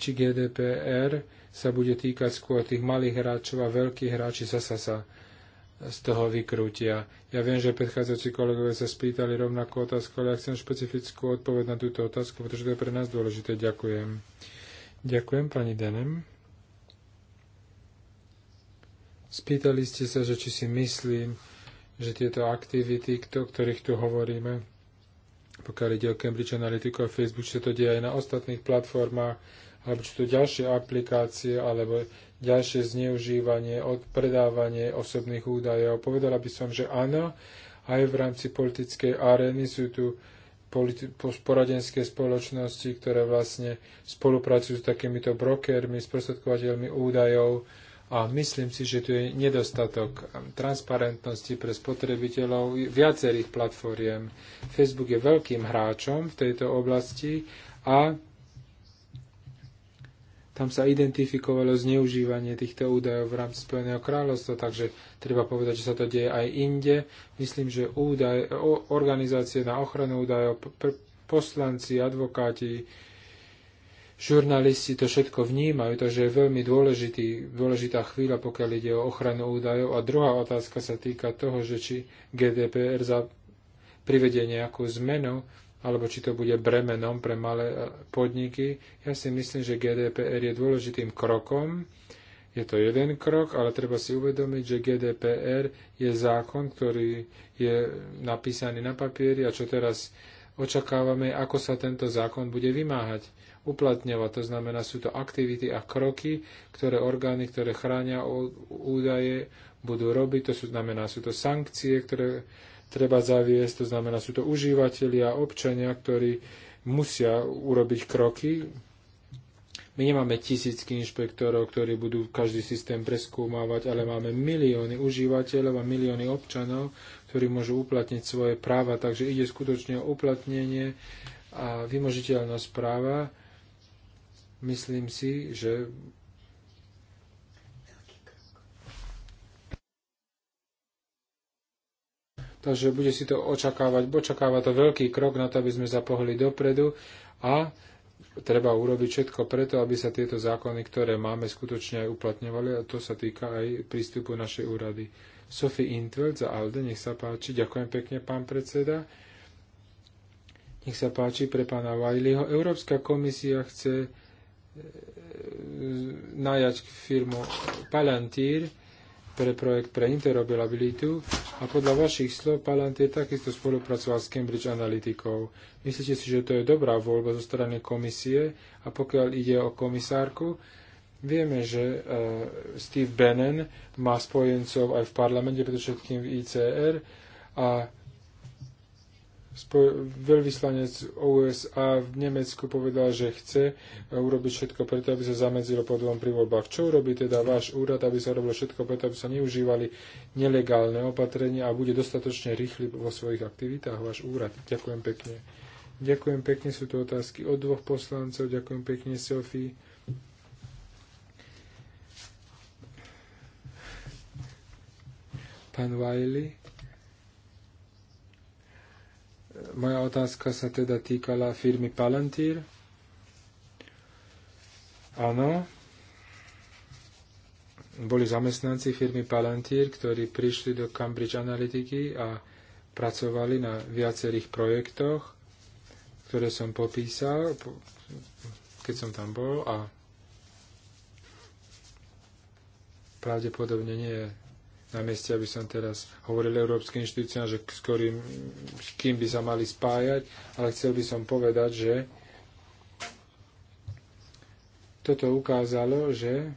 či GDPR sa bude týkať skôr tých malých hráčov a veľkých hráči zasa sa z toho vykrútia. Ja viem, že predchádzajúci kolegovia sa spýtali rovnakú otázku, ale ja chcem špecifickú odpoveď na túto otázku, pretože to je pre nás dôležité. Ďakujem. Ďakujem, pani Denem. Spýtali ste sa, že či si myslím, že tieto aktivity, o ktorých tu hovoríme, pokiaľ ide o Cambridge Analytica a Facebook, čo to deje aj na ostatných platformách, alebo či to ďalšie aplikácie, alebo ďalšie zneužívanie, predávanie osobných údajov. Povedala by som, že áno, aj v rámci politickej arény sú tu poradenské spoločnosti, ktoré vlastne spolupracujú s takýmito brokermi, sprostredkovateľmi údajov, a myslím si, že tu je nedostatok um, transparentnosti pre spotrebiteľov viacerých platformiem. Facebook je veľkým hráčom v tejto oblasti a tam sa identifikovalo zneužívanie týchto údajov v rámci Spojeného kráľovstva, takže treba povedať, že sa to deje aj inde. Myslím, že údaj, organizácie na ochranu údajov, poslanci, advokáti, Žurnalisti to všetko vnímajú, takže je veľmi dôležitý, dôležitá chvíľa, pokiaľ ide o ochranu údajov. A druhá otázka sa týka toho, že či GDPR za privedie nejakú zmenu, alebo či to bude bremenom pre malé podniky. Ja si myslím, že GDPR je dôležitým krokom. Je to jeden krok, ale treba si uvedomiť, že GDPR je zákon, ktorý je napísaný na papieri a čo teraz očakávame, ako sa tento zákon bude vymáhať uplatňovať. To znamená, sú to aktivity a kroky, ktoré orgány, ktoré chránia údaje, budú robiť. To sú, znamená, sú to sankcie, ktoré treba zaviesť. To znamená, sú to užívateľia, občania, ktorí musia urobiť kroky. My nemáme tisícky inšpektorov, ktorí budú každý systém preskúmavať, ale máme milióny užívateľov a milióny občanov, ktorí môžu uplatniť svoje práva. Takže ide skutočne o uplatnenie a vymožiteľnosť práva Myslím si, že Takže bude si to očakávať, očakáva to veľký krok na to, aby sme zapohli dopredu a treba urobiť všetko preto, aby sa tieto zákony, ktoré máme, skutočne aj uplatňovali a to sa týka aj prístupu našej úrady. Sophie Intveld za Alde, nech sa páči. Ďakujem pekne, pán predseda. Nech sa páči pre pána Wileyho. Európska komisia chce najať firmu Palantir pre projekt pre interoperabilitu a podľa vašich slov Palantir takisto spolupracoval s Cambridge Analytikou. Myslíte si, že to je dobrá voľba zo strany komisie a pokiaľ ide o komisárku, vieme, že eh, Steve Bannon má spojencov aj v parlamente, preto všetkým v ICR a veľvyslanec USA v Nemecku povedal, že chce e, urobiť všetko preto, aby sa zamedzilo podvom pri voľbách. Čo urobí teda váš úrad, aby sa robilo všetko preto, aby sa neužívali nelegálne opatrenia a bude dostatočne rýchly vo svojich aktivitách váš úrad? Ďakujem pekne. Ďakujem pekne, sú to otázky od dvoch poslancov. Ďakujem pekne, Sofie. Pán Wiley moja otázka sa teda týkala firmy Palantir. Áno, boli zamestnanci firmy Palantir, ktorí prišli do Cambridge Analytiky a pracovali na viacerých projektoch, ktoré som popísal, keď som tam bol a pravdepodobne nie je na mieste, aby som teraz hovoril európskym inštitúciám, že s kým by sa mali spájať, ale chcel by som povedať, že toto ukázalo, že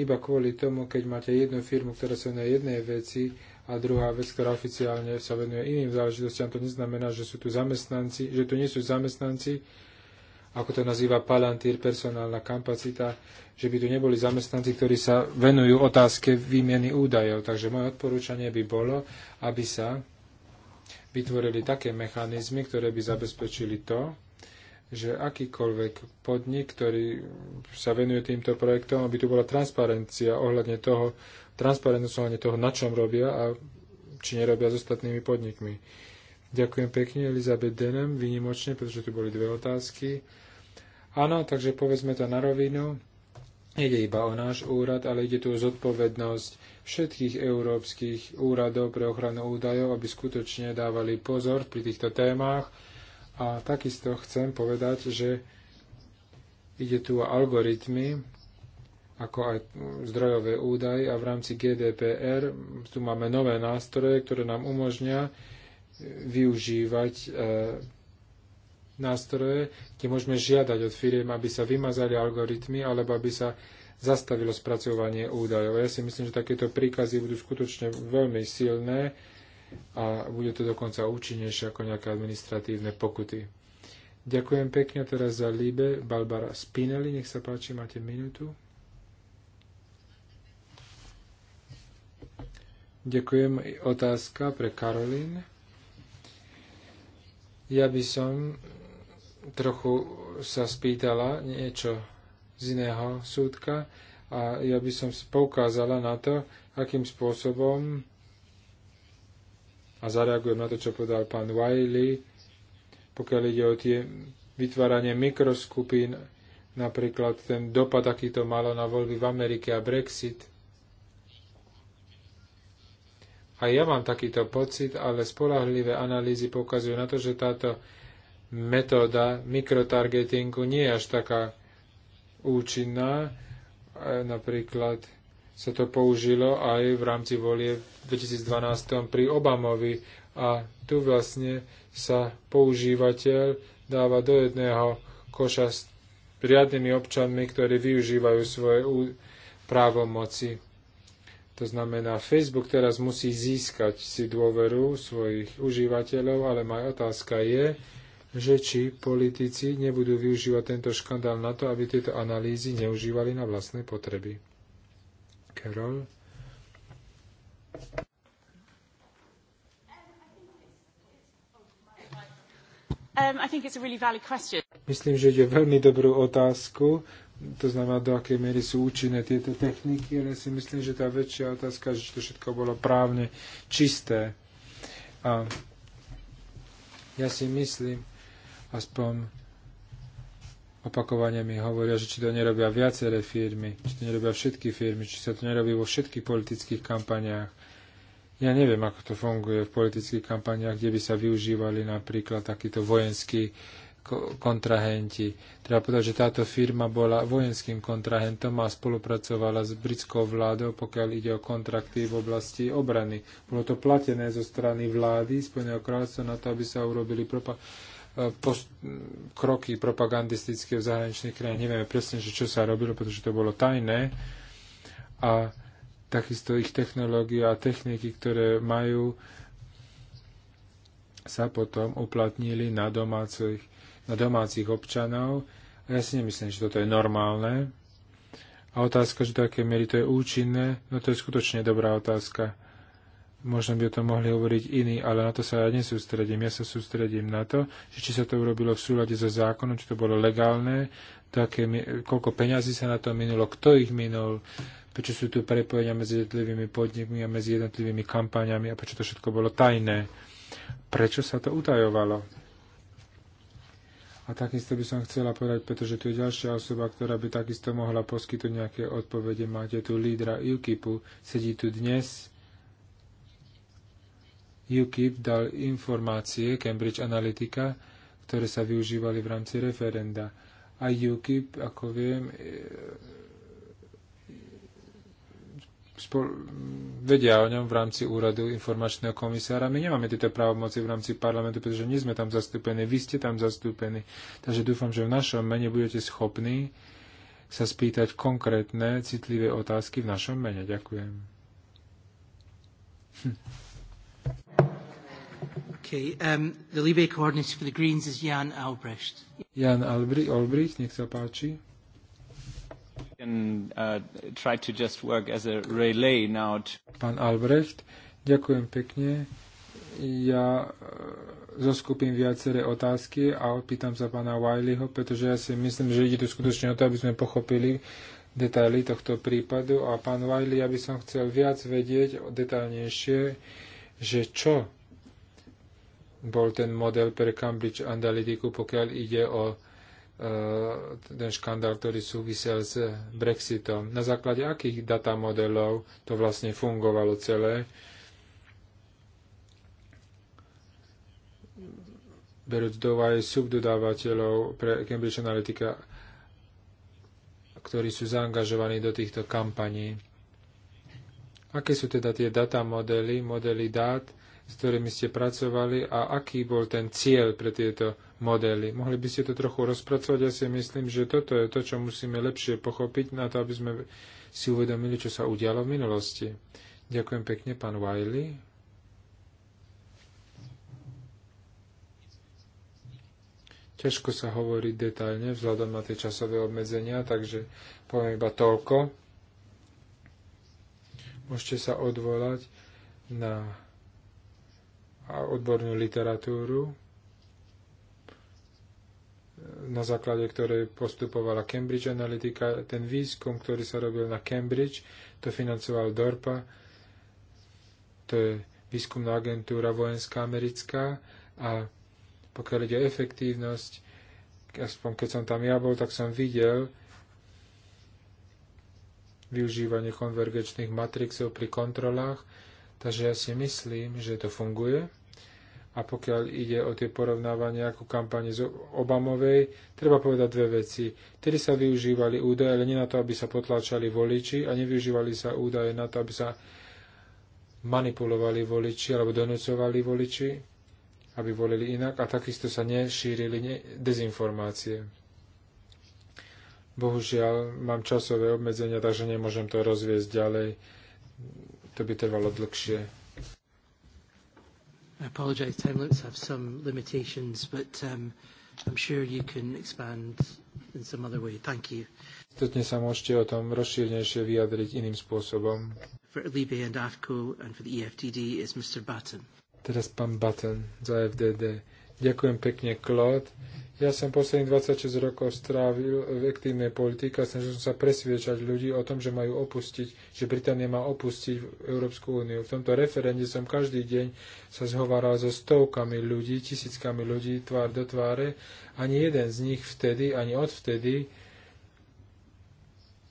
iba kvôli tomu, keď máte jednu firmu, ktorá sa venuje jednej veci a druhá vec, ktorá oficiálne sa venuje iným záležitostiam, to neznamená, že sú tu zamestnanci, že tu nie sú zamestnanci, ako to nazýva Palantír, personálna kapacita, že by tu neboli zamestnanci, ktorí sa venujú otázke výmeny údajov. Takže moje odporúčanie by bolo, aby sa vytvorili také mechanizmy, ktoré by zabezpečili to, že akýkoľvek podnik, ktorý sa venuje týmto projektom, aby tu bola transparencia ohľadne toho, transparentnosť ohľadne toho, na čom robia a či nerobia s ostatnými podnikmi. Ďakujem pekne Elizabeth Denem, výnimočne, pretože tu boli dve otázky. Áno, takže povedzme to na rovinu. Ide iba o náš úrad, ale ide tu o zodpovednosť všetkých európskych úradov pre ochranu údajov, aby skutočne dávali pozor pri týchto témach. A takisto chcem povedať, že ide tu o algoritmy, ako aj zdrojové údaje a v rámci GDPR tu máme nové nástroje, ktoré nám umožňujú využívať e, nástroje, kde môžeme žiadať od firiem, aby sa vymazali algoritmy alebo aby sa zastavilo spracovanie údajov. Ja si myslím, že takéto príkazy budú skutočne veľmi silné a bude to dokonca účinnejšie ako nejaké administratívne pokuty. Ďakujem pekne teraz za Líbe Balbara Spinelli. Nech sa páči, máte minútu. Ďakujem. Otázka pre Karolín. Ja by som trochu sa spýtala niečo z iného súdka a ja by som poukázala na to, akým spôsobom a zareagujem na to, čo povedal pán Wiley, pokiaľ ide o tie vytváranie mikroskupín, napríklad ten dopad, aký to malo na voľby v Amerike a Brexit. A ja mám takýto pocit, ale spolahlivé analýzy pokazujú na to, že táto metóda mikrotargetingu nie je až taká účinná. E, napríklad sa to použilo aj v rámci volie v 2012 pri Obamovi a tu vlastne sa používateľ dáva do jedného koša s riadnymi občanmi, ktorí využívajú svoje právomoci. To znamená, Facebook teraz musí získať si dôveru svojich užívateľov, ale moja otázka je, že či politici nebudú využívať tento škandál na to, aby tieto analýzy neužívali na vlastné potreby. Carol? Um, Myslím, že ide veľmi dobrú otázku to znamená, do akej miery sú účinné tieto techniky, ale si myslím, že tá väčšia otázka, že to všetko bolo právne čisté. A ja si myslím, aspoň opakovane mi hovoria, že či to nerobia viaceré firmy, či to nerobia všetky firmy, či sa to nerobí vo všetkých politických kampaniách. Ja neviem, ako to funguje v politických kampaniách, kde by sa využívali napríklad takýto vojenský kontrahenti. Treba povedať, že táto firma bola vojenským kontrahentom a spolupracovala s britskou vládou, pokiaľ ide o kontrakty v oblasti obrany. Bolo to platené zo strany vlády Spojeného kráľovstva na to, aby sa urobili propa- e, post- kroky propagandistické v zahraničných krajinách. Nevieme presne, že čo sa robilo, pretože to bolo tajné. A takisto ich technológia a techniky, ktoré majú, sa potom uplatnili na domácich na domácich občanov. A ja si nemyslím, že toto je normálne. A otázka, že do akej miery to je účinné, no to je skutočne dobrá otázka. Možno by o tom mohli hovoriť iní, ale na to sa ja nesústredím. Ja sa sústredím na to, že či sa to urobilo v súlade so zákonom, či to bolo legálne, to aké, koľko peňazí sa na to minulo, kto ich minul, prečo sú tu prepojenia medzi jednotlivými podnikmi a medzi jednotlivými kampaniami a prečo to všetko bolo tajné. Prečo sa to utajovalo? A takisto by som chcela povedať, pretože tu je ďalšia osoba, ktorá by takisto mohla poskytnúť nejaké odpovede. Máte tu lídra UKIPu, sedí tu dnes. UKIP dal informácie Cambridge Analytica, ktoré sa využívali v rámci referenda. A UKIP, ako viem, e, vedia o ňom v rámci úradu informačného komisára. My nemáme tieto právomoci v rámci parlamentu, pretože nie sme tam zastúpení, vy ste tam zastúpení. Takže dúfam, že v našom mene budete schopní sa spýtať konkrétne, citlivé otázky v našom mene. Ďakujem. Hm. Okay, um, the coordinator for the Greens is Jan Albrecht. Jan Albrecht, nech sa páči. Uh, pán Albrecht, ďakujem pekne. Ja e, zoskupím viaceré otázky a opýtam sa pána Wileyho, pretože ja si myslím, že ide tu skutočne o to, aby sme pochopili detaily tohto prípadu. A pán Wiley, ja by som chcel viac vedieť detaľnejšie, že čo bol ten model pre Cambridge Analytiku, pokiaľ ide o E, ten škandál, ktorý súvisel s Brexitom. Na základe akých datamodelov to vlastne fungovalo celé? Berúc do aj subdodávateľov pre Cambridge Analytica, ktorí sú zaangažovaní do týchto kampaní. Aké sú teda tie datamodely, modely dát, s ktorými ste pracovali a aký bol ten cieľ pre tieto modely. Mohli by ste to trochu rozpracovať? Ja si myslím, že toto je to, čo musíme lepšie pochopiť na to, aby sme si uvedomili, čo sa udialo v minulosti. Ďakujem pekne, pán Wiley. Ťažko sa hovorí detailne vzhľadom na tie časové obmedzenia, takže poviem iba toľko. Môžete sa odvolať na a odbornú literatúru, e, na základe ktorej postupovala Cambridge Analytica. Ten výskum, ktorý sa robil na Cambridge, to financoval DORPA, to je výskumná agentúra vojenská americká a pokiaľ ide efektívnosť, aspoň keď som tam ja bol, tak som videl využívanie konvergečných matrixov pri kontrolách, takže ja si myslím, že to funguje. A pokiaľ ide o tie porovnávania ako kampane z Obamovej, treba povedať dve veci. Tedy sa využívali údaje, ale nie na to, aby sa potláčali voliči a nevyužívali sa údaje na to, aby sa manipulovali voliči alebo donúcovali voliči, aby volili inak a takisto sa nešírili dezinformácie. Bohužiaľ, mám časové obmedzenia, takže nemôžem to rozviesť ďalej. To by trvalo dlhšie. I apologize, time limits have some limitations, but um, I'm sure you can expand in some other way. Thank you. Istotne sa môžete o tom rozšírnejšie vyjadriť iným spôsobom. For Libe and AFCO and for the EFDD is Mr. Batten. Teraz pán Batten za e FDD. Ďakujem pekne, Claude. Ja som posledných 26 rokov strávil v aktívnej politike a snažil som sa presviečať ľudí o tom, že majú opustiť, že Británia má opustiť Európsku úniu. V tomto referende som každý deň sa zhováral so stovkami ľudí, tisíckami ľudí tvár do tváre. Ani jeden z nich vtedy, ani odvtedy,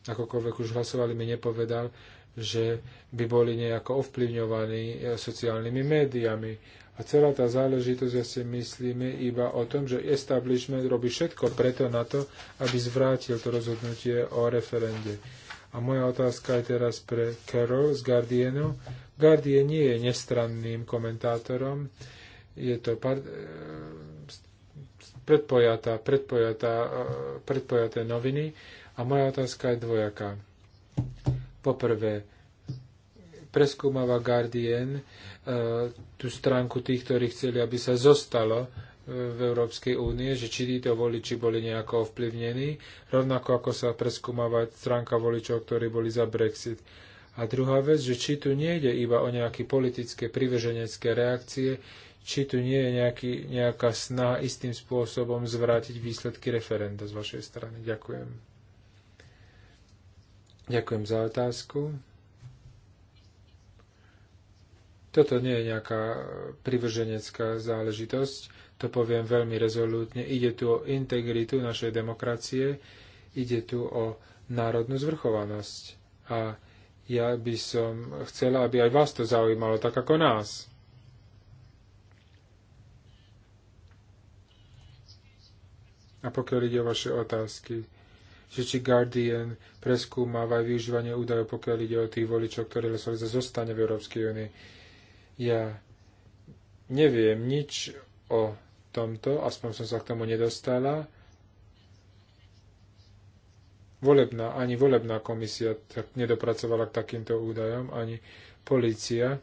akokoľvek už hlasovali, mi nepovedal, že by boli nejako ovplyvňovaní sociálnymi médiami a celá tá záležitosť, ja si myslíme, iba o tom, že establishment robí všetko preto na to, aby zvrátil to rozhodnutie o referende. A moja otázka je teraz pre Carol z Guardianu. Guardian nie je nestranným komentátorom, je to par- predpojatá, predpojatá, predpojaté noviny. A moja otázka je dvojaká. Poprvé, preskúmava Guardian e, tú stránku tých, ktorí chceli, aby sa zostalo e, v Európskej únie, že či títo voliči boli nejako ovplyvnení, rovnako ako sa preskúmava stránka voličov, ktorí boli za Brexit. A druhá vec, že či tu nejde iba o nejaké politické privrženecké reakcie, či tu nie je nejaký, nejaká snaha istým spôsobom zvrátiť výsledky referenda z vašej strany. Ďakujem. Ďakujem za otázku. Toto nie je nejaká privrženecká záležitosť, to poviem veľmi rezolútne. Ide tu o integritu našej demokracie, ide tu o národnú zvrchovanosť. A ja by som chcela, aby aj vás to zaujímalo, tak ako nás. A pokiaľ ide o vaše otázky, že či Guardian preskúmava aj využívanie údajov, pokiaľ ide o tých voličov, ktorí sa zostane v Európskej únii ja neviem nič o tomto, aspoň som sa k tomu nedostala. Volebná, ani volebná komisia tak nedopracovala k takýmto údajom, ani policia.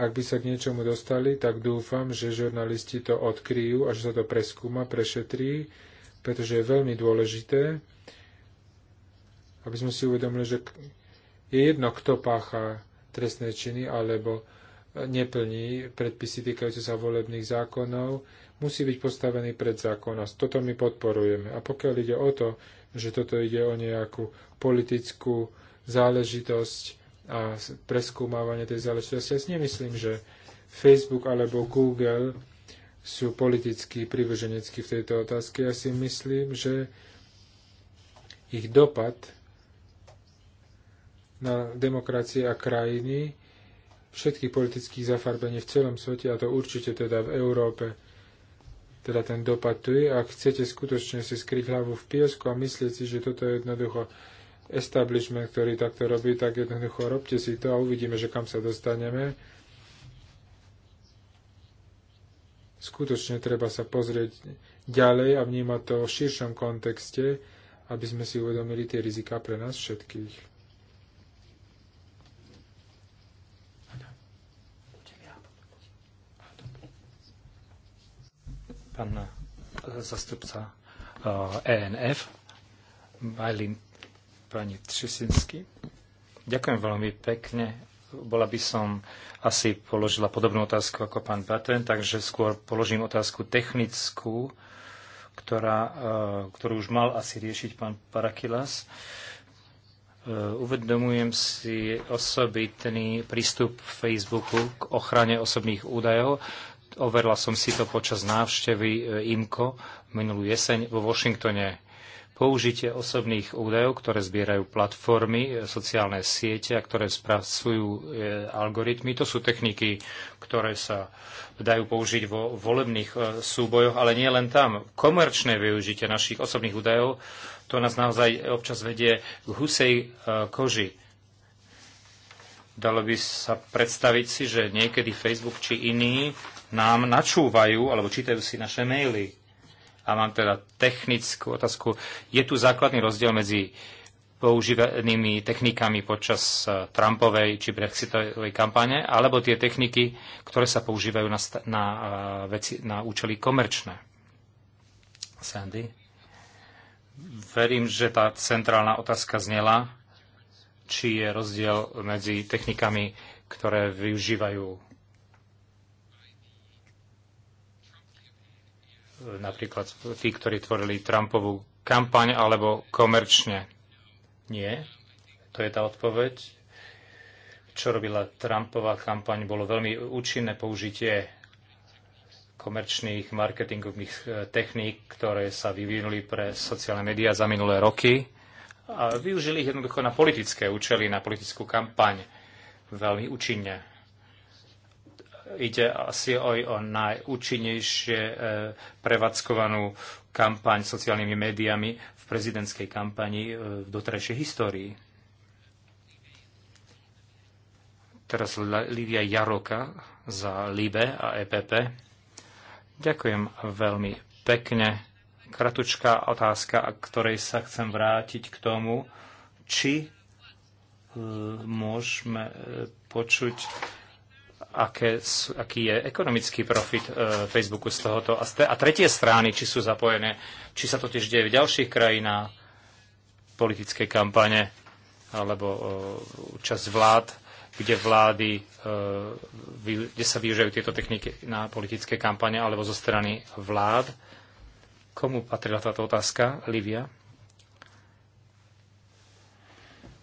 Ak by sa k niečomu dostali, tak dúfam, že žurnalisti to odkryjú a že sa to preskúma, prešetrí, pretože je veľmi dôležité, aby sme si uvedomili, že je jedno, kto pácha trestné činy, alebo neplní predpisy týkajúce sa volebných zákonov, musí byť postavený pred zákon a toto my podporujeme. A pokiaľ ide o to, že toto ide o nejakú politickú záležitosť a preskúmávanie tej záležitosti, ja si nemyslím, že Facebook alebo Google sú politicky privrženecky v tejto otázke. Ja si myslím, že ich dopad na demokracie a krajiny všetkých politických zafarbení v celom svete, a to určite teda v Európe. Teda ten dopad tu je. Ak chcete skutočne si skryť hlavu v piesku a myslieť si, že toto je jednoducho establishment, ktorý takto robí, tak jednoducho robte si to a uvidíme, že kam sa dostaneme. Skutočne treba sa pozrieť ďalej a vnímať to v širšom kontexte, aby sme si uvedomili tie rizika pre nás všetkých. pán eh, zastupca ENF, eh, e Majlin pani Třesinsky. Ďakujem veľmi pekne. Bola by som asi položila podobnú otázku ako pán Batten, takže skôr položím otázku technickú, ktorá, eh, ktorú už mal asi riešiť pán Parakilas. Uvedomujem si osobitný prístup Facebooku k ochrane osobných údajov, overla som si to počas návštevy e, IMCO minulú jeseň vo Washingtone. Použitie osobných údajov, ktoré zbierajú platformy, e, sociálne siete a ktoré spracujú e, algoritmy, to sú techniky, ktoré sa dajú použiť vo volebných súbojoch, ale nie len tam. Komerčné využitie našich osobných údajov, to nás naozaj občas vedie k husej koži. Dalo by sa predstaviť si, že niekedy Facebook či iný nám načúvajú alebo čítajú si naše maily. A mám teda technickú otázku. Je tu základný rozdiel medzi používanými technikami počas e, Trumpovej či Brexitovej kampane, alebo tie techniky, ktoré sa používajú na, na, e, veci, na účely komerčné. Sandy? Verím, že tá centrálna otázka znela, či je rozdiel medzi technikami, ktoré využívajú napríklad tí, ktorí tvorili Trumpovú kampaň alebo komerčne? Nie. To je tá odpoveď. Čo robila Trumpová kampaň, bolo veľmi účinné použitie komerčných marketingových eh, techník, ktoré sa vyvinuli pre sociálne médiá za minulé roky. A využili ich jednoducho na politické účely, na politickú kampaň veľmi účinne ide asi aj o najúčinnejšie e, prevádzkovanú kampaň sociálnymi médiami v prezidentskej kampani e, v doterajšej histórii. Teraz Lidia Jaroka za LIBE a EPP. Ďakujem veľmi pekne. Kratučká otázka, a ktorej sa chcem vrátiť k tomu, či e, môžeme počuť aké, aký je ekonomický profit e, Facebooku z tohoto a, a tretie strany, či sú zapojené, či sa totiž deje v ďalších krajinách, politické kampane alebo e, časť vlád, kde vlády, e, kde sa využívajú tieto techniky na politické kampane alebo zo strany vlád. Komu patrila táto otázka? Livia?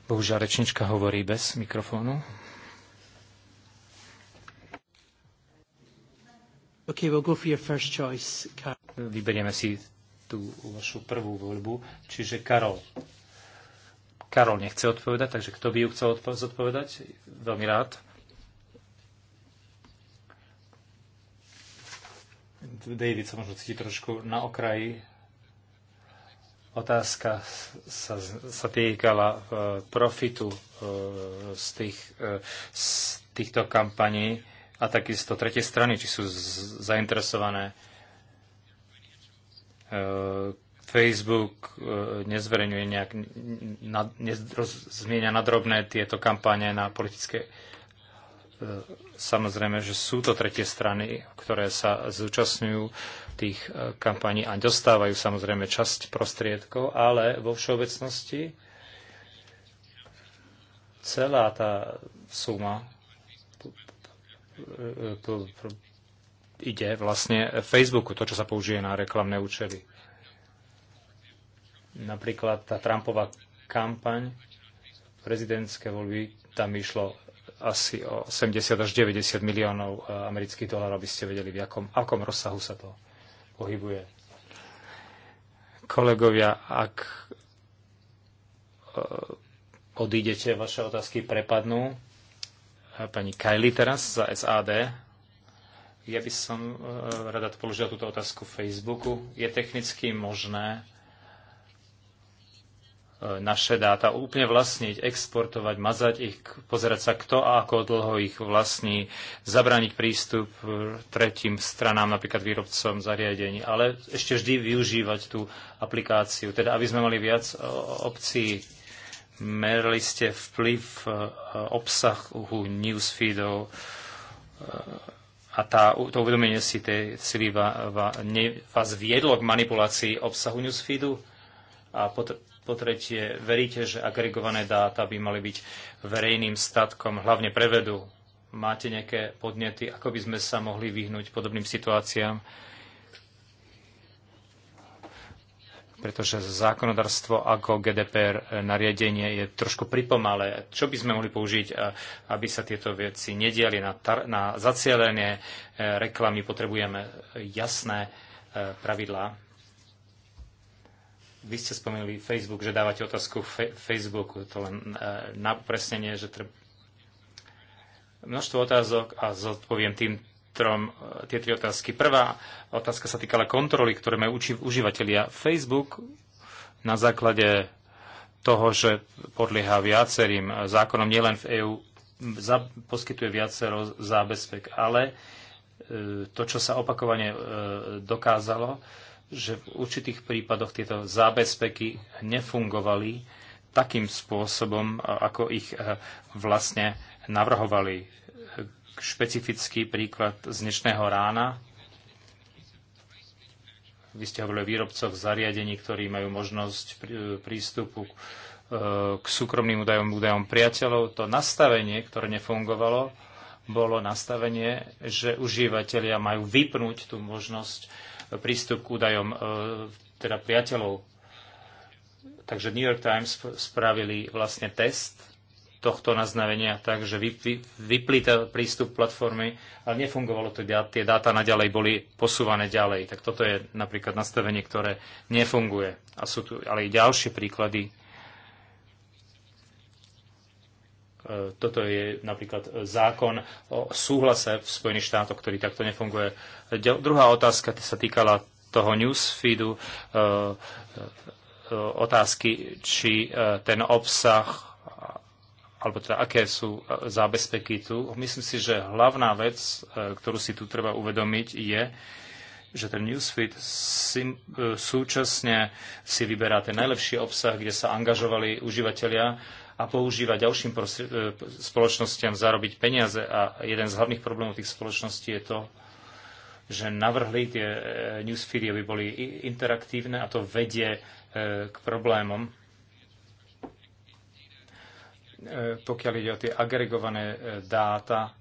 Bohužiaľ, rečnička hovorí bez mikrofónu. Okay, we'll go for your first choice, Karol. Vyberieme si tú vašu prvú voľbu, čiže Karol. Karol nechce odpovedať, takže kto by ju chcel zodpovedať? Veľmi rád. David sa možno cíti trošku na okraji. Otázka sa, sa týkala e, profitu e, z, tých, e, z týchto kampaní a takisto tretie strany, či sú zainteresované. E, Facebook e, nezverejňuje nejak, na, zmienia nadrobné tieto kampáne na politické. E, samozrejme, že sú to tretie strany, ktoré sa zúčastňujú tých kampaní a dostávajú samozrejme časť prostriedkov, ale vo všeobecnosti celá tá suma E, e, to ide vlastne Facebooku, to, čo sa použije na reklamné účely. Napríklad tá Trumpová kampaň, prezidentské voľby, tam išlo asi o 80 až 90 miliónov e, amerických dolárov, aby ste vedeli, v akom, akom rozsahu sa to pohybuje. Kolegovia, ak odídete, vaše otázky prepadnú pani Kajli teraz za SAD. Ja by som e, rada položila túto otázku Facebooku. Je technicky možné e, naše dáta úplne vlastniť, exportovať, mazať ich, pozerať sa kto a ako dlho ich vlastní, zabrániť prístup e, tretím stranám, napríklad výrobcom zariadení, ale ešte vždy využívať tú aplikáciu, teda aby sme mali viac opcií merali ste vplyv e, obsahu newsfeedov e, a tá, to uvedomenie si tej sily vás viedlo k manipulácii obsahu newsfeedu? A po tretie, veríte, že agregované dáta by mali byť verejným statkom, hlavne prevedu? Máte nejaké podnety, ako by sme sa mohli vyhnúť podobným situáciám? pretože zákonodarstvo ako GDPR nariadenie je trošku pripomalé. Čo by sme mohli použiť, aby sa tieto veci nediali na, tar- na zacielené e, reklamy? Potrebujeme jasné e, pravidlá. Vy ste spomenuli Facebook, že dávate otázku fe- Facebooku. To len e, na presnenie, že treba množstvo otázok a zodpoviem tým trom, e, tie tri otázky. Prvá otázka sa týkala kontroly, ktoré majú uči, užívateľia. Facebook na základe toho, že podlieha viacerým zákonom, nielen v EÚ, poskytuje viacero zábezpek, ale e, to, čo sa opakovane e, dokázalo, že v určitých prípadoch tieto zábezpeky nefungovali takým spôsobom, ako ich vlastne navrhovali špecifický príklad z dnešného rána. Vy ste hovorili o výrobcoch zariadení, ktorí majú možnosť prístupu e, k súkromným údajom, údajom priateľov. To nastavenie, ktoré nefungovalo, bolo nastavenie, že užívateľia majú vypnúť tú možnosť e, prístup k údajom e, teda priateľov. Takže New York Times spravili vlastne test tohto naznavenia, takže vyplýta prístup platformy, ale nefungovalo to, tie dáta naďalej boli posúvané ďalej. Tak toto je napríklad nastavenie, ktoré nefunguje. A sú tu ale aj ďalšie príklady. E, toto je napríklad zákon o súhlase v Spojených štátoch, ktorý takto nefunguje. Druhá otázka sa týkala toho newsfeedu, e, e, otázky, či ten obsah alebo teda aké sú e, zábezpeky tu. Myslím si, že hlavná vec, e, ktorú si tu treba uvedomiť, je, že ten newsfeed e, súčasne si vyberá ten najlepší obsah, kde sa angažovali užívateľia a používa ďalším spoločnostiam zarobiť peniaze. A jeden z hlavných problémov tých spoločností je to, že navrhli tie newsfeedy, aby boli interaktívne a to vedie k problémom E, pokiaľ ide o tie agregované e, dáta,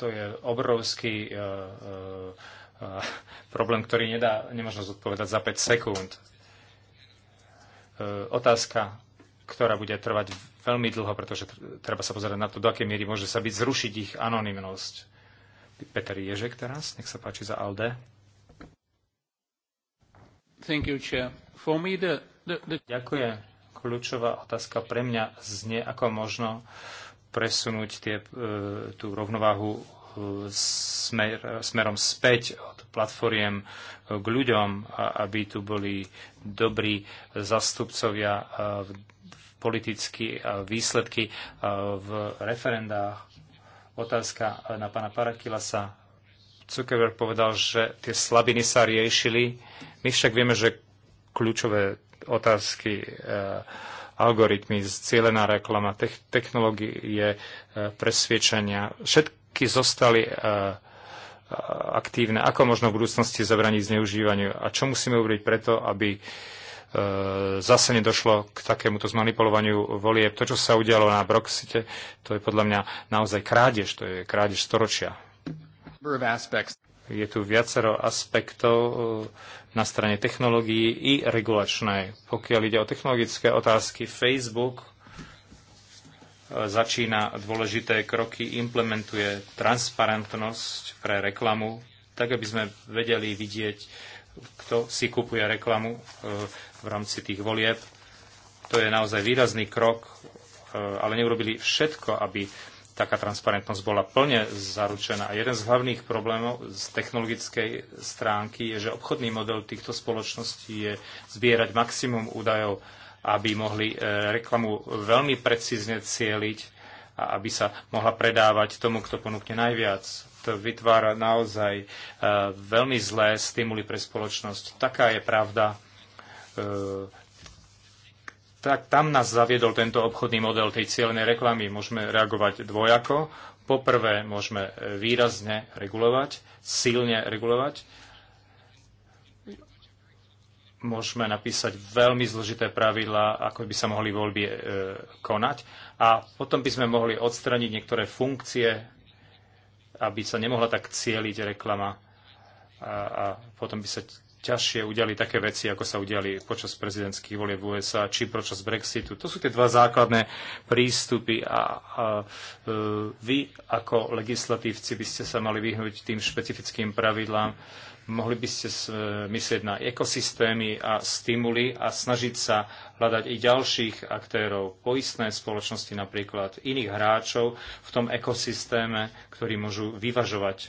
to je obrovský e, problém, ktorý nedá, nemožno zodpovedať za 5 sekúnd. otázka, ktorá bude trvať veľmi dlho, pretože treba sa pozerať na to, do akej miery môže sa byť zrušiť ich anonymnosť. Peter Ježek teraz, nech sa páči za ALDE. Ďakujem kľúčová otázka pre mňa znie, ako možno presunúť tie, e, tú rovnováhu e, smer, smerom späť od platformiem e, k ľuďom, aby tu boli dobrí zastupcovia politicky a výsledky v referendách. Otázka na pána Parakilasa. Zuckerberg povedal, že tie slabiny sa riešili. My však vieme, že kľúčové otázky e, algoritmy, cieľená reklama, technológie e, presviečania. Všetky zostali e, aktívne. Ako možno v budúcnosti zabraniť zneužívaniu a čo musíme urobiť preto, aby zase nedošlo k takémuto zmanipulovaniu volieb. To, čo sa udialo na Brexite, to je podľa mňa naozaj krádež, to je krádež storočia. Je tu viacero aspektov, na strane technológií i regulačnej. Pokiaľ ide o technologické otázky, Facebook e, začína dôležité kroky, implementuje transparentnosť pre reklamu, tak aby sme vedeli vidieť, kto si kupuje reklamu e, v rámci tých volieb. To je naozaj výrazný krok, e, ale neurobili všetko, aby taká transparentnosť bola plne zaručená. A jeden z hlavných problémov z technologickej stránky je, že obchodný model týchto spoločností je zbierať maximum údajov, aby mohli e, reklamu veľmi precízne cieliť a aby sa mohla predávať tomu, kto ponúkne najviac. To vytvára naozaj e, veľmi zlé stimuly pre spoločnosť. Taká je pravda e, tak tam nás zaviedol tento obchodný model tej cieľnej reklamy. Môžeme reagovať dvojako. Poprvé môžeme výrazne regulovať, silne regulovať. Môžeme napísať veľmi zložité pravidlá, ako by sa mohli voľby e, konať. A potom by sme mohli odstraniť niektoré funkcie, aby sa nemohla tak cieliť reklama. A, a potom by sa ťažšie udiali také veci, ako sa udiali počas prezidentských volieb v USA či počas Brexitu. To sú tie dva základné prístupy a, a e, vy ako legislatívci by ste sa mali vyhnúť tým špecifickým pravidlám. Mohli by ste myslieť na ekosystémy a stimuly a snažiť sa hľadať i ďalších aktérov, poistné spoločnosti napríklad, iných hráčov v tom ekosystéme, ktorí môžu vyvažovať e,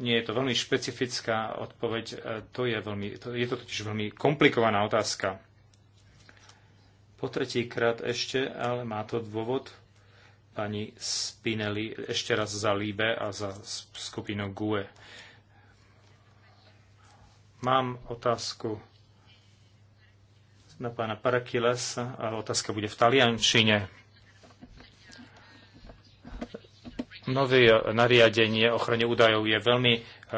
nie je to veľmi špecifická odpoveď, e, to je, veľmi, to, je to totiž veľmi komplikovaná otázka. Po tretíkrát ešte, ale má to dôvod, pani Spinelli ešte raz za Líbe a za skupinu GUE. Mám otázku na pána Parakilesa a otázka bude v taliančine. Nové nariadenie ochrane údajov je veľmi e, e,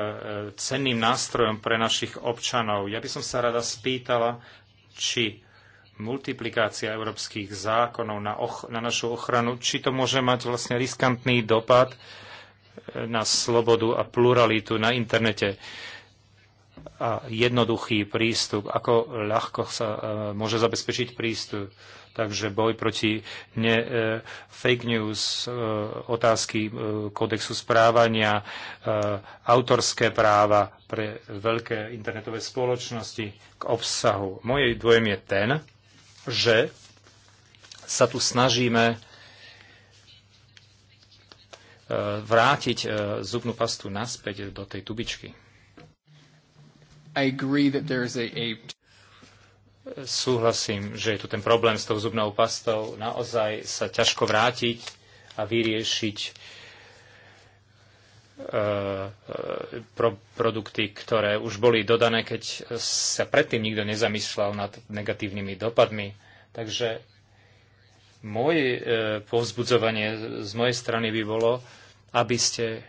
cenným nástrojom pre našich občanov. Ja by som sa rada spýtala, či multiplikácia európskych zákonov na, och- na našu ochranu, či to môže mať vlastne riskantný dopad e, na slobodu a pluralitu na internete a jednoduchý prístup, ako ľahko sa e, môže zabezpečiť prístup. Takže boj proti ne, e, fake news, e, otázky e, kódexu správania, e, autorské práva pre veľké internetové spoločnosti k obsahu. Mojej dvojem je ten, že sa tu snažíme e, vrátiť e, zubnú pastu naspäť do tej tubičky. Súhlasím, že je tu ten problém s tou zubnou pastou. Naozaj sa ťažko vrátiť a vyriešiť e, e, produkty, ktoré už boli dodané, keď sa predtým nikto nezamýšľal nad negatívnymi dopadmi. Takže moje e, povzbudzovanie z mojej strany by bolo, aby ste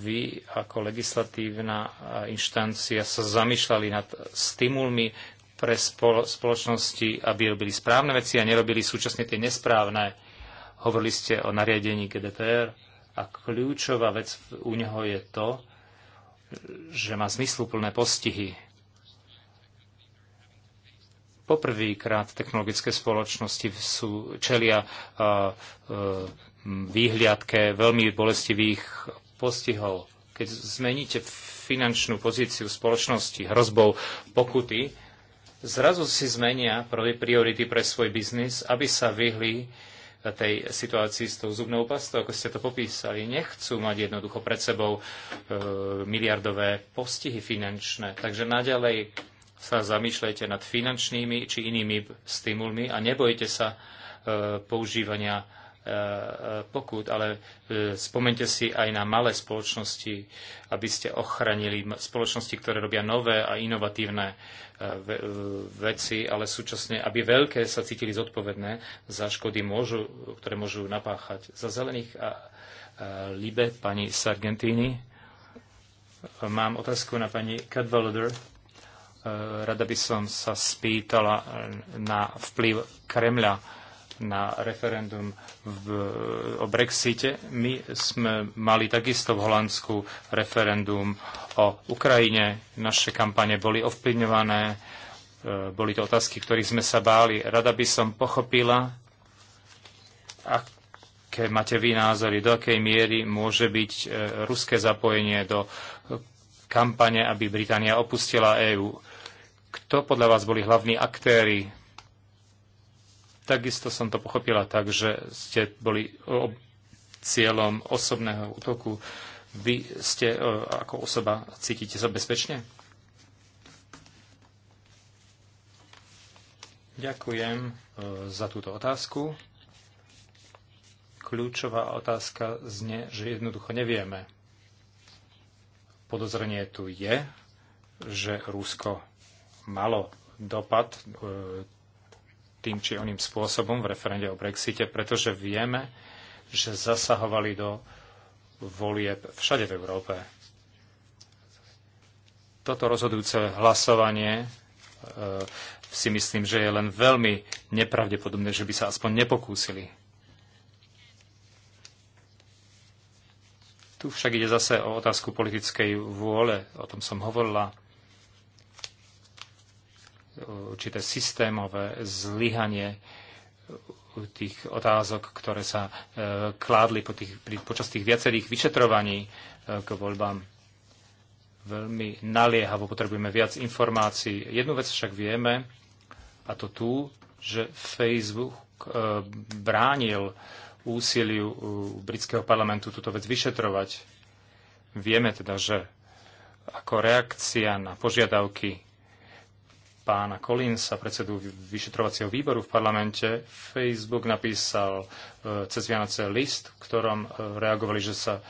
vy ako legislatívna e, inštancia sa zamýšľali nad stimulmi pre spoločnosti, aby robili správne veci a nerobili súčasne tie nesprávne. Hovorili ste o nariadení GDPR a kľúčová vec u neho je to, že má zmysluplné postihy. Poprvýkrát technologické spoločnosti sú, čelia uh, uh, výhliadke veľmi bolestivých postihol, Keď zmeníte finančnú pozíciu spoločnosti hrozbou pokuty, zrazu si zmenia priority pre svoj biznis, aby sa vyhli tej situácii s tou zubnou pastou, ako ste to popísali. Nechcú mať jednoducho pred sebou e, miliardové postihy finančné. Takže naďalej sa zamýšľajte nad finančnými či inými stimulmi a nebojte sa e, používania pokut, ale e, spomente si aj na malé spoločnosti, aby ste ochránili spoločnosti, ktoré robia nové a inovatívne e, veci, ale súčasne, aby veľké sa cítili zodpovedné za škody, môžu, ktoré môžu napáchať. Za zelených a, a Libe, pani Sargentini, mám otázku na pani Cadwallader. E, rada by som sa spýtala na vplyv Kremľa na referendum v, o Brexite. My sme mali takisto v Holandsku referendum o Ukrajine. Naše kampane boli ovplyvňované. E, boli to otázky, ktorých sme sa báli. Rada by som pochopila, aké máte vy názory, do akej miery môže byť e, ruské zapojenie do kampane, aby Británia opustila EÚ. Kto podľa vás boli hlavní aktéry Takisto som to pochopila tak, že ste boli cieľom osobného útoku. Vy ste ako osoba cítite sa bezpečne? Ďakujem za túto otázku. Kľúčová otázka znie, že jednoducho nevieme. Podozrenie tu je, že Rusko malo dopad e, tým či oným spôsobom v referende o Brexite, pretože vieme, že zasahovali do volieb všade v Európe. Toto rozhodujúce hlasovanie e, si myslím, že je len veľmi nepravdepodobné, že by sa aspoň nepokúsili. Tu však ide zase o otázku politickej vôle, o tom som hovorila určité systémové zlyhanie tých otázok, ktoré sa e, kládli po tých, počas tých viacerých vyšetrovaní e, k voľbám. Veľmi naliehavo potrebujeme viac informácií. Jednu vec však vieme, a to tu, že Facebook e, bránil úsiliu britského parlamentu túto vec vyšetrovať. Vieme teda, že ako reakcia na požiadavky pána Collinsa, predsedu vyšetrovacieho výboru v parlamente, Facebook napísal e, cez Vianoce list, v ktorom e, reagovali, že sa e,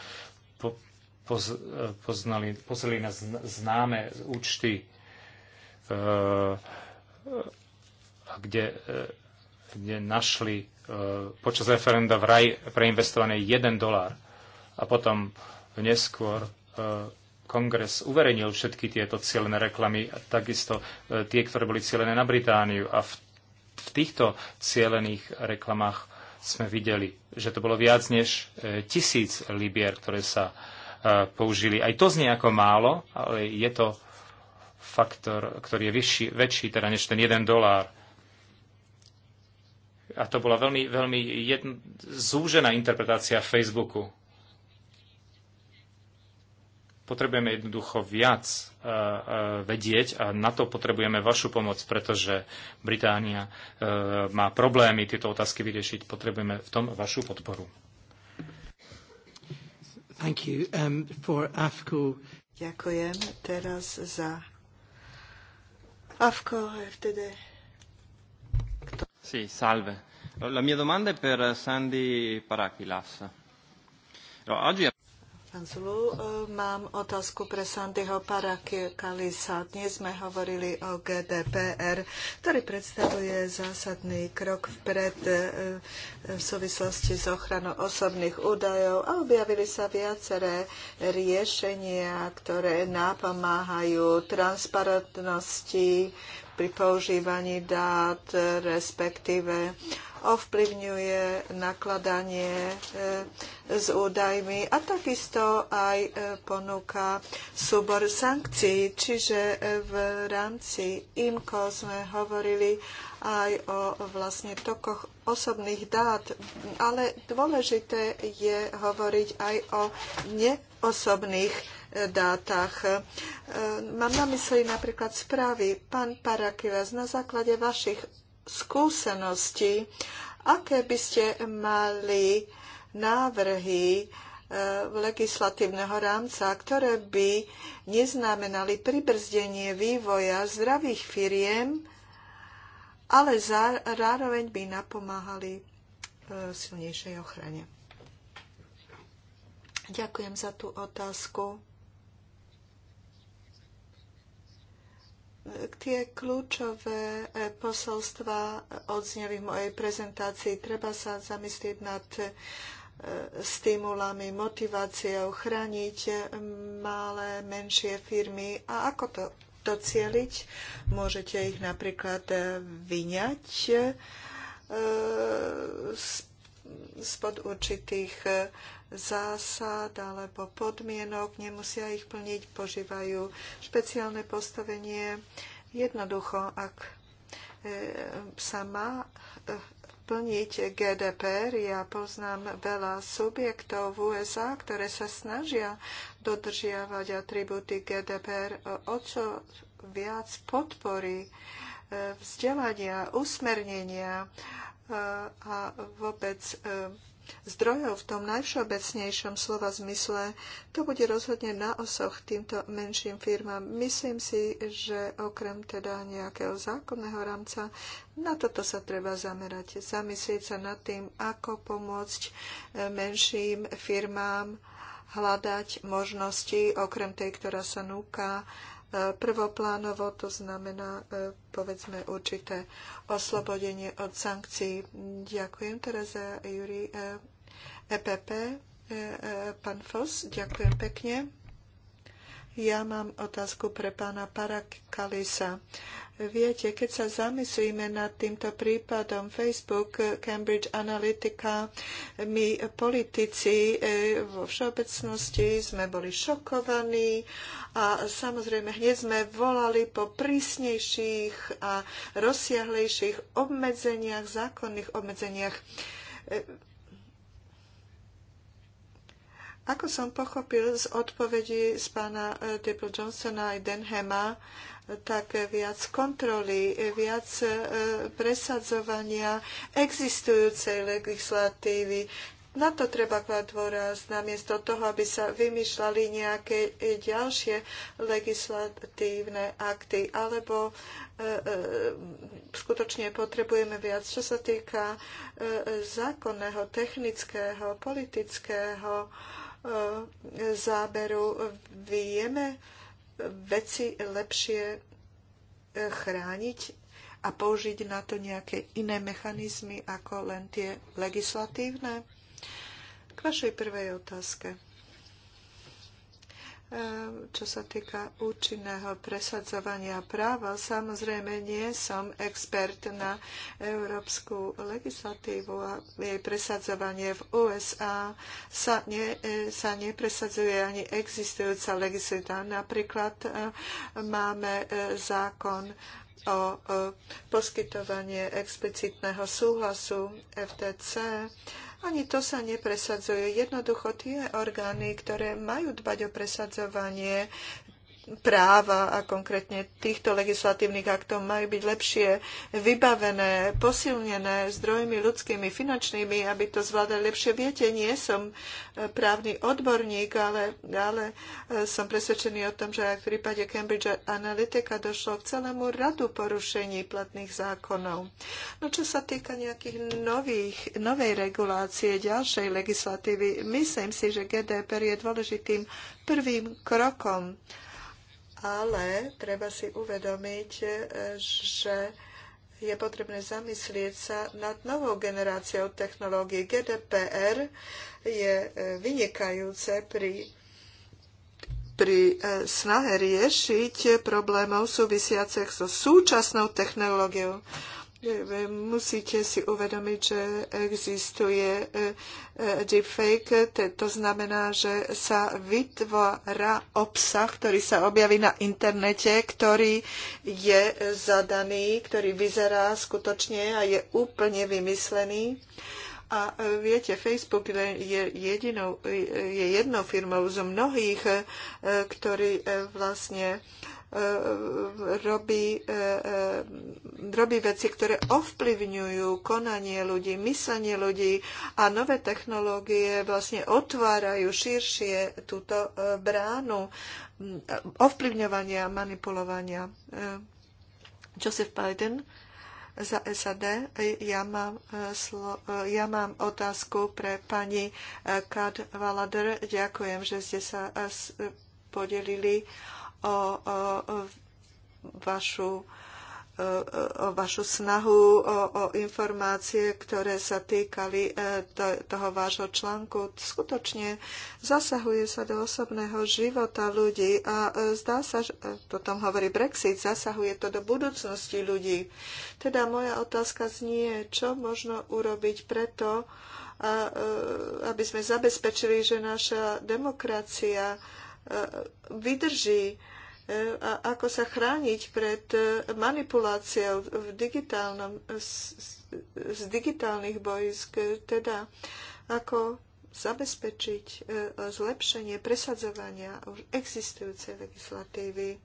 poznali, pozreli na známe účty, kde, kde našli počas referenda v raj preinvestovaný 1 dolár. A potom neskôr kongres uverejnil všetky tieto cieľené reklamy, takisto e, tie, ktoré boli cieľené na Britániu. A v, v týchto cieľených reklamách sme videli, že to bolo viac než e, tisíc libier, ktoré sa e, použili. Aj to znie ako málo, ale je to faktor, ktorý je vyšší, väčší teda než ten jeden dolár. A to bola veľmi, veľmi jedn... zúžená interpretácia Facebooku. Potrebujeme jednoducho viac e, e, vedieť a na to potrebujeme vašu pomoc, pretože Británia e, má problémy tieto otázky vyriešiť. Potrebujeme v tom vašu podporu. Thank you. Um, for AFCO. Ďakujem teraz za AFCO FTD. Kto... Sì, salve. La mia domanda è per Sandy Parakilas. oggi Pán Zulu, e, mám otázku pre Sandyho Parakalisa. Dnes sme hovorili o GDPR, ktorý predstavuje zásadný krok vpred e, e, v súvislosti s ochranou osobných údajov a objavili sa viaceré riešenia, ktoré napomáhajú transparentnosti pri používaní dát, respektíve ovplyvňuje nakladanie e, s údajmi a takisto aj e, ponúka súbor sankcií. Čiže e, v rámci IMCO sme hovorili aj o vlastne tokoch osobných dát, ale dôležité je hovoriť aj o neosobných dátach. Mám na mysli napríklad správy. Pán Parakilas, na základe vašich skúsenosti. Aké by ste mali návrhy eh, legislatívneho rámca, ktoré by neznamenali pribrzdenie vývoja zdravých firiem, ale zároveň by napomáhali eh, silnejšej ochrane. Ďakujem za tú otázku. Tie kľúčové eh, posolstva odzneli v mojej prezentácii. Treba sa zamyslieť nad eh, stimulami, motiváciou, chrániť eh, malé, menšie firmy a ako to docieliť. Môžete ich napríklad vyňať spod určitých zásad alebo podmienok, nemusia ich plniť, požívajú špeciálne postavenie. Jednoducho, ak e, sa má e, plniť GDPR. Ja poznám veľa subjektov v USA, ktoré sa snažia dodržiavať atributy GDPR, o čo viac podpory e, vzdelania, usmernenia a vôbec zdrojov v tom najvšeobecnejšom slova zmysle, to bude rozhodne na osoch týmto menším firmám. Myslím si, že okrem teda nejakého zákonného rámca, na toto sa treba zamerať. Zamyslieť sa nad tým, ako pomôcť eh, menším firmám hľadať možnosti, okrem tej, ktorá sa núka, prvoplánovo, to znamená, e, povedzme, určité oslobodenie od sankcií. Ďakujem teraz za Juri EPP, e e, pán Fos, ďakujem pekne. Ja mám otázku pre pána Parakalisa. Viete, keď sa zamyslíme nad týmto prípadom Facebook, Cambridge Analytica, my politici e, vo všeobecnosti sme boli šokovaní a samozrejme hneď sme volali po prísnejších a rozsiahlejších obmedzeniach, zákonných obmedzeniach e, ako som pochopil z odpovedí z pána e, Debra Johnsona aj Denhema, e, tak viac kontroly, viac e, presadzovania existujúcej legislatívy. Na to treba kvať dôraz, namiesto toho, aby sa vymýšľali nejaké ďalšie legislatívne akty, alebo skutočne potrebujeme viac, čo sa týka zákonného, technického, politického E, záberu. Vieme veci lepšie e, chrániť a použiť na to nejaké iné mechanizmy ako len tie legislatívne? K vašej prvej otázke Ehm, čo sa týka účinného presadzovania práva. Samozrejme, nie som expert na európsku legislatívu a jej presadzovanie v USA sa, ne, e, sa nepresadzuje ani existujúca legislatíva. Napríklad e, máme e, zákon o poskytovanie explicitného súhlasu FTC. Ani to sa nepresadzuje. Jednoducho tie orgány, ktoré majú dbať o presadzovanie práva a konkrétne týchto legislatívnych aktov majú byť lepšie vybavené, posilnené zdrojmi ľudskými, finančnými, aby to zvládali lepšie. Viete, nie som e, právny odborník, ale, ale e, som presvedčený o tom, že aj v prípade Cambridge Analytica došlo k celému radu porušení platných zákonov. No čo sa týka nejakých nových, novej regulácie, ďalšej legislatívy, myslím si, že GDPR je dôležitým prvým krokom ale treba si uvedomiť, e, že je potrebné zamyslieť sa nad novou generáciou technológií. GDPR je e, vynikajúce pri pri e, snahe riešiť problémov súvisiacich so súčasnou technológiou musíte si uvedomiť, že existuje e, e, deepfake, to znamená, že sa vytvára obsah, ktorý sa objaví na internete, ktorý je zadaný, ktorý vyzerá skutočne a je úplne vymyslený. A e, viete, Facebook je, jedinou, je jednou firmou zo mnohých, ktorí vlastne E, robí, e, e, robí veci, ktoré ovplyvňujú konanie ľudí, myslenie ľudí a nové technológie vlastne otvárajú širšie túto bránu mm, ovplyvňovania, a manipulovania. Joseph Biden za SAD. Ja mám, slo, ja mám otázku pre pani Kat Valader. Ďakujem, že ste sa podelili o, o, vašu o vašu snahu, o, o informácie, ktoré sa týkali e, to, toho vášho článku. Skutočne zasahuje sa do osobného života ľudí a e, zdá sa, že, e, to tam hovorí Brexit, zasahuje to do budúcnosti ľudí. Teda moja otázka znie, čo možno urobiť preto, a, aby sme zabezpečili, že naša demokracia vydrží a ako sa chrániť pred e, manipuláciou v digitálnom, z, z digitálnych bojsk, teda ako zabezpečiť e, zlepšenie presadzovania už existujúcej legislatívy. E,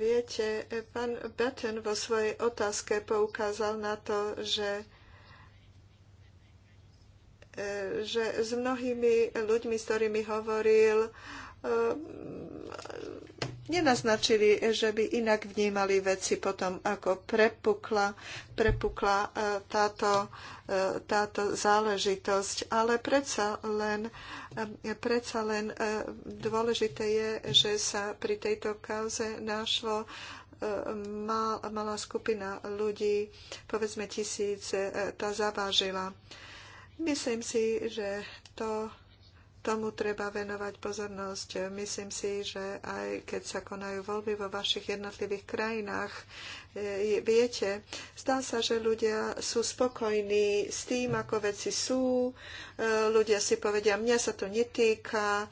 viete, pán Batten vo svojej otázke poukázal na to, že že s mnohými ľuďmi, s ktorými hovoril, e, nenaznačili, že by inak vnímali veci potom, ako prepukla, prepukla e, táto, e, táto záležitosť. Ale predsa len, predsa len dôležité je, že sa pri tejto kauze našlo malá skupina ľudí, povedzme tisíc, tá zavážila Myslím si, že to, tomu treba venovať pozornosť. Myslím si, že aj keď sa konajú voľby vo vašich jednotlivých krajinách, e, viete, zdá sa, že ľudia sú spokojní s tým, ako veci sú. E, ľudia si povedia, mňa sa to netýka,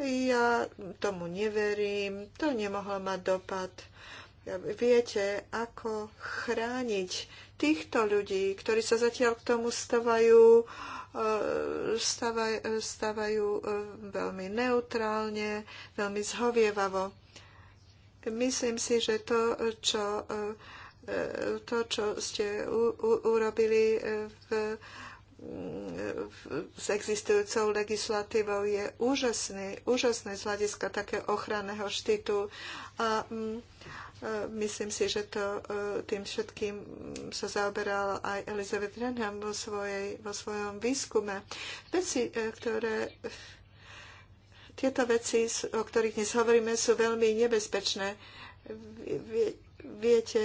ja tomu neverím, to nemohlo mať dopad. E, viete, ako chrániť týchto ľudí, ktorí sa zatiaľ k tomu stavajú, e, stavaj, stavajú e, veľmi neutrálne, veľmi zhovievavo. Myslím si, že to, čo, e, to, čo ste u, u, urobili v s existujúcou legislatívou je úžasný, úžasné z hľadiska také ochranného štytu. A, mm, E, myslím si, že to, e, tým všetkým sa zaoberala aj Elizabeth Renham vo, svojej, vo svojom výskume. Veci, e, ktoré tieto veci, o ktorých dnes hovoríme, sú veľmi nebezpečné. Viete,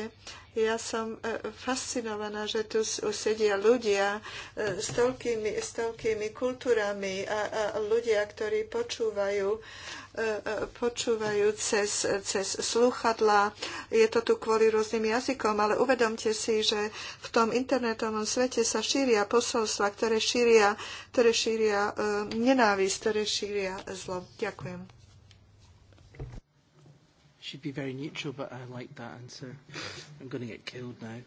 ja som fascinovaná, že tu sedia ľudia s toľkými, s toľkými kultúrami a, a ľudia, ktorí počúvajú A, E, e, počúvajú cez, cez slúchadla. Je to tu kvôli rôznym jazykom, ale uvedomte si, že v tom internetovom svete sa šíria posolstva, ktoré šíria, ktoré šíria e, nenávisť, ktoré šíria zlo. Ďakujem. Should be very neutral, but I like that answer. I'm going to get killed now.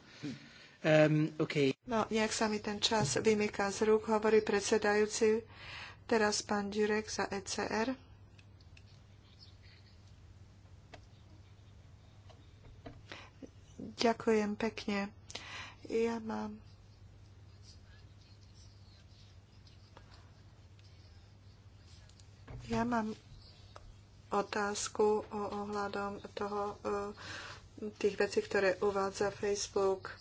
Um, okay. No, nejak sa mi ten čas vymyká z rúk, hovorí predsedajúci. Teraz pán Ďurek za ECR. Ďakujem pekne. Ja mám Ja mám otázku o ohľadom toho, eh, tých vecí, ktoré uvádza Facebook.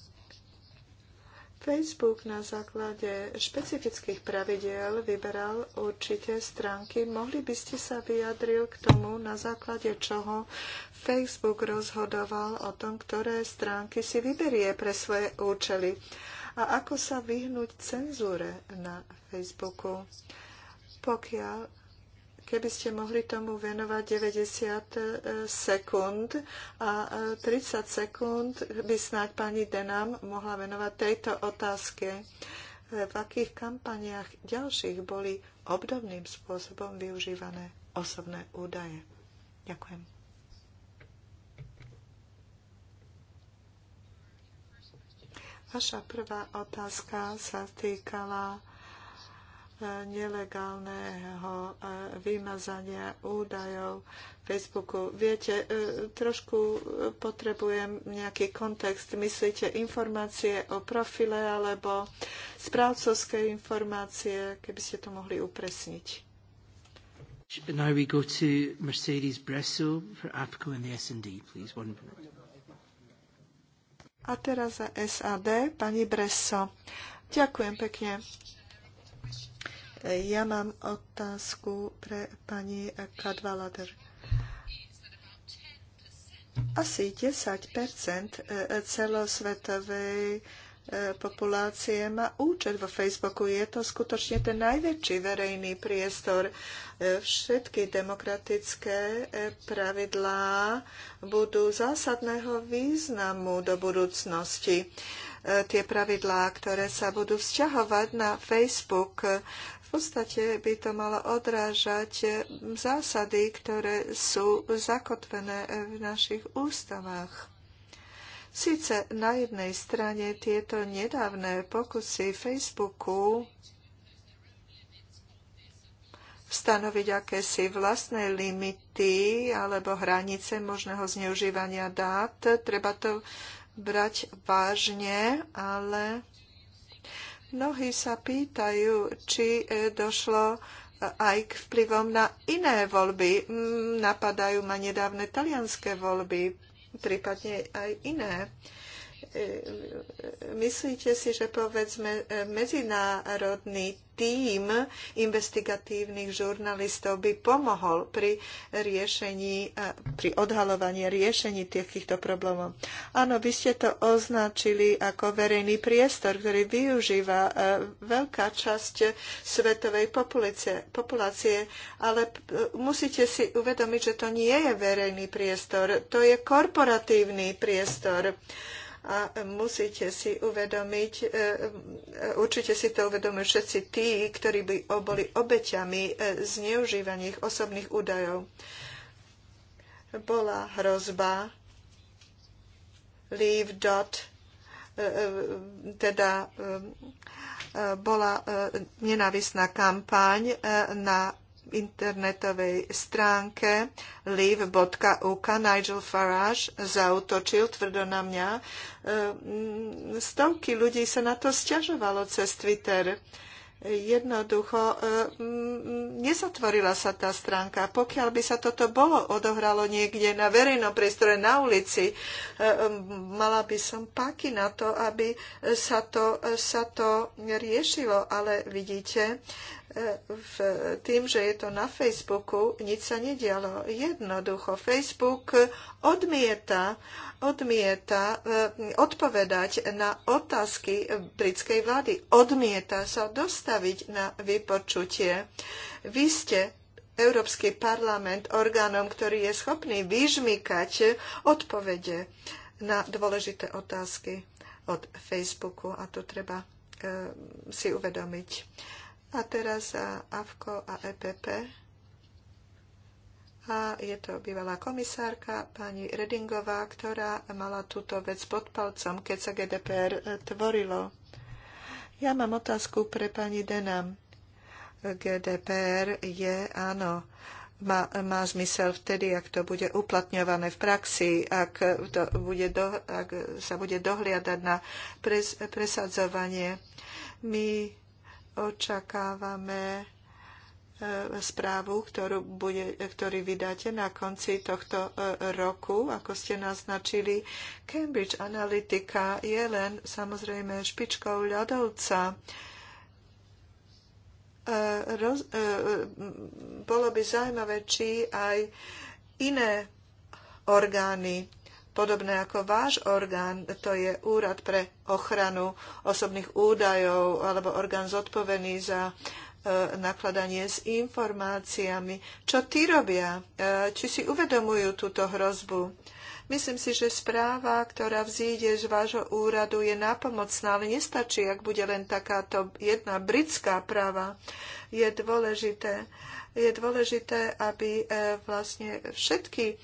Facebook na základe špecifických pravidiel vyberal určite stránky. Mohli by ste sa vyjadril k tomu, na základe čoho Facebook rozhodoval o tom, ktoré stránky si vyberie pre svoje účely a ako sa vyhnúť cenzúre na Facebooku. Pokiaľ keby ste mohli tomu venovať 90 e, sekúnd a 30 e, sekúnd by snáď pani Denam mohla venovať tejto otázke. E, v akých kampaniách ďalších boli obdobným spôsobom využívané osobné údaje? Ďakujem. Vaša prvá otázka sa týkala nelegálneho e, vymazania údajov Facebooku. Viete, e, trošku potrebujem nejaký kontext. Myslíte informácie o profile alebo správcovské informácie, keby ste to mohli upresniť? Now we go to Mercedes Bresso for APCO and the S&D, please. One minute. A teraz za SAD, pani Bresso. Ďakujem pekne. Ja mám otázku pre pani Kadvalader. Asi 10 e, e, celosvetovej e, populácie má účet vo Facebooku. Je to skutočne ten najväčší verejný priestor. Všetky demokratické pravidlá budú zásadného významu do budúcnosti tie pravidlá, ktoré sa budú vzťahovať na Facebook podstate by to malo odrážať zásady, ktoré sú zakotvené v našich ústavách. Sice na jednej strane tieto nedávne pokusy Facebooku stanoviť akési vlastné limity alebo hranice možného zneužívania dát. Treba to brať vážne, ale Mnohí sa pýtajú, či e, došlo e, aj k vplyvom na iné voľby. Napadajú ma nedávne talianské voľby, prípadne aj iné. E, myslíte si, že povedzme e, medzinárodný tým investigatívnych žurnalistov by pomohol pri riešení, e, pri odhalovaní riešení týchto problémov. Áno, vy ste to označili ako verejný priestor, ktorý využíva veľká časť svetovej populácie, populácie ale musíte si uvedomiť, že to nie je verejný priestor, to je korporatívny priestor a musíte si uvedomiť, e, e, určite si to uvedomujú všetci tí, ktorí by boli obeťami e, zneužívaných osobných údajov. Bola hrozba leave dot, teda bola nenávisná kampaň na internetovej stránke live.uk Nigel Farage zautočil tvrdo na mňa. Ehm, stovky ľudí sa na to stiažovalo cez Twitter jednoducho ehm, nezatvorila sa tá stránka. Pokiaľ by sa toto bolo odohralo niekde na verejnom priestore, na ulici, ehm, mala by som páky na to, aby sa to, sa to riešilo. Ale vidíte, v tým, že je to na Facebooku, nič sa nedialo. Jednoducho, Facebook odmieta, odmieta e, odpovedať na otázky britskej vlády. Odmieta sa dostaviť na vypočutie. Vy ste Európsky parlament orgánom, ktorý je schopný vyžmykať odpovede na dôležité otázky od Facebooku a to treba e, si uvedomiť a teraz AFKO a EPP. A je to bývalá komisárka pani Redingová, ktorá mala túto vec pod palcom, keď sa GDPR e, tvorilo. Ja mám otázku pre pani Denam. GDPR je, áno, má, má zmysel vtedy, ak to bude uplatňované v praxi, ak, to bude do, ak sa bude dohliadať na pres, presadzovanie. My očakávame e, správu, ktorú bude, ktorý vydáte na konci tohto e, roku, ako ste naznačili. Cambridge Analytica je len samozrejme špičkou ľadovca. E, roz, bolo by zaujímavé, či aj iné orgány podobné ako váš orgán, to je Úrad pre ochranu osobných údajov alebo orgán zodpovedný za e, nakladanie s informáciami. Čo ty robia? E, či si uvedomujú túto hrozbu? Myslím si, že správa, ktorá vzíde z vášho úradu, je nápomocná, ale nestačí, ak bude len takáto jedna britská práva. Je dôležité, je dôležité aby e, vlastne všetky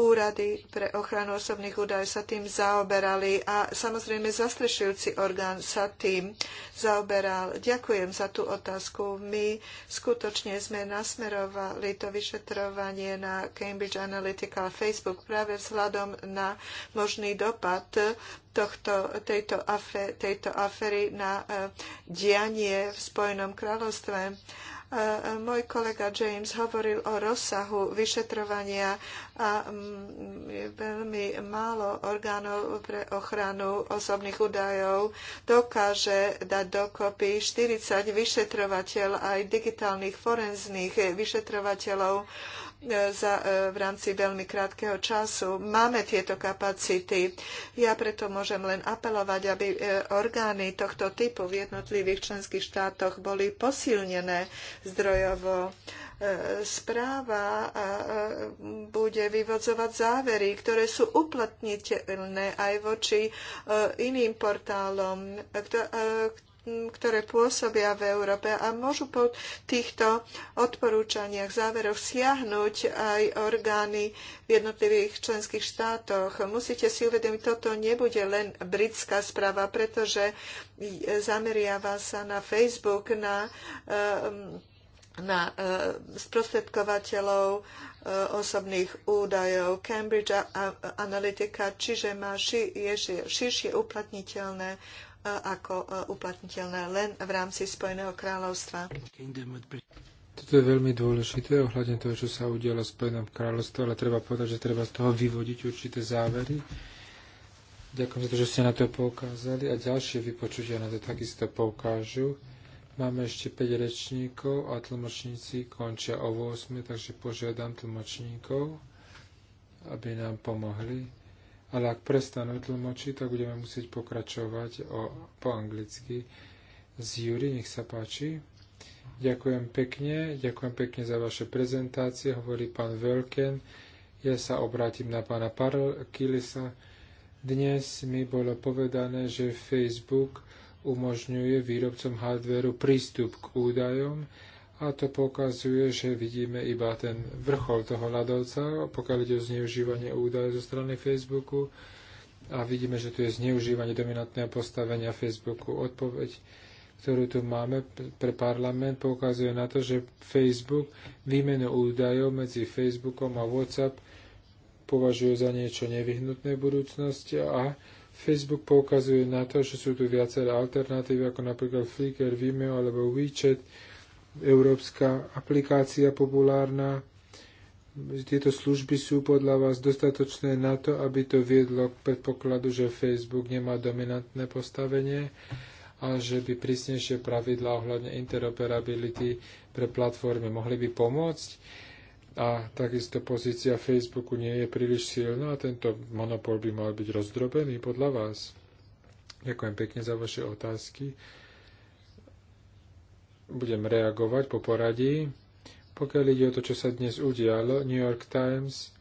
úrady pre ochranu osobných údajov sa tým zaoberali a samozrejme zastrešujúci orgán sa tým zaoberal. Ďakujem za tú otázku. My skutočne sme nasmerovali to vyšetrovanie na Cambridge Analytica a Facebook práve vzhľadom na možný dopad tohto, tejto, afé, tejto afery na eh, dianie v Spojenom kráľovstve môj kolega James hovoril o rozsahu vyšetrovania a veľmi málo orgánov pre ochranu osobných údajov dokáže dať dokopy 40 vyšetrovateľ aj digitálnych forenzných vyšetrovateľov za, e, v rámci veľmi krátkeho času. Máme tieto kapacity. Ja preto môžem len apelovať, aby e, orgány tohto typu v jednotlivých členských štátoch boli posilnené zdrojovo. E, správa bude vyvodzovať závery, ktoré sú uplatniteľné aj voči iným portálom, ktoré pôsobia v Európe a môžu po týchto odporúčaniach, záveroch siahnuť aj orgány v jednotlivých členských štátoch. Musíte si uvedomiť, toto nebude len britská správa, pretože zameriava sa na Facebook, na e, na e, sprostredkovateľov e, osobných údajov Cambridge Analytica, čiže má širšie uplatniteľné ako e, uplatniteľné len v rámci Spojeného kráľovstva. Toto je veľmi dôležité ohľadne toho, čo sa udialo v Spojenom kráľovstve, ale treba povedať, že treba z toho vyvodiť určité závery. Ďakujem za to, že ste na to poukázali a ďalšie vypočutia na to takisto poukážu. Máme ešte 5 rečníkov a tlmočníci končia o 8, takže požiadam tlmočníkov, aby nám pomohli ale ak prestanú tlmočiť, tak budeme musieť pokračovať o, po anglicky. Z Júri, nech sa páči. Ďakujem pekne, ďakujem pekne za vaše prezentácie, hovorí pán Velken. Ja sa obrátim na pána Parkilisa. Dnes mi bolo povedané, že Facebook umožňuje výrobcom hardvéru prístup k údajom, a to pokazuje, že vidíme iba ten vrchol toho ľadovca, pokiaľ ide o zneužívanie údajov zo strany Facebooku a vidíme, že tu je zneužívanie dominantného postavenia Facebooku. Odpoveď, ktorú tu máme pre parlament, poukazuje na to, že Facebook výmenu údajov medzi Facebookom a WhatsApp považuje za niečo nevyhnutné v budúcnosti a Facebook poukazuje na to, že sú tu viaceré alternatívy, ako napríklad Flickr, Vimeo alebo WeChat, európska aplikácia populárna. Tieto služby sú podľa vás dostatočné na to, aby to viedlo k predpokladu, že Facebook nemá dominantné postavenie a že by prísnejšie pravidlá ohľadne interoperability pre platformy mohli by pomôcť. A takisto pozícia Facebooku nie je príliš silná a tento monopol by mal byť rozdrobený podľa vás. Ďakujem pekne za vaše otázky budem reagovať po poradí. Pokiaľ ide o to, čo sa dnes udialo, New York Times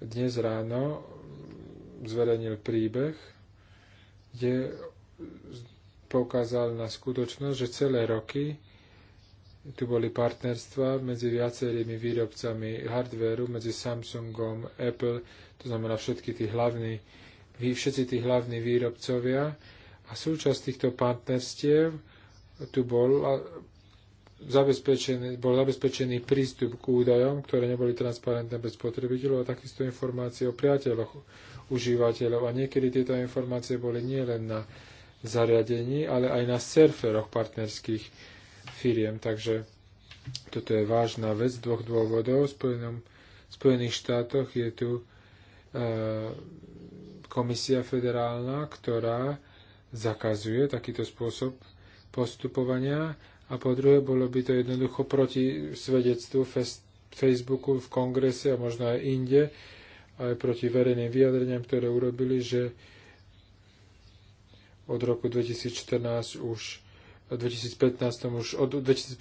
dnes ráno zverejnil príbeh, kde poukázal na skutočnosť, že celé roky tu boli partnerstva medzi viacerými výrobcami hardvéru, medzi Samsungom, Apple, to znamená všetky tí hlavní, všetci tí hlavní výrobcovia. A súčasť týchto partnerstiev tu bol zabezpečený, bol zabezpečený prístup k údajom, ktoré neboli transparentné bez spotrebiteľov a takisto informácie o priateľoch užívateľov. A niekedy tieto informácie boli nielen na zariadení, ale aj na serveroch partnerských firiem. Takže toto je vážna vec z dvoch dôvodov. V Spojenom, Spojených štátoch je tu e, komisia federálna, ktorá zakazuje takýto spôsob postupovania a po druhé bolo by to jednoducho proti svedectvu Facebooku v kongrese a možno aj inde, aj proti verejným vyjadreniam, ktoré urobili, že od roku 2014 už 2015 už od 2015.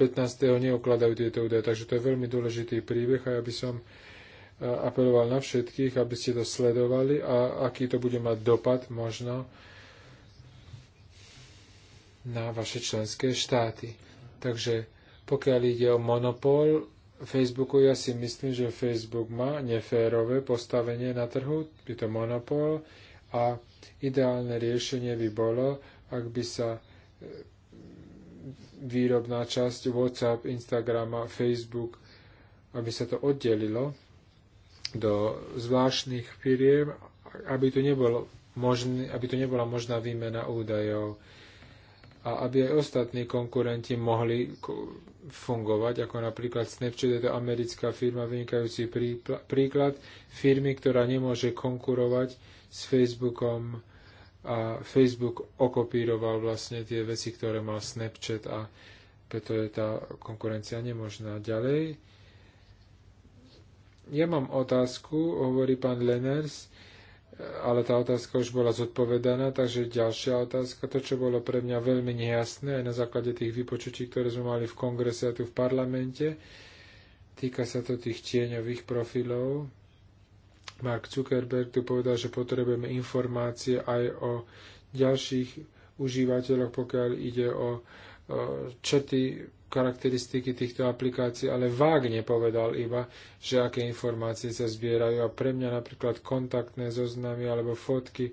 neokladajú tieto údaje. Takže to je veľmi dôležitý príbeh a ja by som e, apeloval na všetkých, aby ste to sledovali a aký to bude mať dopad možno na vaše členské štáty. Takže pokiaľ ide o monopol Facebooku, ja si myslím, že Facebook má neférové postavenie na trhu, je to monopol a ideálne riešenie by bolo, ak by sa e, výrobná časť WhatsApp, Instagram a Facebook, aby sa to oddelilo do zvláštnych firiem, aby to nebolo možný, aby nebola možná výmena údajov a aby aj ostatní konkurenti mohli fungovať, ako napríklad Snapchat, je to americká firma, vynikajúci príklad firmy, ktorá nemôže konkurovať s Facebookom a Facebook okopíroval vlastne tie veci, ktoré mal Snapchat a preto je tá konkurencia nemožná. Ďalej, ja mám otázku, hovorí pán Leners, ale tá otázka už bola zodpovedaná, takže ďalšia otázka, to, čo bolo pre mňa veľmi nejasné aj na základe tých vypočutí, ktoré sme mali v kongrese a tu v parlamente, týka sa to tých tieňových profilov. Mark Zuckerberg tu povedal, že potrebujeme informácie aj o ďalších užívateľoch, pokiaľ ide o čety charakteristiky týchto aplikácií, ale vágne povedal iba, že aké informácie sa zbierajú. A pre mňa napríklad kontaktné zoznamy alebo fotky,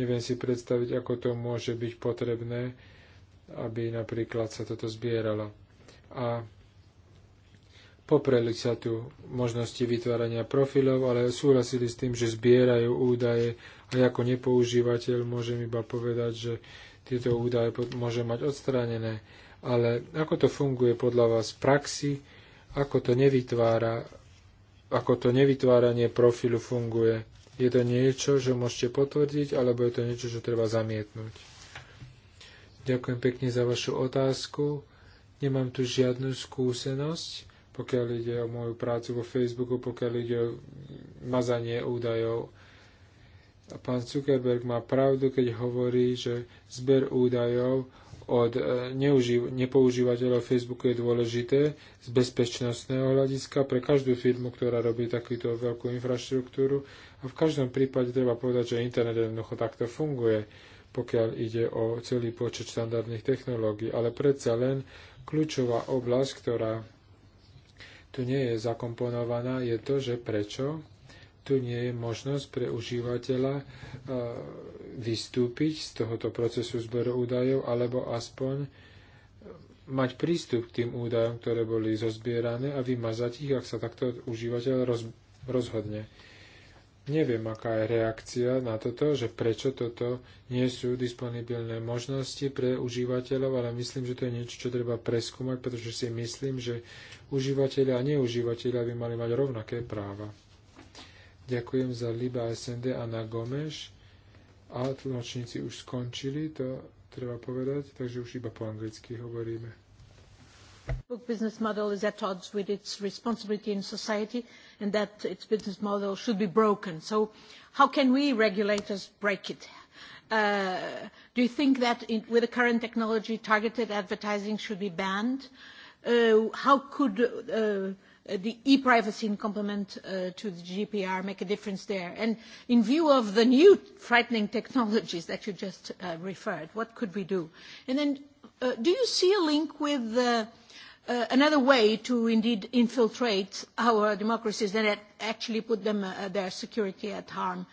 neviem si predstaviť, ako to môže byť potrebné, aby napríklad sa toto zbieralo. A popreli sa tu možnosti vytvárania profilov, ale súhlasili s tým, že zbierajú údaje a ako nepoužívateľ môžem iba povedať, že tieto údaje môže mať odstránené ale ako to funguje podľa vás v praxi, ako to nevytvára, ako to nevytváranie profilu funguje. Je to niečo, že môžete potvrdiť, alebo je to niečo, čo treba zamietnúť? Ďakujem pekne za vašu otázku. Nemám tu žiadnu skúsenosť, pokiaľ ide o moju prácu vo Facebooku, pokiaľ ide o mazanie údajov. A pán Zuckerberg má pravdu, keď hovorí, že zber údajov od e, nepoužívateľov Facebooku je dôležité z bezpečnostného hľadiska pre každú firmu, ktorá robí takúto veľkú infraštruktúru. A v každom prípade treba povedať, že internet jednoducho takto funguje, pokiaľ ide o celý počet štandardných technológií. Ale predsa len kľúčová oblasť, ktorá tu nie je zakomponovaná, je to, že prečo tu nie je možnosť pre užívateľa e, vystúpiť z tohoto procesu zberu údajov alebo aspoň mať prístup k tým údajom, ktoré boli zozbierané a vymazať ich, ak sa takto užívateľ roz, rozhodne. Neviem, aká je reakcia na toto, že prečo toto nie sú disponibilné možnosti pre užívateľov, ale myslím, že to je niečo, čo treba preskúmať, pretože si myslím, že užívateľia a neužívateľia by mali mať rovnaké práva. Ďakujem za Liba SND a na Gomeš. A tlmočníci už skončili, to treba povedať, takže už iba po anglicky hovoríme. Book business model is at odds with its responsibility in society and that its business model should be broken. So how can we regulators break it? Uh, do you think that in, with the current technology, targeted advertising should be banned? Uh, how could uh, Uh, the e-privacy in complement uh, to the GDPR make a difference there? And in view of the new frightening technologies that you just uh, referred, what could we do? And then uh, do you see a link with uh, uh, another way to indeed infiltrate our democracies and actually put them, uh, their security at harm? Uh,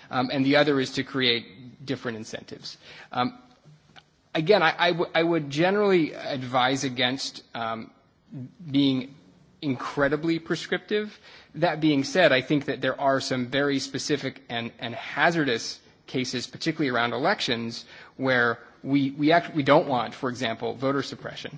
um, and the other is to create different incentives. Um, again, I, I, w- I would generally advise against um, being incredibly prescriptive. That being said, I think that there are some very specific and, and hazardous cases, particularly around elections, where we, we, act, we don't want, for example, voter suppression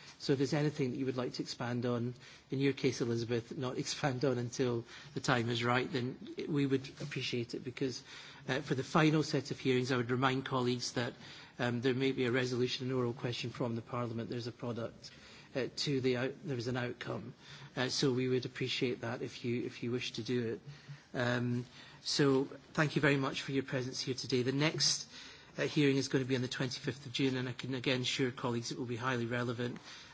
So if there's anything that you would like to expand on, in your case, Elizabeth, not [laughs] expand on until the time is right, then we would appreciate it because uh, for the final set of hearings, I would remind colleagues that um, there may be a resolution, an oral question from the Parliament. There's a product uh, to the out, there is an outcome. Uh, so we would appreciate that if you, if you wish to do it. Um, so thank you very much for your presence here today. The next uh, hearing is going to be on the 25th of June, and I can again assure colleagues it will be highly relevant